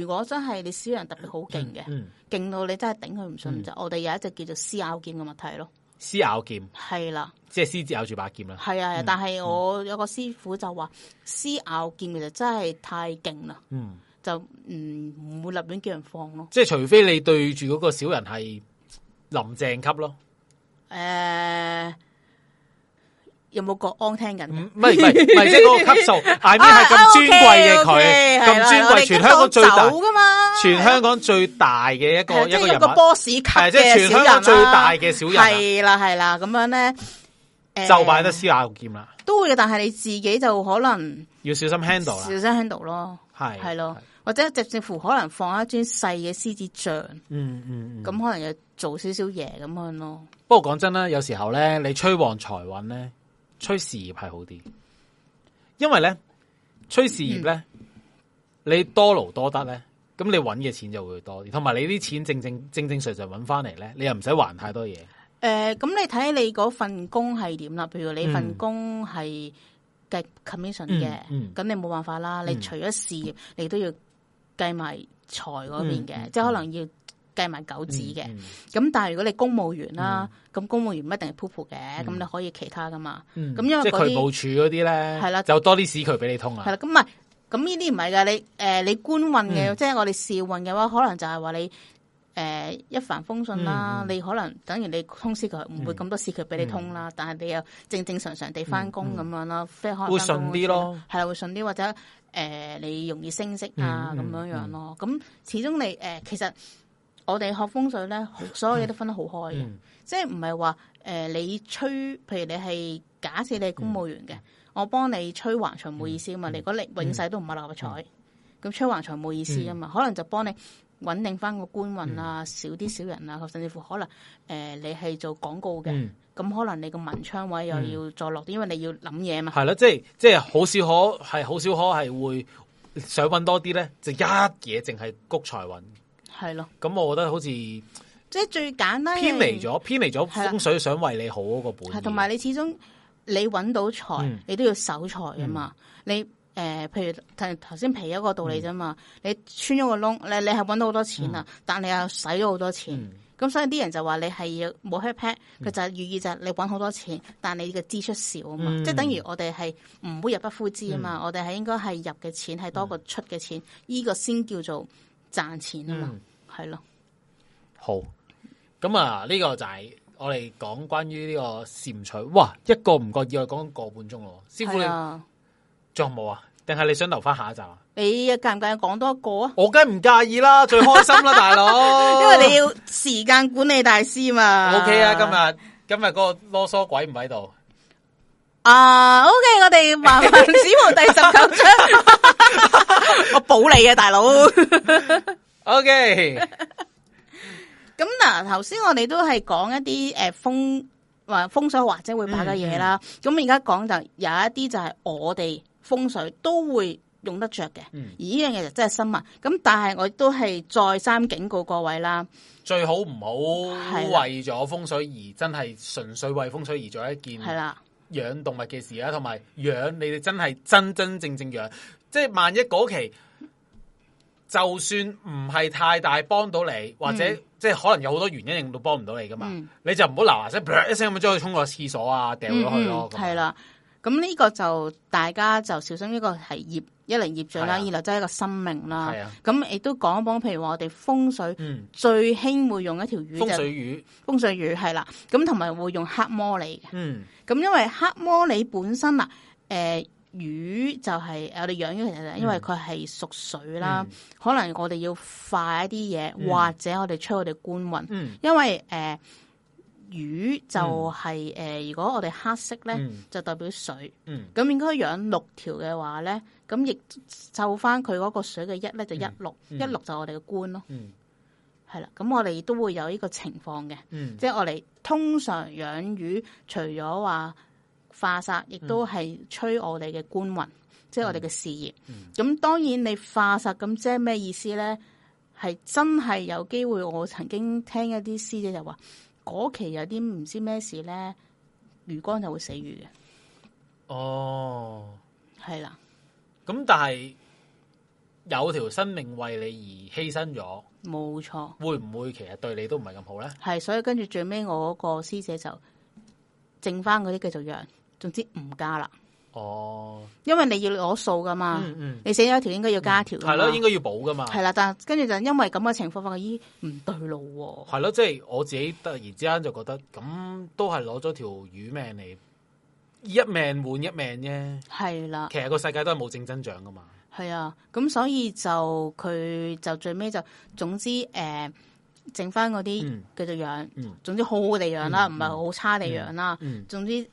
如果真係你小人特別好勁嘅，勁到、嗯嗯、你真係頂佢唔順，就、嗯、我哋有一隻叫做獅咬劍嘅物體咯。獅咬劍係啦，是的即係獅子咬住把劍啦。係啊的，嗯、但係我有個師傅就話獅咬劍其實真係太勁啦。嗯，嗯就唔唔會立亂叫人放咯。即係除非你對住嗰個小人係林鄭級咯。誒、呃。有冇國安聽緊？唔係唔係，唔係，即係個級數，係咪係咁尊貴嘅，佢咁尊貴，全香港最大嘅一個一個，即係個波士級，即係全香港最大嘅小人啦。係啦係啦，咁樣咧，就買得獅牙劍啦。都會嘅，但係你自己就可能要小心 handle 啊，小心 handle 咯，係係咯，或者甚至乎可能放一尊細嘅獅子像，嗯嗯，咁可能又做少少嘢咁樣咯。不過講真啦，有時候咧，你催旺財運咧。催事業係好啲，因為咧催事業咧，你多勞多得咧，咁你揾嘅錢就會多，同埋你啲錢正正,正正正正常常揾翻嚟咧，你又唔使還太多嘢。誒、呃，咁你睇你嗰份工係點啦？譬如你份工係計 commission 嘅，咁、嗯嗯嗯、你冇辦法啦。你除咗事業，你都要計埋財嗰邊嘅，嗯嗯、即係可能要。計埋九子嘅，咁但係如果你公務員啦，咁公務員唔一定係鋪鋪嘅，咁你可以其他噶嘛。咁因為即係佢部處嗰啲咧，就多啲市渠俾你通啊。係啦，咁咁呢啲唔係㗎，你誒你官運嘅，即係我哋仕運嘅話，可能就係話你誒一帆風順啦。你可能等於你通司渠唔會咁多市渠俾你通啦，但係你又正正常常地翻工咁樣啦，即係可能會順啲咯，係會順啲或者誒你容易升職啊咁樣樣咯。咁始終你誒其實。我哋學風水咧，所有嘢都分得好開嘅，嗯、即係唔係話誒你催，譬如你係假設你係公務員嘅，嗯、我幫你催橫財冇意思啊嘛，嗯、你如果永世都唔買六合彩，咁、嗯、催橫財冇意思啊嘛，嗯、可能就幫你穩定返個官運啊，嗯、少啲小人啊，甚至乎可能誒、呃、你係做廣告嘅，咁、嗯、可能你個文昌位又要再落啲，嗯、因為你要諗嘢嘛。係啦，即係即係好少可係好少可係會想搵多啲咧，就一嘢淨係谷財運。係咯，咁我覺得好似即係最簡單偏離咗，偏離咗風水想為你好嗰個本。係同埋你始終你揾到財，你都要守財啊嘛。你誒，譬如頭頭先皮一個道理啫嘛。你穿咗個窿，你你係揾到好多錢啊，但你又使咗好多錢。咁所以啲人就話你係要冇 happy，佢就係寓意就係你揾好多錢，但係你嘅支出少啊嘛。即係等於我哋係唔會入不敷支啊嘛。我哋係應該係入嘅錢係多過出嘅錢，呢個先叫做。賺錢啊嘛，係咯、嗯，的好，咁啊呢、呢個就係我哋講關於呢個蟾蜍。哇，一個唔覺意，我講個半鐘咯，師傅，的你仲有冇啊？定係你想留翻下一集啊？你介唔介意講多一個啊？我梗係唔介意啦，最開心啦， 大佬哥，因為你要時間管理大師嘛。 o、okay、K 啊，今日今日個囉嗦鬼唔喺度。啊、uh，OK，我哋《萬民子母》第十九章， 我保你嘅、啊、大佬 okay. OK，咁嗱，頭先我哋都係講一啲誒風或風水或者會拍嘅嘢啦。咁而家講就有一啲就係我哋風水都會用得着嘅。嗯、而呢樣嘢就真係新聞。咁但係我都係再三警告各位啦，最好唔好為咗風水而真係純粹為風水而做一件係啦、嗯。養動物嘅事啊，同埋養你哋真係真真正正養，即係萬一嗰期就算唔係太大幫到你，或者、嗯、即係可能有好多原因令到幫唔到你噶嘛，嗯、你就唔好嗱嗱聲，噗一聲咁樣將佢沖個廁所啊，掉咗去咯，係啦、嗯。那個咁呢個就大家就小心呢個係業，一嚟業障啦，啊、二嚟即係一個生命啦。咁亦、啊、都講一講，譬如話我哋風水、嗯、最興會用一條魚就，風水魚，風水魚係啦。咁同埋會用黑摩尼嘅。咁、嗯、因為黑摩尼本身啦誒、呃、魚就係、是、我哋養魚其實因為佢係屬水啦，嗯、可能我哋要快一啲嘢，嗯、或者我哋催我哋官運。嗯、因為誒。呃魚就係、是、誒、嗯呃，如果我哋黑色咧，嗯、就代表水。咁、嗯、應該養六條嘅話咧，咁亦就翻佢嗰個水嘅一咧，就一六、嗯嗯、一六就我哋嘅官咯。係啦、嗯，咁我哋都會有呢個情況嘅，嗯、即係我哋通常養魚，除咗話化煞，亦都係催我哋嘅官運，嗯、即係我哋嘅事業。咁、嗯嗯、當然你化煞咁即係咩意思咧？係真係有機會。我曾經聽一啲師姐就話。嗰期有啲唔知咩事咧，魚缸就會死魚嘅。哦，係啦的，咁但係有條生命為你而犧牲咗，冇錯錯，會唔會其實對你都唔係咁好咧？係，所以跟住最尾我嗰個師姐就剩返嗰啲繼續養，總之唔加啦。哦，因為你要攞數噶嘛，你寫咗條應該要加條，係咯，應該要補噶嘛。係啦，但係跟住就因為咁嘅情況，發覺咦唔對路喎。係咯，即係我自己突然之間就覺得，咁都係攞咗條魚命嚟一命換一命啫。係啦，其實個世界都係冇正增長噶嘛。係啊，咁所以就佢就最尾就總之誒，剩翻嗰啲繼續養，總之好好地養啦，唔係好差地養啦。總之誒，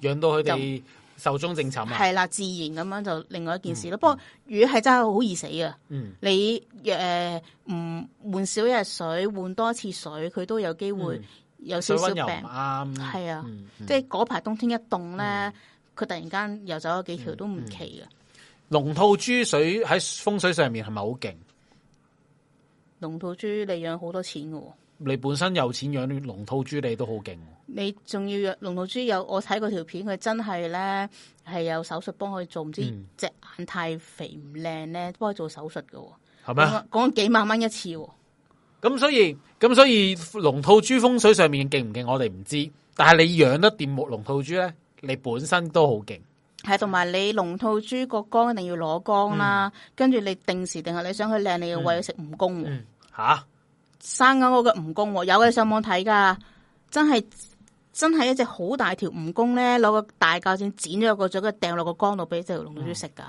養到佢哋，壽終正寢啊！係啦，自然咁樣就另外一件事咯。嗯嗯、不過魚係真係好易死噶，嗯、你誒唔換少一日水，換多次水，佢都有機會有少少病。啱，係啊，即係嗰排冬天一凍咧，佢、嗯、突然間又走咗幾條都唔奇噶。龍、嗯嗯嗯、吐珠水喺風水上面係咪好勁？龍吐珠你養好多錢噶、哦。你本身有錢養龍吐珠，你都好勁。你仲要養龍吐珠？有我睇過條片，佢真係咧係有手術幫佢做，唔知隻、嗯、眼太肥唔靚咧，幫佢做手術喎、哦。係咪啊？講幾萬蚊一次、哦。咁所以咁所以龍吐珠風水上面勁唔勁？我哋唔知。但係你養得掂木龍吐珠咧？你本身都好勁。係同埋你龍吐珠個缸一定要攞光啦，嗯、跟住你定時定係你想佢靚，你要餵佢食蜈蚣。吓、嗯？嗯啊生緊我嘅蜈蚣，有嘅上網睇噶，真係真係一隻好大條蜈蚣咧，攞個大鉸剪剪咗個嘴，佢掟落個缸度俾隻龍兔豬食噶，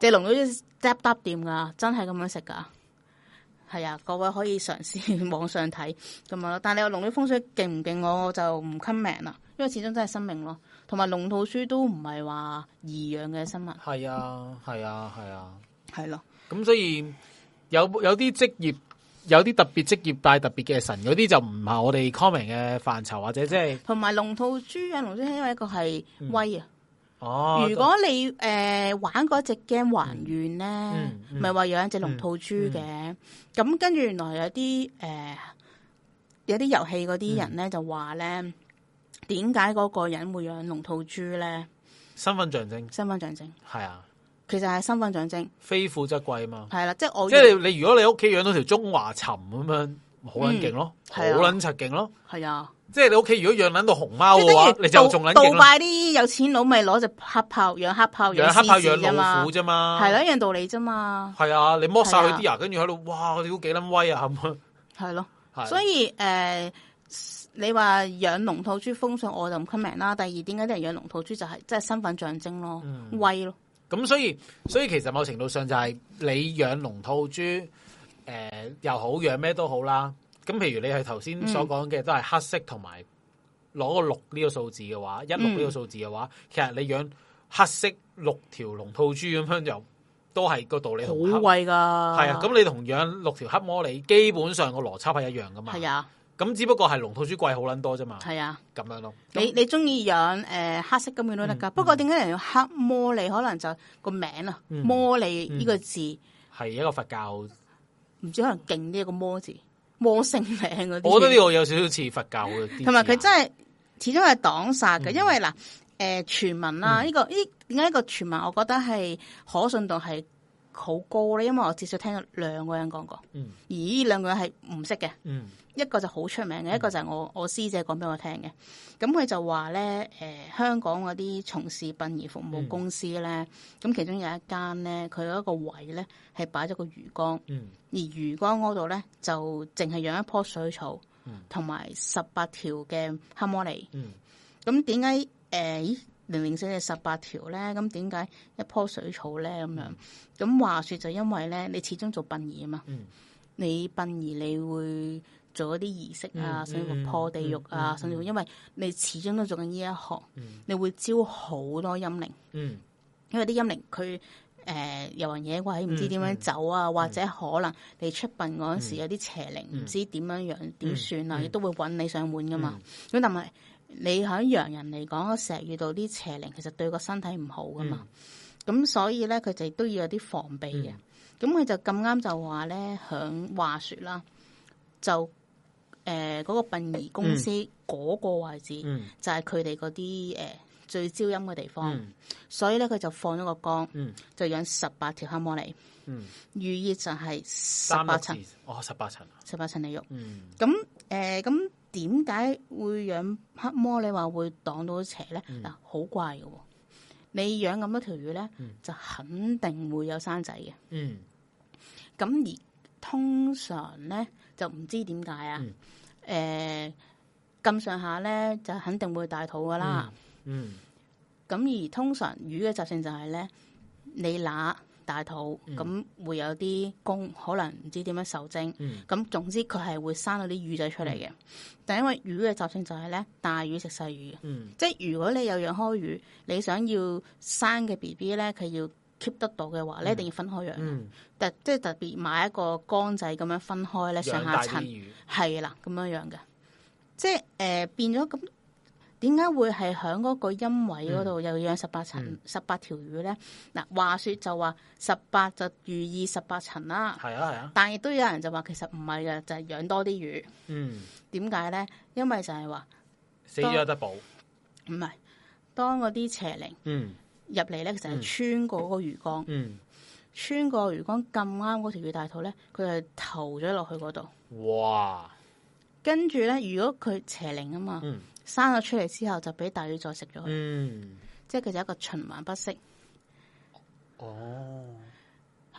隻龍兔豬嗒嗒掂噶，真係咁樣食噶。係啊，各位可以嘗試 網上睇咁樣咯。但係又龍呢風水勁唔勁？我就唔 comment 啦，因為始終真係生命咯，同埋龍套書都唔係話易養嘅生物。係啊，係啊，係啊，係咯的。咁所以有有啲職業。有啲特別職業帶特別嘅神，嗰啲就唔係我哋 common 嘅範疇，或者即、就、係、是。同埋龍吐珠啊，龍珠因為一個係威啊、嗯。哦。如果你誒、嗯呃、玩嗰隻 game 還原咧，唔係話養隻龍吐珠嘅，咁、嗯嗯、跟住原來有啲誒、呃、有啲遊戲嗰啲人咧就話咧，點解嗰個人會養龍吐珠咧？身份象徵，身份象徵，係啊。其實係身份象徵，非富則貴嘛。係啦，即係我即係你。如果你屋企養到條中華鱘咁樣，好撚勁咯，好撚賊勁咯。係啊，即係你屋企如果養到到熊貓嘅話，你就仲撚勁啦。杜拜啲有錢佬咪攞隻黑豹養黑豹，養黑豹養老虎啫嘛，係啦，一樣道理啫嘛。係啊，你摸晒佢啲牙，跟住喺度哇，你都幾撚威啊咁啊。係咯，所以誒，你話養龍套豬封信我就唔 comment 啦。第二，點解啲人養龍套豬就係即係身份象徵咯，威咯。咁所以，所以其實某程度上就係你養龍吐珠，又、呃、好養咩都好啦。咁譬如你係頭先所講嘅，都係黑色同埋攞個六呢個數字嘅話，一六呢個數字嘅話，嗯、其實你養黑色六條龍吐珠咁樣就都係個道理，好貴噶。係啊，咁你同養六條黑摩利你基本上個邏輯係一樣噶嘛。係啊。咁只不過係龍吐珠貴好撚多啫嘛，係啊，咁樣咯。你那你中意養誒黑色咁樣都得噶，嗯、不過點解人用黑摩利？可能就個名啦、啊，嗯、摩利呢個字係、嗯嗯、一個佛教，唔知可能勁呢一,一個摩字，摩性名嗰啲。我覺得呢個有少少似佛教啲、啊，同埋佢真係始終係擋煞嘅。嗯、因為嗱，誒傳聞啦，呢、啊嗯、個呢點解呢個傳聞？我覺得係可信度係好高咧，因為我至少聽咗兩個人講過，咦、嗯、兩個人係唔識嘅，嗯、一個就好出名嘅，嗯、一個就係我我師姐講俾我聽嘅。咁佢就話咧，誒、呃、香港嗰啲從事殯儀服務公司咧，咁、嗯、其中有一間咧，佢有一個位咧係擺咗個魚缸，嗯、而魚缸嗰度咧就淨係養一樖水草，同埋十八條嘅黑魔尼。咁點解誒？那為什麼呃零零舍嘅十八條咧，咁點解一樖水草咧咁樣？咁話說就因為咧，你始終做殯儀啊嘛，嗯、你殯儀你會做一啲儀式啊，甚至乎破地獄啊，甚至乎因為你始終都做緊呢一行，嗯、你會招好多陰靈。嗯，因為啲陰靈佢誒遊魂野鬼唔知點樣走啊，嗯嗯、或者可能你出殯嗰陣時有啲邪靈唔知點樣、嗯、樣點算啊，亦、嗯嗯、都會揾你上門噶嘛。咁、嗯嗯、但係。你喺洋人嚟講，成日遇到啲邪靈，其實對個身體唔好噶嘛。咁、嗯、所以咧，佢哋都要有啲防備嘅。咁佢、嗯、就咁啱就話咧，響話說啦，就誒嗰、呃那個殯儀公司嗰個位置，嗯、就係佢哋嗰啲誒最招陰嘅地方。嗯、所以咧，佢就放咗個缸，嗯、就養十八條黑魔嚟。寓意，嗯、就係十八層，哦，十八層，十八層地獄。咁誒、嗯，咁。呃點解會養黑魔、嗯啊啊？你話會擋到邪咧？嗱、嗯，好怪嘅。你養咁多條魚咧，就肯定會有生仔嘅。咁、嗯、而通常咧，就唔知點解啊？誒、嗯，咁上下咧，就肯定會大肚噶啦。咁、嗯嗯、而通常魚嘅習性就係咧，你乸。大肚咁、嗯、會有啲公，可能唔知點樣受精咁。嗯、總之佢係會生到啲魚仔出嚟嘅。嗯、但因為魚嘅習性就係咧，大魚食細魚，嗯、即係如果你有養開魚，你想要生嘅 B B 咧，佢要 keep 得到嘅話咧，嗯、一定要分開養。嗯、特即係、就係、特別買一個缸仔咁樣分開咧，上下層魚係啦，咁樣樣嘅，即係誒、呃、變咗咁。點解會係喺嗰個陰位嗰度又養十八層、嗯嗯、十八條魚咧？嗱，話說就話十八就寓意十八層啦。啊啊！啊但係亦都有人就話其實唔係嘅，就係、是、養多啲魚。嗯。點解咧？因為就係話死咗有得補。唔係，當嗰啲邪靈嗯入嚟咧，其實係穿過嗰個魚缸，嗯，嗯穿過魚缸咁啱嗰條魚大肚咧，佢就投咗落去嗰度。哇！跟住咧，如果佢邪靈啊嘛，嗯、生咗出嚟之後就俾大魚再食咗佢，嗯、即係佢就一個循環不息。哦，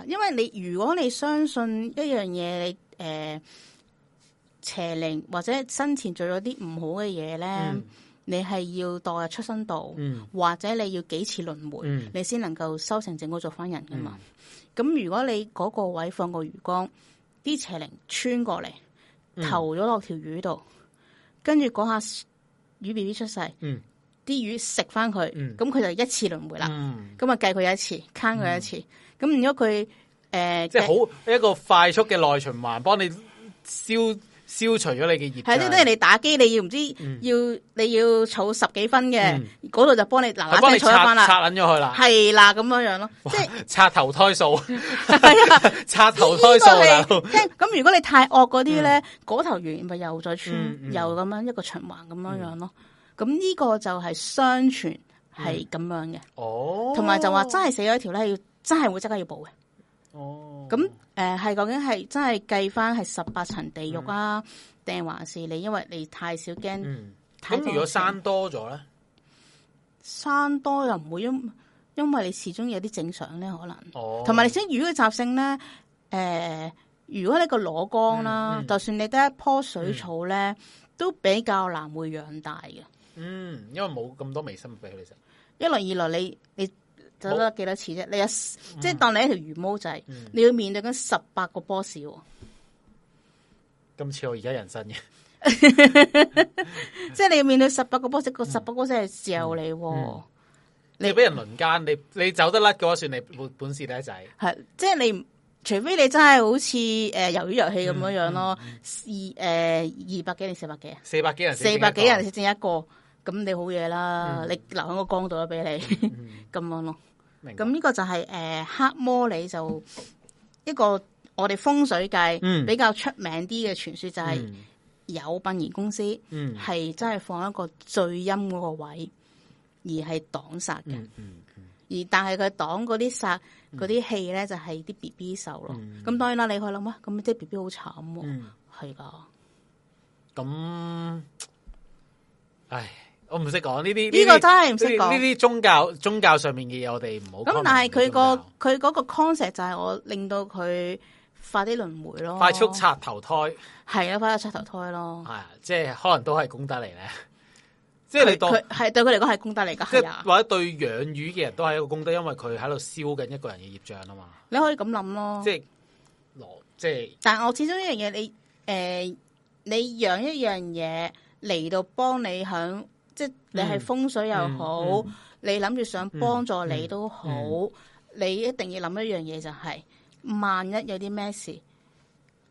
因為你如果你相信一樣嘢，你、呃、誒邪靈或者生前做咗啲唔好嘅嘢咧，嗯、你係要待出生度，嗯、或者你要幾次輪、嗯、回，你先能夠修成正果做翻人噶嘛。咁、嗯、如果你嗰個位放個魚缸，啲邪靈穿過嚟。嗯、投咗落條魚度，跟住講下魚 B B 出世，啲、嗯、魚食翻佢，咁佢、嗯、就一次輪迴啦。咁啊計佢一次，count 佢一次。咁、嗯、如果佢誒，呃、即係好一個快速嘅內循環，幫你燒消除咗你嘅熱，係即係你打機，你要唔知要你要儲十幾分嘅，嗰度就幫你嗱嗱聲儲翻啦，擦撚咗佢啦，係啦，咁樣樣咯，即係擦頭胎數，係啊，擦頭胎數啦。咁咁如果你太惡嗰啲咧，嗰頭完咪又再穿，又咁樣一個循環咁樣樣咯。咁呢個就係相傳係咁樣嘅，哦，同埋就話真係死咗一條咧，要真係會即刻要補嘅，哦。咁係、呃，究竟係真係計返係十八層地獄啊？定、嗯、還是你因為你太少驚？咁、嗯、如果生多咗咧？生多又唔會因，因為你始終有啲正常咧，可能。哦。同埋你啲魚嘅習性咧，誒、呃，如果你個裸缸啦、啊，嗯嗯、就算你得一樖水草咧，嗯、都比較難會養大嘅。嗯，因為冇咁多微生物俾你食。一來二來你，你你。走得幾多次啫？你啊、嗯，即係當你一條魚毛仔，嗯、你要面對緊十八個 boss。咁我而家人生嘅，嗯、 即係你要面對十八個 boss，個十八個 boss 係召你，你俾人輪奸，你你走得甩嘅話，算你本事第一仔。係，即係你除非你真係好似誒魷魚遊戲咁樣樣咯、嗯嗯嗯呃，二誒二百幾定四百幾啊？四百幾人，四百幾人先至一個。咁你好嘢啦，嗯、你留喺個光度啦，俾你咁樣咯。咁呢白個就係、是、誒、呃、黑魔，你就一個我哋風水界比較出名啲嘅傳說就係、是嗯、有殯儀公司係真係放一個最陰嗰個位置，而係擋煞嘅。嗯嗯嗯、而但係佢擋嗰啲煞嗰啲氣咧，嗯、就係啲 B B 受咯。咁、嗯、當然啦，你可以諗啦，咁即係 B B 好慘，係噶。咁、嗯的，唉。我唔識講呢啲，呢個真係唔識講呢啲宗教宗教上面嘅嘢，我哋唔好。咁但係佢個佢嗰個 concept 就係我令到佢快啲輪回咯，快拆，快速拆頭胎係啊，快速拆頭胎咯，係即係可能都係功德嚟咧。即係你當對係對佢嚟講係功德嚟噶，即或者對養魚嘅人都係一個功德，因為佢喺度燒緊一個人嘅業障啊嘛。你可以咁諗咯，即係即係。但係我始終、呃、一樣嘢，你誒，你養一樣嘢嚟到幫你響。即你係風水又好，嗯嗯嗯、你諗住想幫助你都好，嗯嗯嗯、你一定要諗一樣嘢就係，萬一有啲咩事，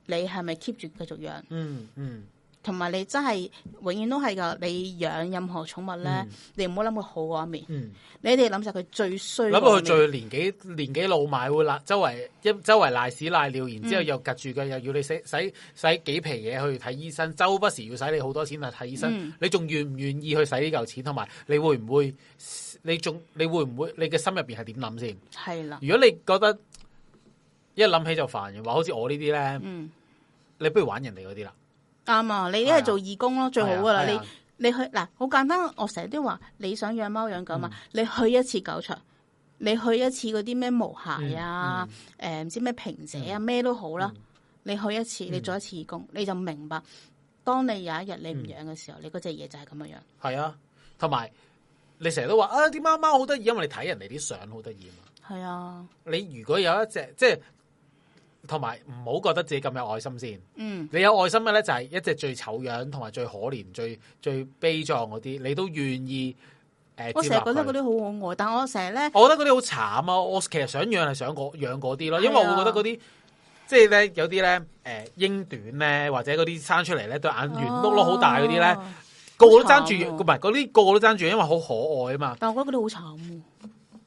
你係咪 keep 住繼續養？嗯嗯。嗯同埋你真係永遠都係噶，你養任何寵物咧，嗯、你唔好諗佢好嗰一面。嗯、你哋諗晒佢最衰，諗過佢最年紀年紀老邁會啦，周圍一周圍賴屎賴尿，然之後又隔住腳，又要你使使使幾皮嘢去睇醫生，周不時要使你好多錢去睇醫生，嗯、你仲願唔願意去使呢嚿錢？同埋你會唔會？你仲你會唔會？你嘅心入邊係點諗先？係啦的。如果你覺得一諗起就煩嘅話，好似我呢啲咧，嗯、你不如玩人哋嗰啲啦。啱啊！你啲係做義工咯，最好噶啦！你你去嗱，好簡單。我成日都話，你想養貓養狗嘛？你去一次狗場，你去一次嗰啲咩毛鞋啊，誒唔知咩平姐啊，咩都好啦。你去一次，你做一次義工，你就明白。當你有一日你唔養嘅時候，你嗰隻嘢就係咁嘅樣。係啊，同埋你成日都話啊，啲貓貓好得意，因為你睇人哋啲相好得意啊嘛。係啊，你如果有一隻，即係。同埋唔好覺得自己咁有愛心先。嗯，你有愛心嘅咧就係一隻最醜樣，同埋最可憐、最最悲壯嗰啲，你都願意誒。呃、我成日覺得嗰啲好可愛，但我成日咧，我覺得嗰啲好慘啊！我其實想養係想嗰養嗰啲咯，因為我會覺得嗰啲、哎、呀 即係咧有啲咧誒英短咧，或者嗰啲生出嚟咧對眼圓碌碌好大嗰啲咧，個個都爭住唔係嗰啲個個都爭住慘、啊那個，因為好可愛啊嘛。但我覺得嗰啲好慘。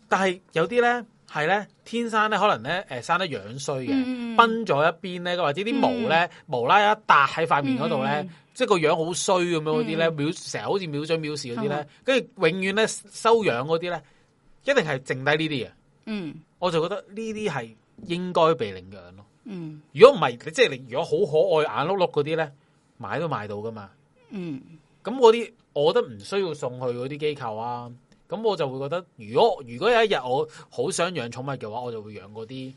但係有啲咧。係咧，天生咧可能咧，誒，生得樣衰嘅，崩咗、mm hmm. 一邊咧，或者啲毛咧、mm hmm. 無啦啦一笪喺塊面嗰度咧，mm hmm. 即係個樣、mm hmm. 好衰咁樣嗰啲咧，秒成日好似秒嘴藐視嗰啲咧，跟、hmm. 住永遠咧收養嗰啲咧，一定係剩低呢啲嘅。嗯、mm，hmm. 我就覺得呢啲係應該被領養咯。嗯、mm，hmm. 如果唔係，你即係你如果好可愛、眼碌碌嗰啲咧，買都買到噶嘛。嗯、mm，咁我啲，我覺得唔需要送去嗰啲機構啊。咁我就會覺得，如果如果有一日我好想養寵物嘅話，我就會養嗰啲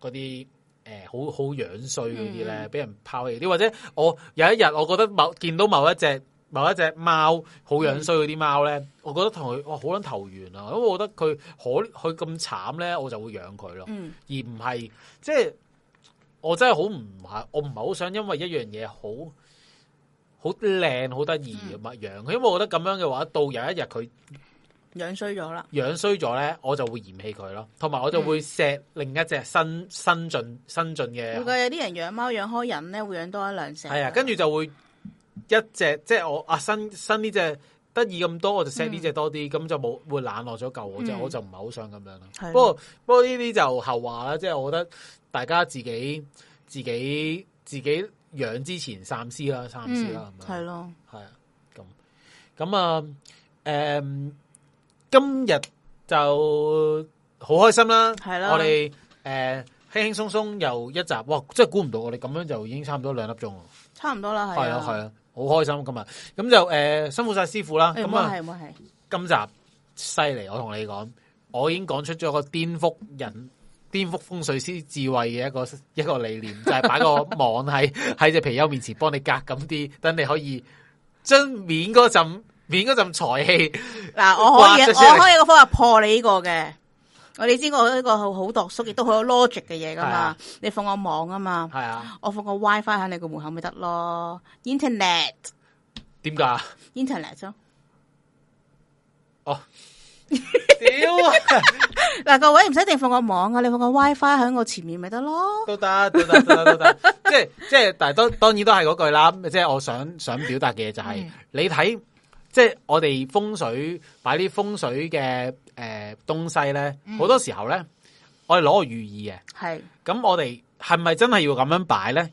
嗰啲誒好好樣衰嗰啲咧，俾人拋棄啲，或者我有一日我覺得某見到某一隻某一隻貓好樣衰嗰啲貓咧，嗯、我覺得同佢好捻投緣啊，咁我覺得佢可佢咁慘咧，我就會養佢咯，嗯、而唔係即係我真係好唔係，我唔係好想因為一樣嘢好。好靚，好得意，勿養。嗯、因為我覺得咁樣嘅話，到有一日佢養衰咗啦，養衰咗咧，我就會嫌棄佢咯。同埋我就會 s 另一隻新、嗯、新進新進嘅。如果有啲人養貓養開人咧，會養多一兩隻。係啊，跟住就會一隻，即係我啊新新呢隻得意咁多，我就隻 s 呢隻多啲，咁就冇會懶落咗舊隻，嗯、我就唔係好想咁樣啦的。不過不過呢啲就後話啦，即係我覺得大家自己自己自己。自己養之前三思啦，三思啦，咁係咯，係啊吧，咁咁啊，誒、呃，今日就好開心啦，係啦的，我哋誒，輕輕鬆鬆又一集，哇，真係估唔到，我哋咁樣就已經差唔多兩粒鐘，差唔多啦，係啊，係啊，好開心今日，咁就誒、呃，辛苦晒師傅啦，咁啊、欸，係那，係，今集犀利，我同你講，我已經講出咗個顛覆人。顛覆風水師智慧嘅一個一個理念，就係、是、擺個網喺喺隻貔貅面前，幫你隔咁啲，等你可以將面嗰陣面嗰陣財氣。嗱，我可以我可以個方法破你呢個嘅。我哋知我呢個好好度數，亦都好有 logic 嘅嘢㗎嘛？啊、你放個網啊嘛？係啊，我放個 WiFi 喺你個門口咪得咯。Internet 點解？Internet 咯。哦，屌！嗱，各位唔使一定放個網啊，你放個 WiFi 喺我前面咪得咯，都得都得都得 即係即係，但係當當然都係嗰句啦。即係我想想表達嘅嘢就係、是，嗯、你睇即係我哋風水擺啲風水嘅誒、呃、東西咧，好多時候咧，嗯、我哋攞個寓意嘅。係咁是，我哋係咪真係要咁樣擺咧？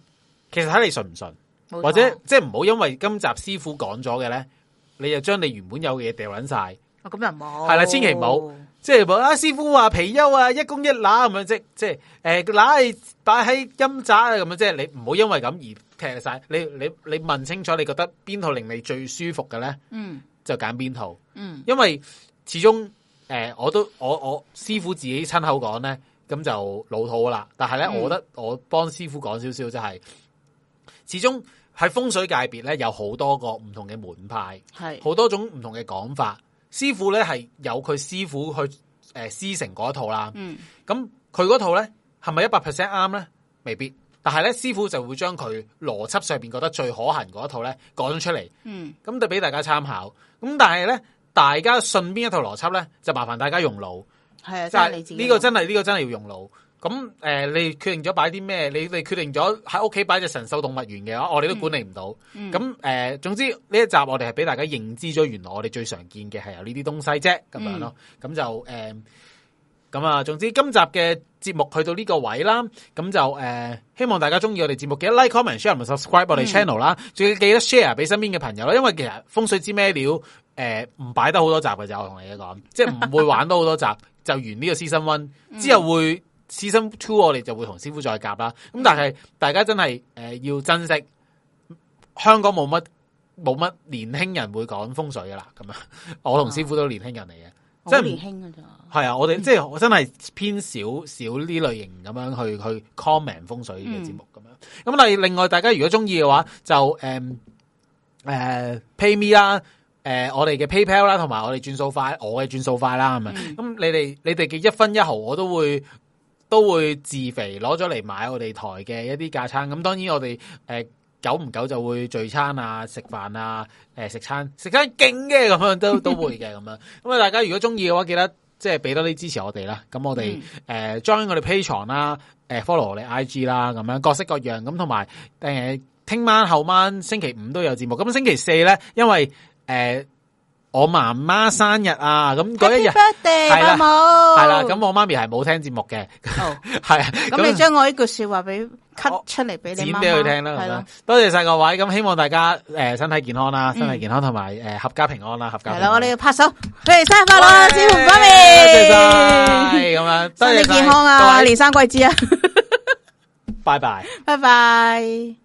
其實睇你信唔信，錯或者即係唔好因為今集師傅講咗嘅咧，你就將你原本有嘅嘢掉撚晒。咁又冇係啦，千祈唔好。即係話，師傅話貔貅啊，一公一乸咁樣，即係、呃呃、即係，誒，乸係擺喺陰宅啊，咁樣即係你唔好因為咁而劈晒。你你你問清楚，你覺得邊套令你最舒服嘅咧？嗯，就揀邊套。嗯，因為始終誒、呃，我都我我，我師傅自己親口講咧，咁就老土啦。但係咧，嗯、我覺得我幫師傅講少少，就係始終喺風水界別咧，有好多個唔同嘅門派，係好是多種唔同嘅講法。師傅咧係有佢師傅去誒師承嗰一套啦，咁佢嗰套咧係咪一百 percent 啱咧？未必。但係咧，師傅就會將佢邏輯上面覺得最可行嗰一套咧講咗出嚟，咁、嗯、就俾大家參考。咁但係咧，大家信邊一套邏輯咧，就麻煩大家用腦。係啊的，就係你呢個真係呢、呢個真係要用腦。咁誒、呃，你決定咗擺啲咩？你你決定咗喺屋企擺隻神獸動物園嘅話，我哋都管理唔到。咁誒、嗯嗯呃，總之呢一集我哋係俾大家認知咗，原來我哋最常見嘅係有呢啲東西啫，咁樣咯。咁就誒，咁、呃、啊，總之今集嘅節目去到呢個位啦。咁就誒、呃，希望大家中意我哋節目，記得 like comment share 同 subscribe 我哋 channel 啦。仲要、嗯、記得 share 俾身邊嘅朋友啦。因為其實風水知咩料？誒、呃，唔擺得好多集嘅，就我同你講，即係唔會玩到好多集， 就完呢個 season one 之後會。Season two 我哋就會同師傅再夾啦。咁但係大家真係、呃、要珍惜，香港冇乜冇乜年輕人會講風水噶啦。咁樣我同師傅都年輕人嚟嘅，即係、啊、不年輕嘅咋？係啊，我哋 即係我真係偏少少呢類型咁樣去去 comment 風水嘅節目咁樣。咁但係另外大家如果中意嘅話，就誒、嗯呃、Pay Me 啦，誒、呃、我哋嘅 PayPal 啦，同埋我哋轉數快，我嘅轉數快啦咁啊。咁、嗯、你哋你哋嘅一分一毫我都會。都會自肥攞咗嚟買我哋台嘅一啲架餐，咁當然我哋誒、呃、久唔久就會聚餐啊、食飯啊、誒、呃、食餐食餐勁嘅，咁樣都都會嘅咁樣。咁啊大家如果中意嘅話，記得即係俾多啲支持我哋啦。咁我哋誒 join 我哋 pay 床啦，誒 follow 我哋 IG 啦，咁樣各式各樣。咁同埋誒，聽、呃、晚後晚星期五都有節目。咁星期四咧，因為。誒。呃我媽媽生日啊，咁嗰一日係啦，咁我媽咪係冇聽節目嘅。係，咁你將我呢句說話俾 cut 出嚟俾剪俾佢聽啦，係啦，多謝晒各位，咁希望大家誒身體健康啦，身體健康同埋誒合家平安啦，合家係啦，我哋要拍手，祝你生日快樂，師父媽咪，咁樣，身體健康啊，年生貴子啊，拜拜，拜拜。